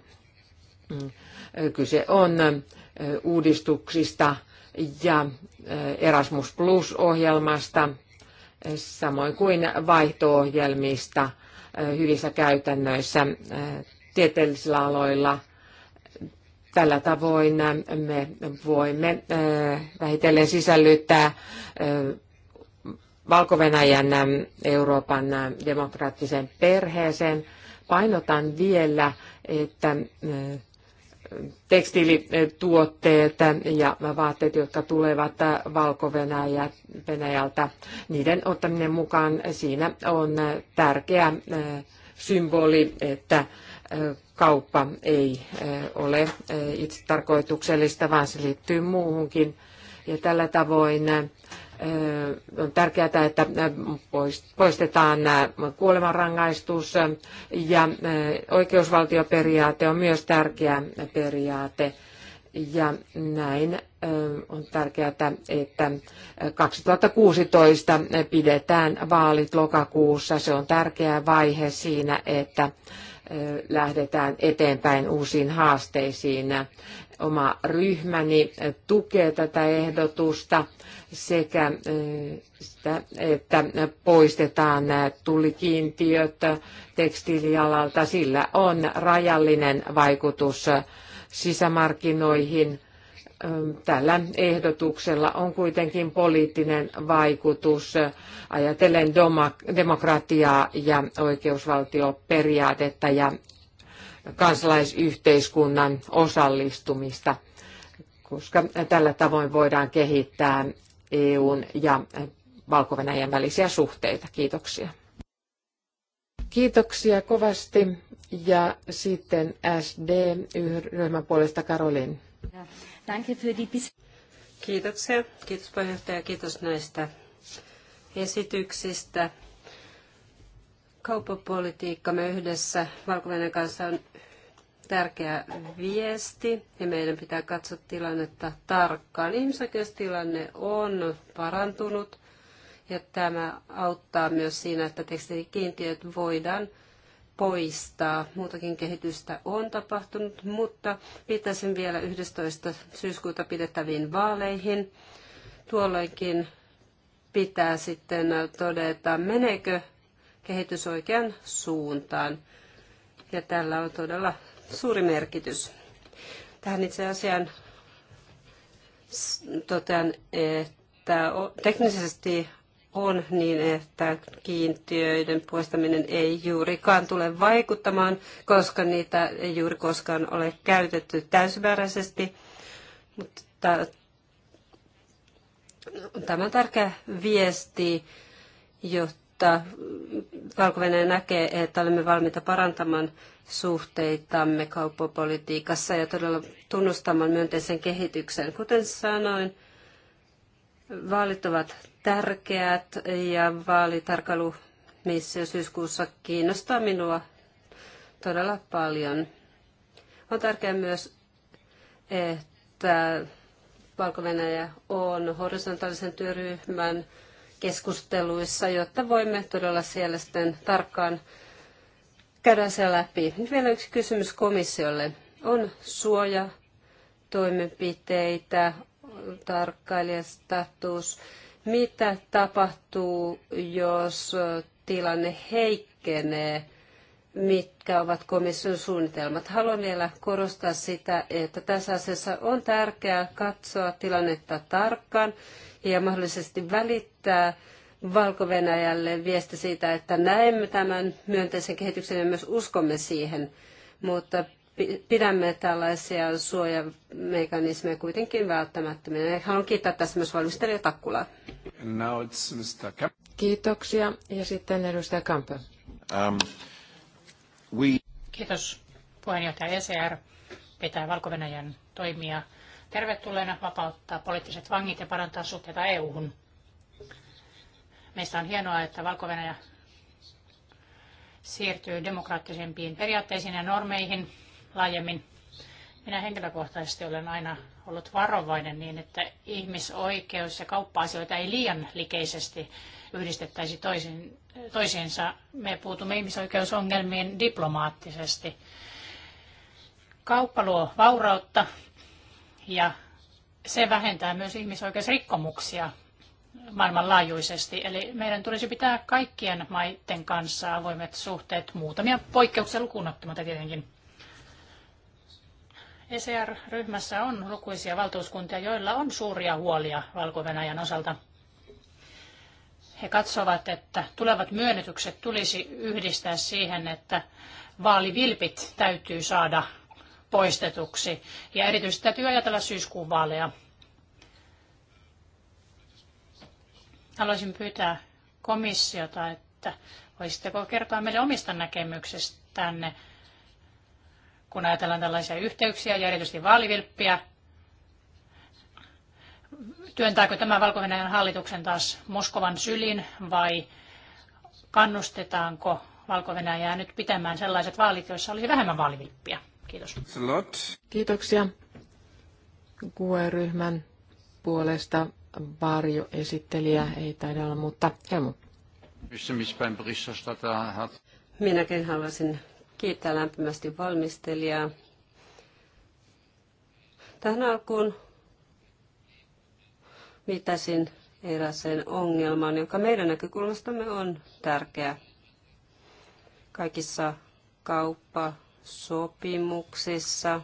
kyse on eh, uudistuksista ja Erasmus Plus-ohjelmasta, samoin kuin vaihto-ohjelmista hyvissä käytännöissä tieteellisillä aloilla. Tällä tavoin me voimme eh, vähitellen sisällyttää eh, valko eh, Euroopan demokraattisen perheeseen. Painotan vielä, että tekstiilituotteet ja vaatteet, jotka tulevat Valko-Venäjältä, niiden ottaminen mukaan siinä on tärkeä symboli, että kauppa ei ole itse tarkoituksellista, vaan se liittyy muuhunkin. Ja tällä tavoin on tärkeää, että poistetaan kuolemanrangaistus ja oikeusvaltioperiaate on myös tärkeä periaate. Ja näin on tärkeää, että 2016 pidetään vaalit lokakuussa. Se on tärkeä vaihe siinä, että lähdetään eteenpäin uusiin haasteisiin. Oma ryhmäni tukee tätä ehdotusta sekä sitä, että poistetaan tulikiintiöt tekstiilialalta. Sillä on rajallinen vaikutus sisämarkkinoihin – tällä ehdotuksella on kuitenkin poliittinen vaikutus ajatellen demokratiaa ja oikeusvaltioperiaatetta ja kansalaisyhteiskunnan osallistumista, koska tällä tavoin voidaan kehittää EUn ja valko välisiä suhteita. Kiitoksia. Kiitoksia kovasti. Ja sitten SD-ryhmän puolesta Karolin. Kiitoksia. Kiitos puheenjohtaja. Kiitos näistä esityksistä. Kauppapolitiikkamme yhdessä valko kanssa on tärkeä viesti ja meidän pitää katsoa tilannetta tarkkaan. Ihmisoikeustilanne on parantunut ja tämä auttaa myös siinä, että tekstikiintiöt voidaan poistaa. Muutakin kehitystä on tapahtunut, mutta viittaisin vielä 11. syyskuuta pidettäviin vaaleihin. Tuolloinkin pitää sitten todeta, meneekö kehitys oikean suuntaan. Ja tällä on todella suuri merkitys. Tähän itse asiaan totean, että teknisesti on niin, että kiintiöiden poistaminen ei juurikaan tule vaikuttamaan, koska niitä ei juuri koskaan ole käytetty täysimääräisesti. Mutta tämä on tärkeä viesti, jotta valko näkee, että olemme valmiita parantamaan suhteitamme kauppapolitiikassa ja todella tunnustamaan myönteisen kehityksen. Kuten sanoin, vaalit ovat tärkeät ja vaalitarkailu missio syyskuussa kiinnostaa minua todella paljon. On tärkeää myös, että valko on horisontaalisen työryhmän keskusteluissa, jotta voimme todella siellä sitten tarkkaan käydä se läpi. Nyt vielä yksi kysymys komissiolle. On suoja toimenpiteitä, tarkkailijastatus, mitä tapahtuu, jos tilanne heikkenee, mitkä ovat komission suunnitelmat. Haluan vielä korostaa sitä, että tässä asiassa on tärkeää katsoa tilannetta tarkkaan ja mahdollisesti välittää valko viesti siitä, että näemme tämän myönteisen kehityksen ja myös uskomme siihen. Mutta pidämme tällaisia suojamekanismeja kuitenkin välttämättöminä. Haluan kiittää tässä myös valmistelija Takkulaa. Kiitoksia. Ja sitten edustaja Kampe. Um, we... Kiitos puheenjohtaja ECR pitää valko toimia tervetulleena vapauttaa poliittiset vangit ja parantaa suhteita EU-hun. Meistä on hienoa, että valko siirtyy demokraattisempiin periaatteisiin ja normeihin laajemmin. Minä henkilökohtaisesti olen aina ollut varovainen niin, että ihmisoikeus- ja kauppa-asioita ei liian likeisesti yhdistettäisi toisiin, toisiinsa. Me puutumme ihmisoikeusongelmiin diplomaattisesti. Kauppa luo vaurautta ja se vähentää myös ihmisoikeusrikkomuksia maailmanlaajuisesti. Eli meidän tulisi pitää kaikkien maiden kanssa avoimet suhteet, muutamia poikkeuksia lukuun ottamatta tietenkin. ECR-ryhmässä on lukuisia valtuuskuntia, joilla on suuria huolia Valko-Venäjän osalta. He katsovat, että tulevat myönnytykset tulisi yhdistää siihen, että vaalivilpit täytyy saada poistetuksi. Ja erityisesti täytyy ajatella syyskuun vaaleja. Haluaisin pyytää komissiota, että voisitteko kertoa meille omista näkemyksistänne kun ajatellaan tällaisia yhteyksiä ja erityisesti vaalivilppiä. Työntääkö tämä valko hallituksen taas Moskovan sylin vai kannustetaanko valko nyt pitämään sellaiset vaalit, joissa olisi vähemmän vaalivilppiä? Kiitos. Kiitoksia. QE-ryhmän puolesta varjoesittelijä ei taida olla, mutta Helmu. Minäkin haluaisin kiittää lämpimästi valmistelijaa. Tähän alkuun viittasin erääseen ongelmaan, joka meidän näkökulmastamme on tärkeä. Kaikissa kauppasopimuksissa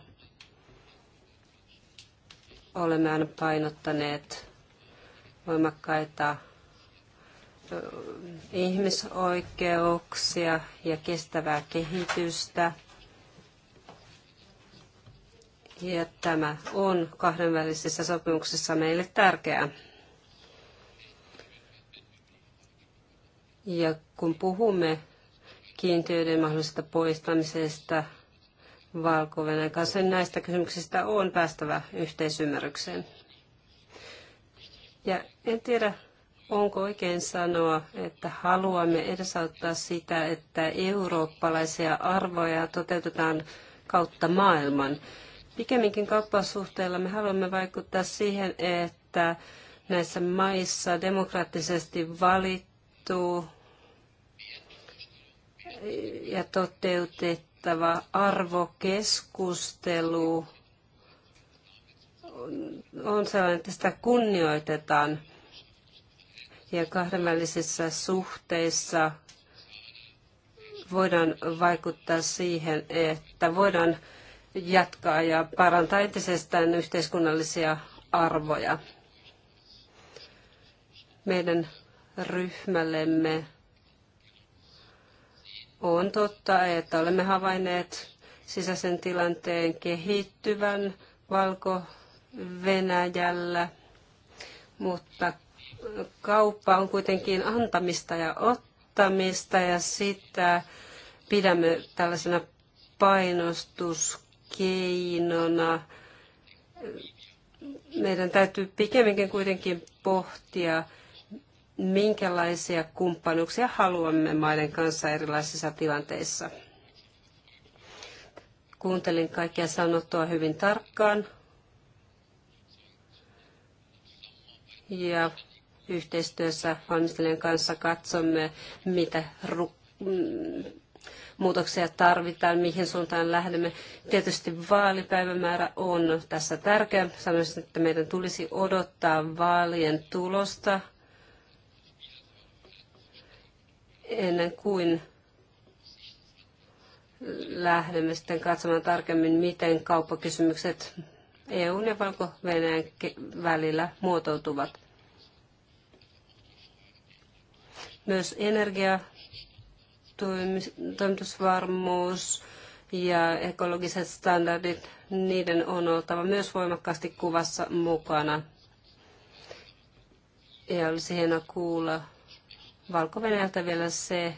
olemme aina painottaneet voimakkaita ihmisoikeuksia ja kestävää kehitystä. Ja tämä on kahdenvälisissä sopimuksissa meille tärkeää. Ja kun puhumme kiintiöiden mahdollisesta poistamisesta valko kanssa, niin näistä kysymyksistä on päästävä yhteisymmärrykseen. Ja en tiedä, Onko oikein sanoa, että haluamme edesauttaa sitä, että eurooppalaisia arvoja toteutetaan kautta maailman? Pikemminkin kauppasuhteilla me haluamme vaikuttaa siihen, että näissä maissa demokraattisesti valittu ja toteutettava arvokeskustelu on sellainen, että sitä kunnioitetaan – ja kahdenvälisissä suhteissa voidaan vaikuttaa siihen, että voidaan jatkaa ja parantaa entisestään yhteiskunnallisia arvoja. Meidän ryhmällemme on totta, että olemme havainneet sisäisen tilanteen kehittyvän Valko-Venäjällä, mutta kauppa on kuitenkin antamista ja ottamista ja sitä pidämme tällaisena painostuskeinona. Meidän täytyy pikemminkin kuitenkin pohtia, minkälaisia kumppanuuksia haluamme maiden kanssa erilaisissa tilanteissa. Kuuntelin kaikkea sanottua hyvin tarkkaan. Ja yhteistyössä valmistelijan kanssa katsomme, mitä mm, muutoksia tarvitaan, mihin suuntaan lähdemme. Tietysti vaalipäivämäärä on tässä tärkeä. Sanoisin, että meidän tulisi odottaa vaalien tulosta ennen kuin lähdemme sitten katsomaan tarkemmin, miten kauppakysymykset EUn ja Valko-Venäjän välillä muotoutuvat. Myös energiatoimitusvarmuus ja ekologiset standardit, niiden on oltava myös voimakkaasti kuvassa mukana. Ja olisi hienoa kuulla valko vielä se,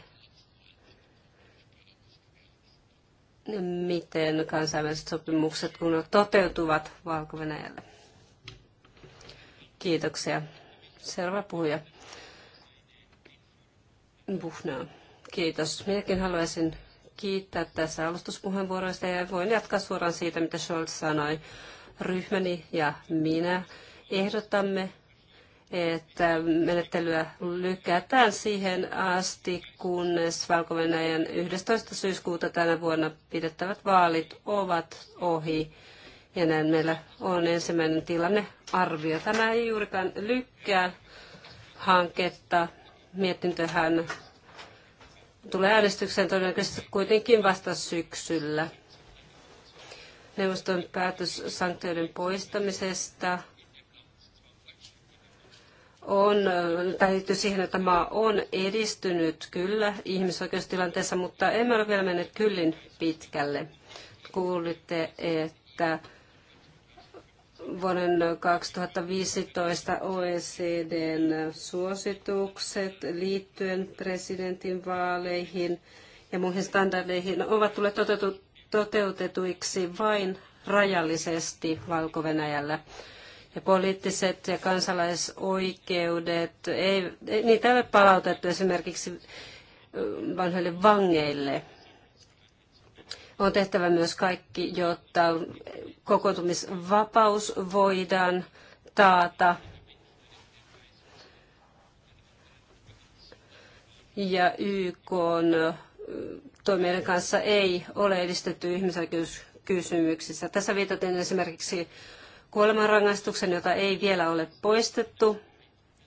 miten kansainväliset sopimukset kun toteutuvat valko -Venäjällä. Kiitoksia. Seuraava puhuja. Buhnaa. Kiitos. Minäkin haluaisin kiittää tässä alustuspuheenvuoroista ja voin jatkaa suoraan siitä, mitä Scholz sanoi. Ryhmäni ja minä ehdotamme, että menettelyä lykätään siihen asti, kunnes valko 11. syyskuuta tänä vuonna pidettävät vaalit ovat ohi. Ja näin meillä on ensimmäinen tilannearvio. Tämä ei juurikaan lykkää hanketta, mietintöhän tulee äänestykseen todennäköisesti kuitenkin vasta syksyllä. Neuvoston päätös sanktioiden poistamisesta on, tai siihen, että maa on edistynyt kyllä ihmisoikeustilanteessa, mutta emme ole vielä menneet kyllin pitkälle. Kuulitte, että vuoden 2015 OECDn suositukset liittyen presidentin vaaleihin ja muihin standardeihin ovat tulleet toteutetuiksi vain rajallisesti Valko-Venäjällä. Ja poliittiset ja kansalaisoikeudet, ei, niitä ei ole palautettu esimerkiksi vanhoille vangeille – on tehtävä myös kaikki, jotta kokoontumisvapaus voidaan taata. Ja YK on toimijoiden kanssa ei ole edistetty ihmisoikeuskysymyksissä. Tässä viitaten esimerkiksi kuolemanrangaistuksen, jota ei vielä ole poistettu.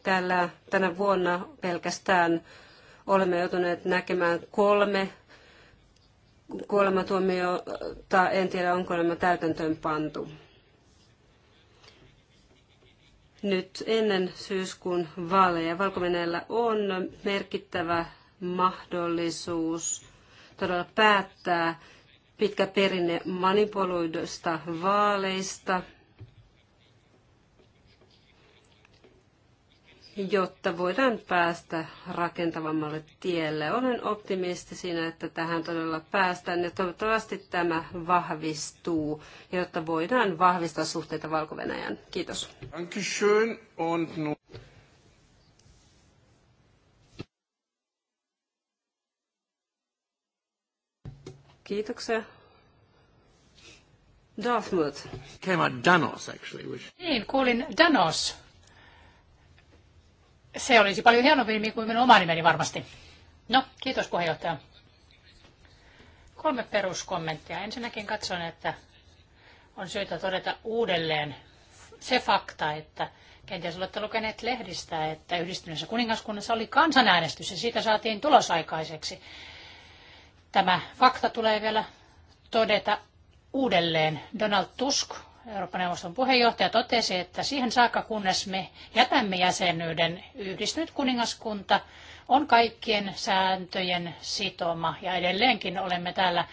Tällä, tänä vuonna pelkästään olemme joutuneet näkemään kolme kuolematuomiota, en tiedä onko nämä täytäntöön pantu. Nyt ennen syyskuun vaaleja valko on merkittävä mahdollisuus todella päättää pitkä perinne manipuloidusta vaaleista – jotta voidaan päästä rakentavammalle tielle. Olen optimisti siinä, että tähän todella päästään ja toivottavasti tämä vahvistuu, jotta voidaan vahvistaa suhteita valko -Venäjän. Kiitos. Kiitoksia. Dartmouth. Came out Danos, actually. Which... Niin, kuulin Danos se olisi paljon hienompi nimi kuin minun oma nimeni varmasti. No, kiitos puheenjohtaja. Kolme peruskommenttia. Ensinnäkin katson, että on syytä todeta uudelleen se fakta, että kenties olette lukeneet lehdistä, että yhdistyneessä kuningaskunnassa oli kansanäänestys ja siitä saatiin tulos aikaiseksi. Tämä fakta tulee vielä todeta uudelleen. Donald Tusk Eurooppa-neuvoston puheenjohtaja, totesi, että siihen saakka kunnes me jätämme jäsenyyden, yhdistynyt kuningaskunta on kaikkien sääntöjen sitoma ja edelleenkin olemme täällä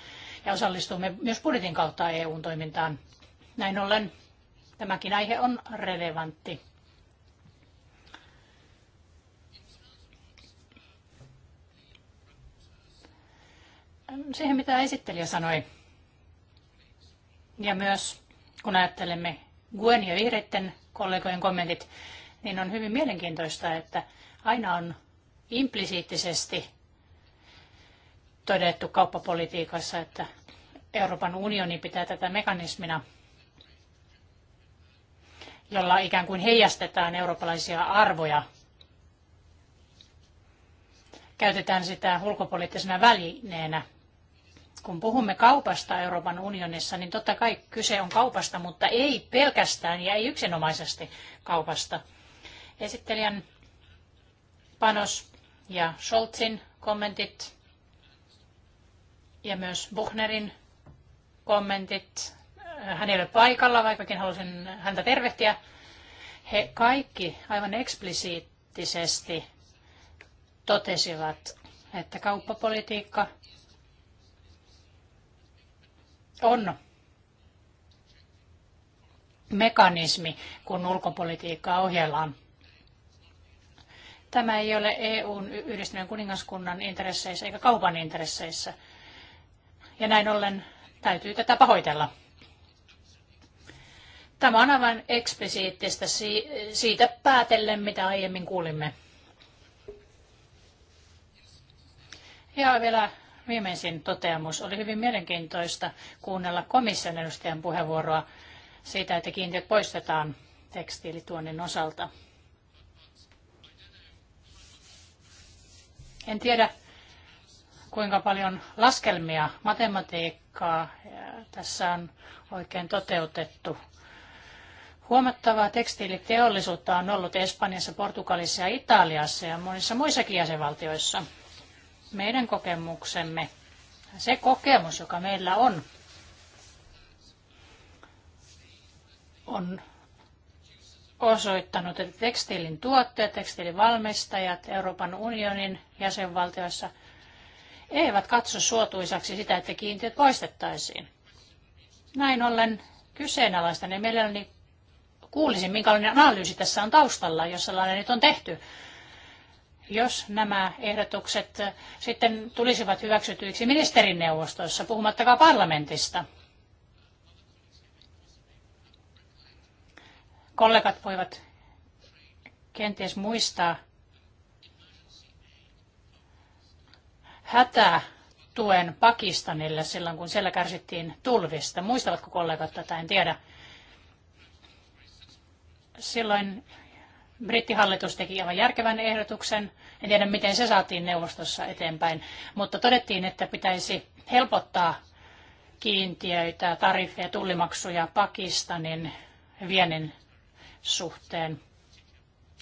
ja osallistumme myös budjetin kautta eu toimintaan. Näin ollen tämäkin aihe on relevantti. Siihen, mitä esittelijä sanoi, ja myös kun ajattelemme Gwen ja vihreiden kollegojen kommentit, niin on hyvin mielenkiintoista, että aina on implisiittisesti todettu kauppapolitiikassa, että Euroopan unioni pitää tätä mekanismina, jolla ikään kuin heijastetaan eurooppalaisia arvoja. Käytetään sitä ulkopoliittisena välineenä kun puhumme kaupasta Euroopan unionissa, niin totta kai kyse on kaupasta, mutta ei pelkästään ja ei yksinomaisesti kaupasta. Esittelijän panos ja Scholzin kommentit ja myös Buchnerin kommentit. Hän ei ole paikalla, vaikkakin halusin häntä tervehtiä. He kaikki aivan eksplisiittisesti totesivat, että kauppapolitiikka – on mekanismi, kun ulkopolitiikkaa ohjellaan. Tämä ei ole EUn yhdistyneen kuningaskunnan intresseissä eikä kaupan intresseissä. Ja näin ollen täytyy tätä pahoitella. Tämä on aivan eksplisiittistä siitä päätellen, mitä aiemmin kuulimme. Ja vielä viimeisin toteamus. Oli hyvin mielenkiintoista kuunnella komission edustajan puheenvuoroa siitä, että kiintiöt poistetaan tekstiilituonnin osalta. En tiedä, kuinka paljon laskelmia, matematiikkaa tässä on oikein toteutettu. Huomattavaa tekstiiliteollisuutta on ollut Espanjassa, Portugalissa ja Italiassa ja monissa muissakin jäsenvaltioissa meidän kokemuksemme, se kokemus, joka meillä on, on osoittanut, että tekstiilin tuotteet, tekstiilivalmistajat Euroopan unionin jäsenvaltioissa eivät katso suotuisaksi sitä, että kiintiöt poistettaisiin. Näin ollen kyseenalaistan ja mielelläni kuulisin, minkälainen analyysi tässä on taustalla, jos sellainen nyt on tehty jos nämä ehdotukset sitten tulisivat hyväksytyiksi ministerineuvostossa, puhumattakaan parlamentista. Kollegat voivat kenties muistaa hätätuen Pakistanille silloin, kun siellä kärsittiin tulvista. Muistavatko kollegat tätä? En tiedä. Silloin Brittihallitus teki aivan järkevän ehdotuksen. En tiedä, miten se saatiin neuvostossa eteenpäin, mutta todettiin, että pitäisi helpottaa kiintiöitä, tariffeja, tullimaksuja Pakistanin viennin suhteen,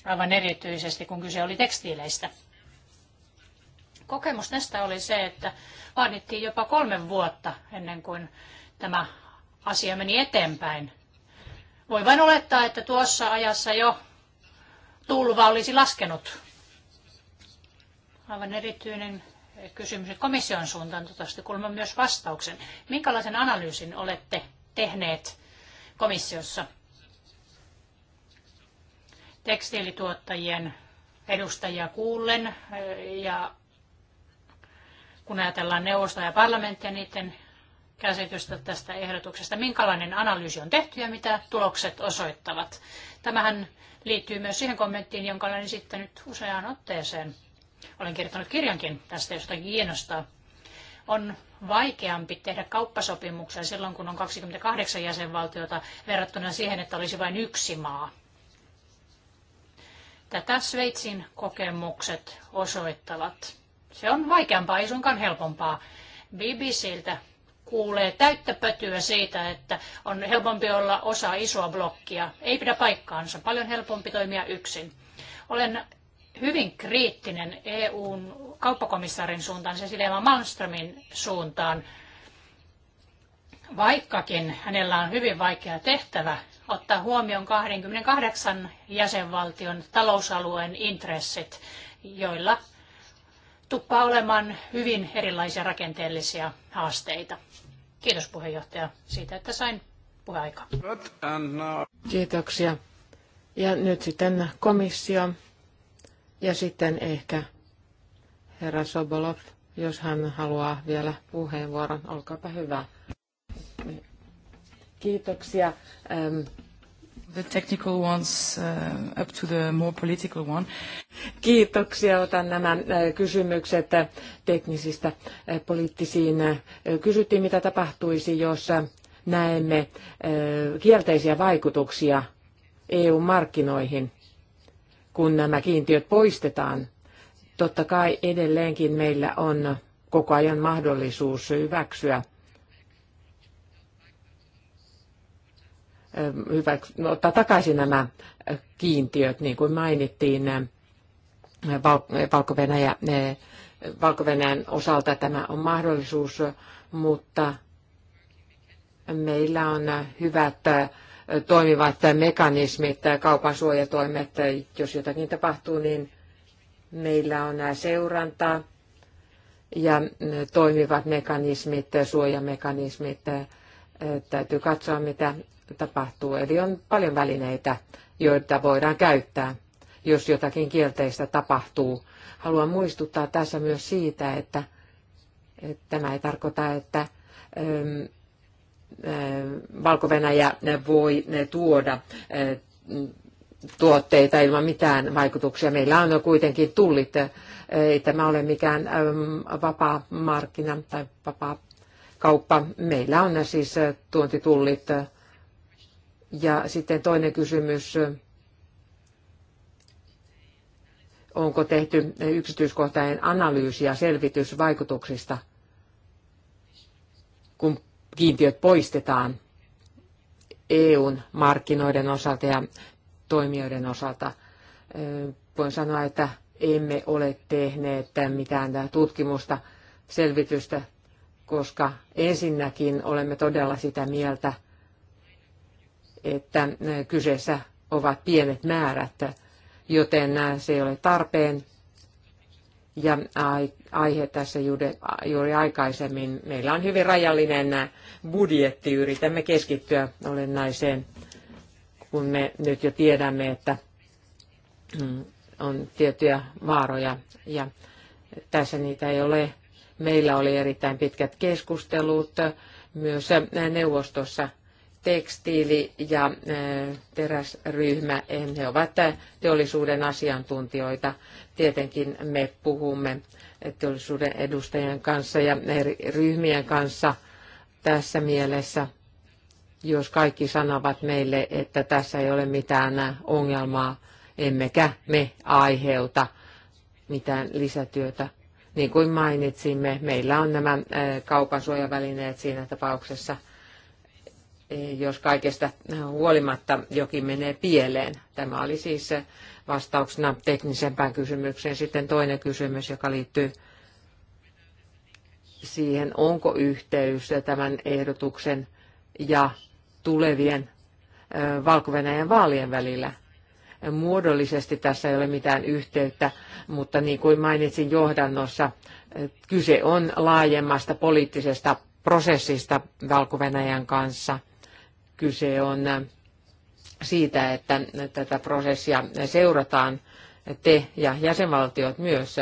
aivan erityisesti kun kyse oli tekstiileistä. Kokemus tästä oli se, että vaadittiin jopa kolme vuotta ennen kuin tämä asia meni eteenpäin. Voi vain olettaa, että tuossa ajassa jo tulva olisi laskenut. Aivan erityinen kysymys komission suuntaan, toivottavasti kuulemma myös vastauksen. Minkälaisen analyysin olette tehneet komissiossa tekstiilituottajien edustajia kuullen eh, ja kun ajatellaan neuvostoa ja parlamenttia niiden käsitystä tästä ehdotuksesta, minkälainen analyysi on tehty ja mitä tulokset osoittavat. Tämähän liittyy myös siihen kommenttiin, jonka olen esittänyt useaan otteeseen. Olen kirjoittanut kirjankin tästä, josta kiinnostaa. On vaikeampi tehdä kauppasopimuksia silloin, kun on 28 jäsenvaltiota verrattuna siihen, että olisi vain yksi maa. Tätä Sveitsin kokemukset osoittavat. Se on vaikeampaa, ei suinkaan helpompaa. BBCltä kuulee täyttä pötyä siitä, että on helpompi olla osa isoa blokkia. Ei pidä paikkaansa. Paljon helpompi toimia yksin. Olen hyvin kriittinen EUn kauppakomissaarin suuntaan, se Malmströmin suuntaan, vaikkakin hänellä on hyvin vaikea tehtävä ottaa huomioon 28 jäsenvaltion talousalueen intressit, joilla tuppaa olemaan hyvin erilaisia rakenteellisia haasteita. Kiitos puheenjohtaja siitä, että sain puheaikaa. Kiitoksia. Ja nyt sitten komissio ja sitten ehkä herra Sobolov, jos hän haluaa vielä puheenvuoron. Olkaapa hyvä. Kiitoksia The technical ones uh, up to the more political one. Kiitoksia. Otan nämä äh, kysymykset äh, teknisistä äh, poliittisiin. Kysyttiin, mitä tapahtuisi, jos näemme kielteisiä vaikutuksia EU-markkinoihin, kun nämä kiintiöt poistetaan. Totta kai edelleenkin meillä on koko ajan mahdollisuus hyväksyä Hyvä no, ottaa takaisin nämä kiintiöt, niin kuin mainittiin Valko-Venäjä, valko osalta tämä on mahdollisuus, mutta meillä on hyvät toimivat mekanismit, kaupan suojatoimet, jos jotakin tapahtuu, niin meillä on seurantaa ja toimivat mekanismit, suojamekanismit. Täytyy katsoa, mitä tapahtuu. Eli on paljon välineitä, joita voidaan käyttää, jos jotakin kielteistä tapahtuu. Haluan muistuttaa tässä myös siitä, että, että tämä ei tarkoita, että ähm, äh, Valko-Venäjä voi ne tuoda äh, tuotteita ilman mitään vaikutuksia. Meillä on kuitenkin tullit. Äh, ei tämä ole mikään ähm, vapaa markkina tai vapaa kauppa. Meillä on siis tuontitullit ja sitten toinen kysymys, onko tehty yksityiskohtainen analyysi ja selvitys vaikutuksista, kun kiintiöt poistetaan EUn markkinoiden osalta ja toimijoiden osalta. Voin sanoa, että emme ole tehneet mitään tutkimusta, selvitystä, koska ensinnäkin olemme todella sitä mieltä, että kyseessä ovat pienet määrät, joten se ei ole tarpeen. Ja aihe tässä juuri aikaisemmin. Meillä on hyvin rajallinen budjetti. Yritämme keskittyä olennaiseen, kun me nyt jo tiedämme, että mm, on tiettyjä vaaroja. Ja tässä niitä ei ole. Meillä oli erittäin pitkät keskustelut myös neuvostossa tekstiili- ja teräsryhmä, he ovat teollisuuden asiantuntijoita. Tietenkin me puhumme teollisuuden edustajien kanssa ja eri ryhmien kanssa tässä mielessä, jos kaikki sanovat meille, että tässä ei ole mitään ongelmaa, emmekä me aiheuta mitään lisätyötä. Niin kuin mainitsimme, meillä on nämä kaupan suojavälineet siinä tapauksessa – jos kaikesta huolimatta jokin menee pieleen. Tämä oli siis vastauksena teknisempään kysymykseen. Sitten toinen kysymys, joka liittyy siihen, onko yhteys tämän ehdotuksen ja tulevien valko vaalien välillä. Muodollisesti tässä ei ole mitään yhteyttä, mutta niin kuin mainitsin johdannossa, kyse on laajemmasta poliittisesta prosessista valko kanssa – Kyse on siitä, että tätä prosessia seurataan te ja jäsenvaltiot myös.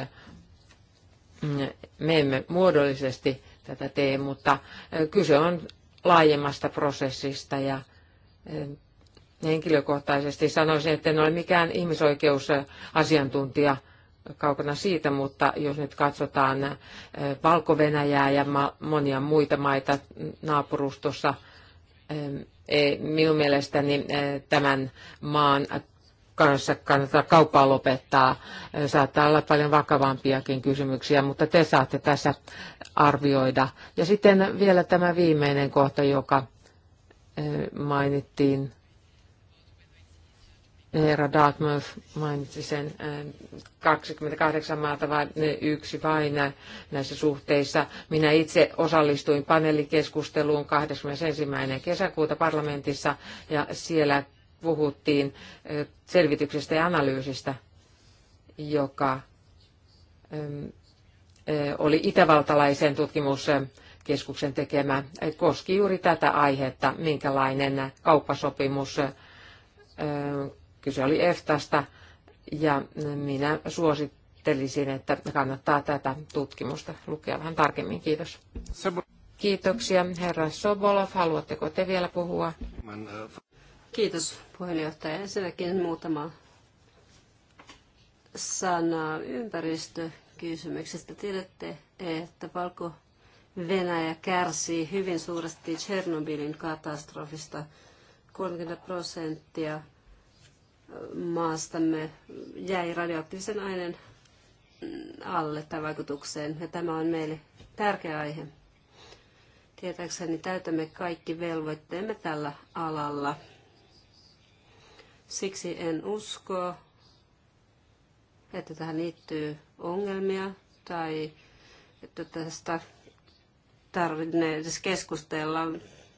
Me emme muodollisesti tätä tee, mutta kyse on laajemmasta prosessista ja eh, henkilökohtaisesti sanoisin, että en ole mikään ihmisoikeusasiantuntija kaukana siitä, mutta jos nyt katsotaan eh, valko ja monia muita maita naapurustossa, E, minun mielestäni e, tämän maan kanssa kannattaa kauppaa lopettaa. E, saattaa olla paljon vakavampiakin kysymyksiä, mutta te saatte tässä arvioida. Ja sitten vielä tämä viimeinen kohta, joka mainittiin Herra Dartmouth mainitsi sen 28 maata ne yksi vain näissä suhteissa. Minä itse osallistuin paneelikeskusteluun 21. kesäkuuta parlamentissa ja siellä puhuttiin selvityksestä ja analyysistä, joka oli itävaltalaisen tutkimuskeskuksen tekemä, koski juuri tätä aihetta, minkälainen kauppasopimus Kyse oli EFTAsta ja minä suosittelisin, että kannattaa tätä tutkimusta lukea vähän tarkemmin. Kiitos. Kiitoksia. Herra Sobolov, haluatteko te vielä puhua? Kiitos puheenjohtaja. Ensinnäkin muutama sana ympäristökysymyksestä. Tiedätte, että Valko Venäjä kärsii hyvin suuresti Tchernobylin katastrofista. 30 prosenttia maastamme jäi radioaktiivisen aineen alle tai vaikutukseen. Ja tämä on meille tärkeä aihe. Tietääkseni täytämme kaikki velvoitteemme tällä alalla. Siksi en usko, että tähän liittyy ongelmia tai että tästä tarvitsee edes keskustella.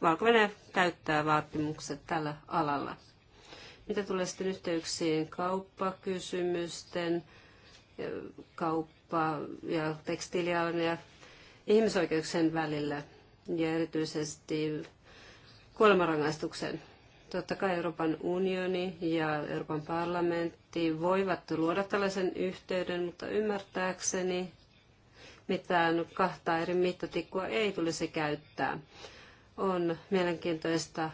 valko täyttää vaatimukset tällä alalla. Mitä tulee sitten yhteyksiin kauppakysymysten, kauppa- ja tekstiilialan ja ihmisoikeuksien välillä ja erityisesti kuolemanrangaistuksen. Totta kai Euroopan unioni ja Euroopan parlamentti voivat luoda tällaisen yhteyden, mutta ymmärtääkseni mitään kahta eri mittatikkua ei tulisi käyttää. On mielenkiintoista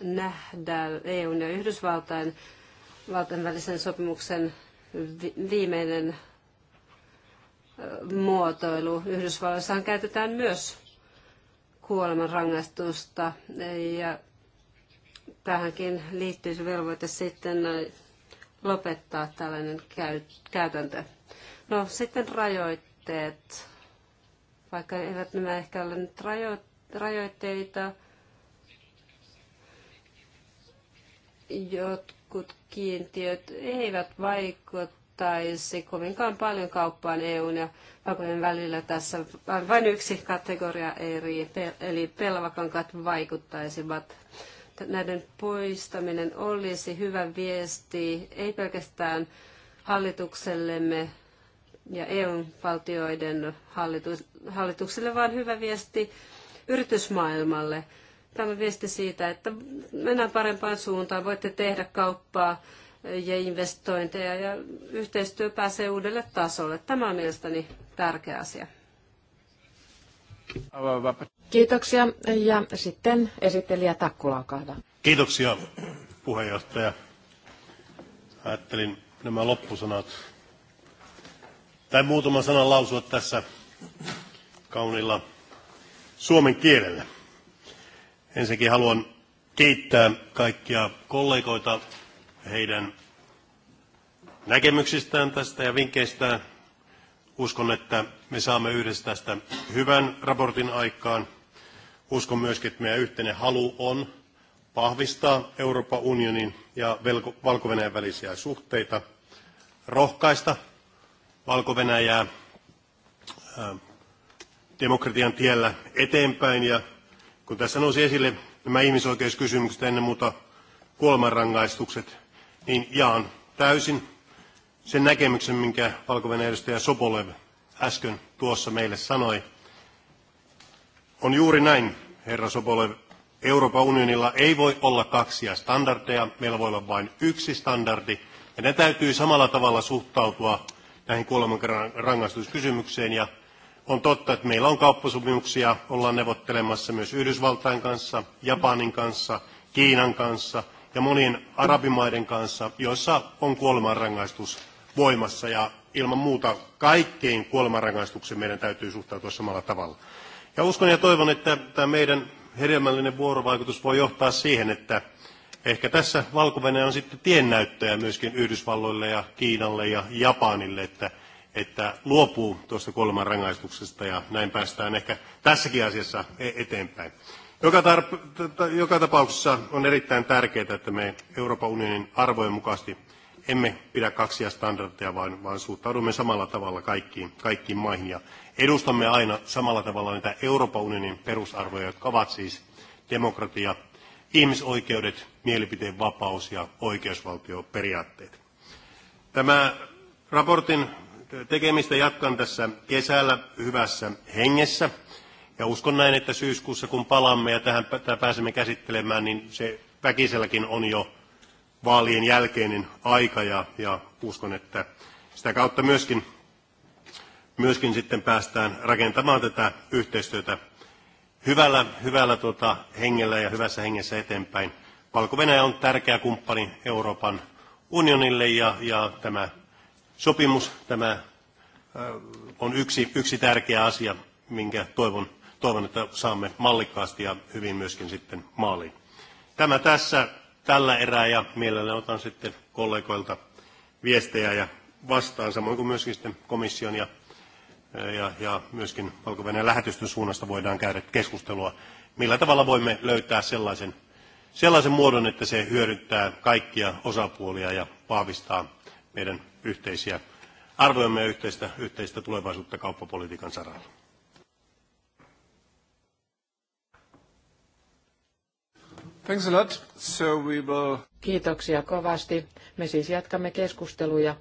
nähdään EUn ja Yhdysvaltain valtion välisen sopimuksen viimeinen muotoilu. Yhdysvalloissahan käytetään myös kuolemanrangaistusta ja tähänkin se velvoite sitten lopettaa tällainen käytäntö. No sitten rajoitteet, vaikka eivät nämä ehkä ole nyt rajoitteita, jotkut kiintiöt eivät vaikuttaisi kovinkaan paljon kauppaan EUn ja Vakojen välillä. Tässä vain yksi kategoria eri, eli pelvakankat vaikuttaisivat. Näiden poistaminen olisi hyvä viesti, ei pelkästään hallituksellemme ja EU-valtioiden hallitukselle, vaan hyvä viesti yritysmaailmalle. Tämä viesti siitä, että mennään parempaan suuntaan, voitte tehdä kauppaa ja investointeja ja yhteistyö pääsee uudelle tasolle. Tämä on mielestäni tärkeä asia. Kiitoksia. Ja sitten esittelijä Takkula, olkaa Kiitoksia puheenjohtaja. Ajattelin nämä loppusanat tai muutaman sanan lausua tässä kauniilla suomen kielellä. Ensinnäkin haluan kiittää kaikkia kollegoita heidän näkemyksistään tästä ja vinkkeistään. Uskon, että me saamme yhdessä tästä hyvän raportin aikaan. Uskon myöskin, että meidän yhteinen halu on vahvistaa Euroopan unionin ja valko välisiä suhteita, rohkaista valko demokratian tiellä eteenpäin ja kun tässä nousi esille nämä ihmisoikeuskysymykset ennen muuta kuolemanrangaistukset, niin jaan täysin sen näkemyksen, minkä valko edustaja Sobolev äsken tuossa meille sanoi. On juuri näin, herra Sobolev. Euroopan unionilla ei voi olla kaksia standardeja, meillä voi olla vain yksi standardi, ja ne täytyy samalla tavalla suhtautua näihin kuolemanrangaistuskysymykseen, ja on totta, että meillä on kauppasopimuksia, ollaan neuvottelemassa myös Yhdysvaltain kanssa, Japanin kanssa, Kiinan kanssa ja monien arabimaiden kanssa, joissa on kuolemanrangaistus voimassa ja ilman muuta kaikkein kuolemanrangaistuksiin meidän täytyy suhtautua samalla tavalla. Ja uskon ja toivon, että tämä meidän hedelmällinen vuorovaikutus voi johtaa siihen, että ehkä tässä valko on sitten tiennäyttäjä myöskin Yhdysvalloille ja Kiinalle ja Japanille, että että luopuu tuosta kolman rangaistuksesta ja näin päästään ehkä tässäkin asiassa e-, eteenpäin. Joka, tarp- joka tapauksessa on erittäin tärkeää, että me Euroopan unionin arvojen mukaisesti emme pidä kaksia standardeja, vaan, vaan suhtaudumme samalla tavalla kaikkiin, kaikkiin maihin ja edustamme aina samalla tavalla niitä Euroopan unionin perusarvoja, jotka ovat siis demokratia, ihmisoikeudet, mielipiteen vapaus ja oikeusvaltioperiaatteet. Tämä raportin tekemistä jatkan tässä kesällä hyvässä hengessä. Ja uskon näin, että syyskuussa kun palaamme ja tähän pääsemme käsittelemään, niin se väkiselläkin on jo vaalien jälkeinen aika ja, ja uskon, että sitä kautta myöskin, myöskin sitten päästään rakentamaan tätä yhteistyötä hyvällä, hyvällä tota, hengellä ja hyvässä hengessä eteenpäin. valko on tärkeä kumppani Euroopan unionille ja, ja tämä sopimus. Tämä äh, on yksi, yksi tärkeä asia, minkä toivon, toivon, että saamme mallikkaasti ja hyvin myöskin sitten maaliin. Tämä tässä tällä erää ja mielelläni otan sitten kollegoilta viestejä ja vastaan, samoin kuin myöskin sitten komission ja, äh, ja, ja myöskin valko lähetystön suunnasta voidaan käydä keskustelua, millä tavalla voimme löytää sellaisen, sellaisen muodon, että se hyödyttää kaikkia osapuolia ja vahvistaa meidän yhteisiä arvojamme ja yhteistä, yhteistä tulevaisuutta kauppapolitiikan saralla. Thanks a lot. So we will... Kiitoksia kovasti. Me siis jatkamme keskusteluja.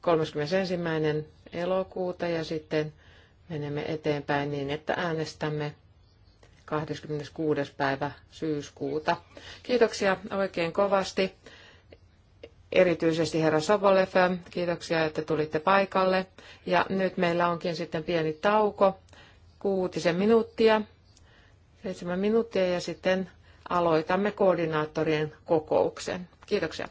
31. elokuuta ja sitten menemme eteenpäin niin, että äänestämme 26. päivä syyskuuta. Kiitoksia oikein kovasti. Erityisesti herra Sobolev, kiitoksia, että tulitte paikalle. Ja nyt meillä onkin sitten pieni tauko, kuutisen minuuttia, seitsemän minuuttia ja sitten aloitamme koordinaattorien kokouksen. Kiitoksia.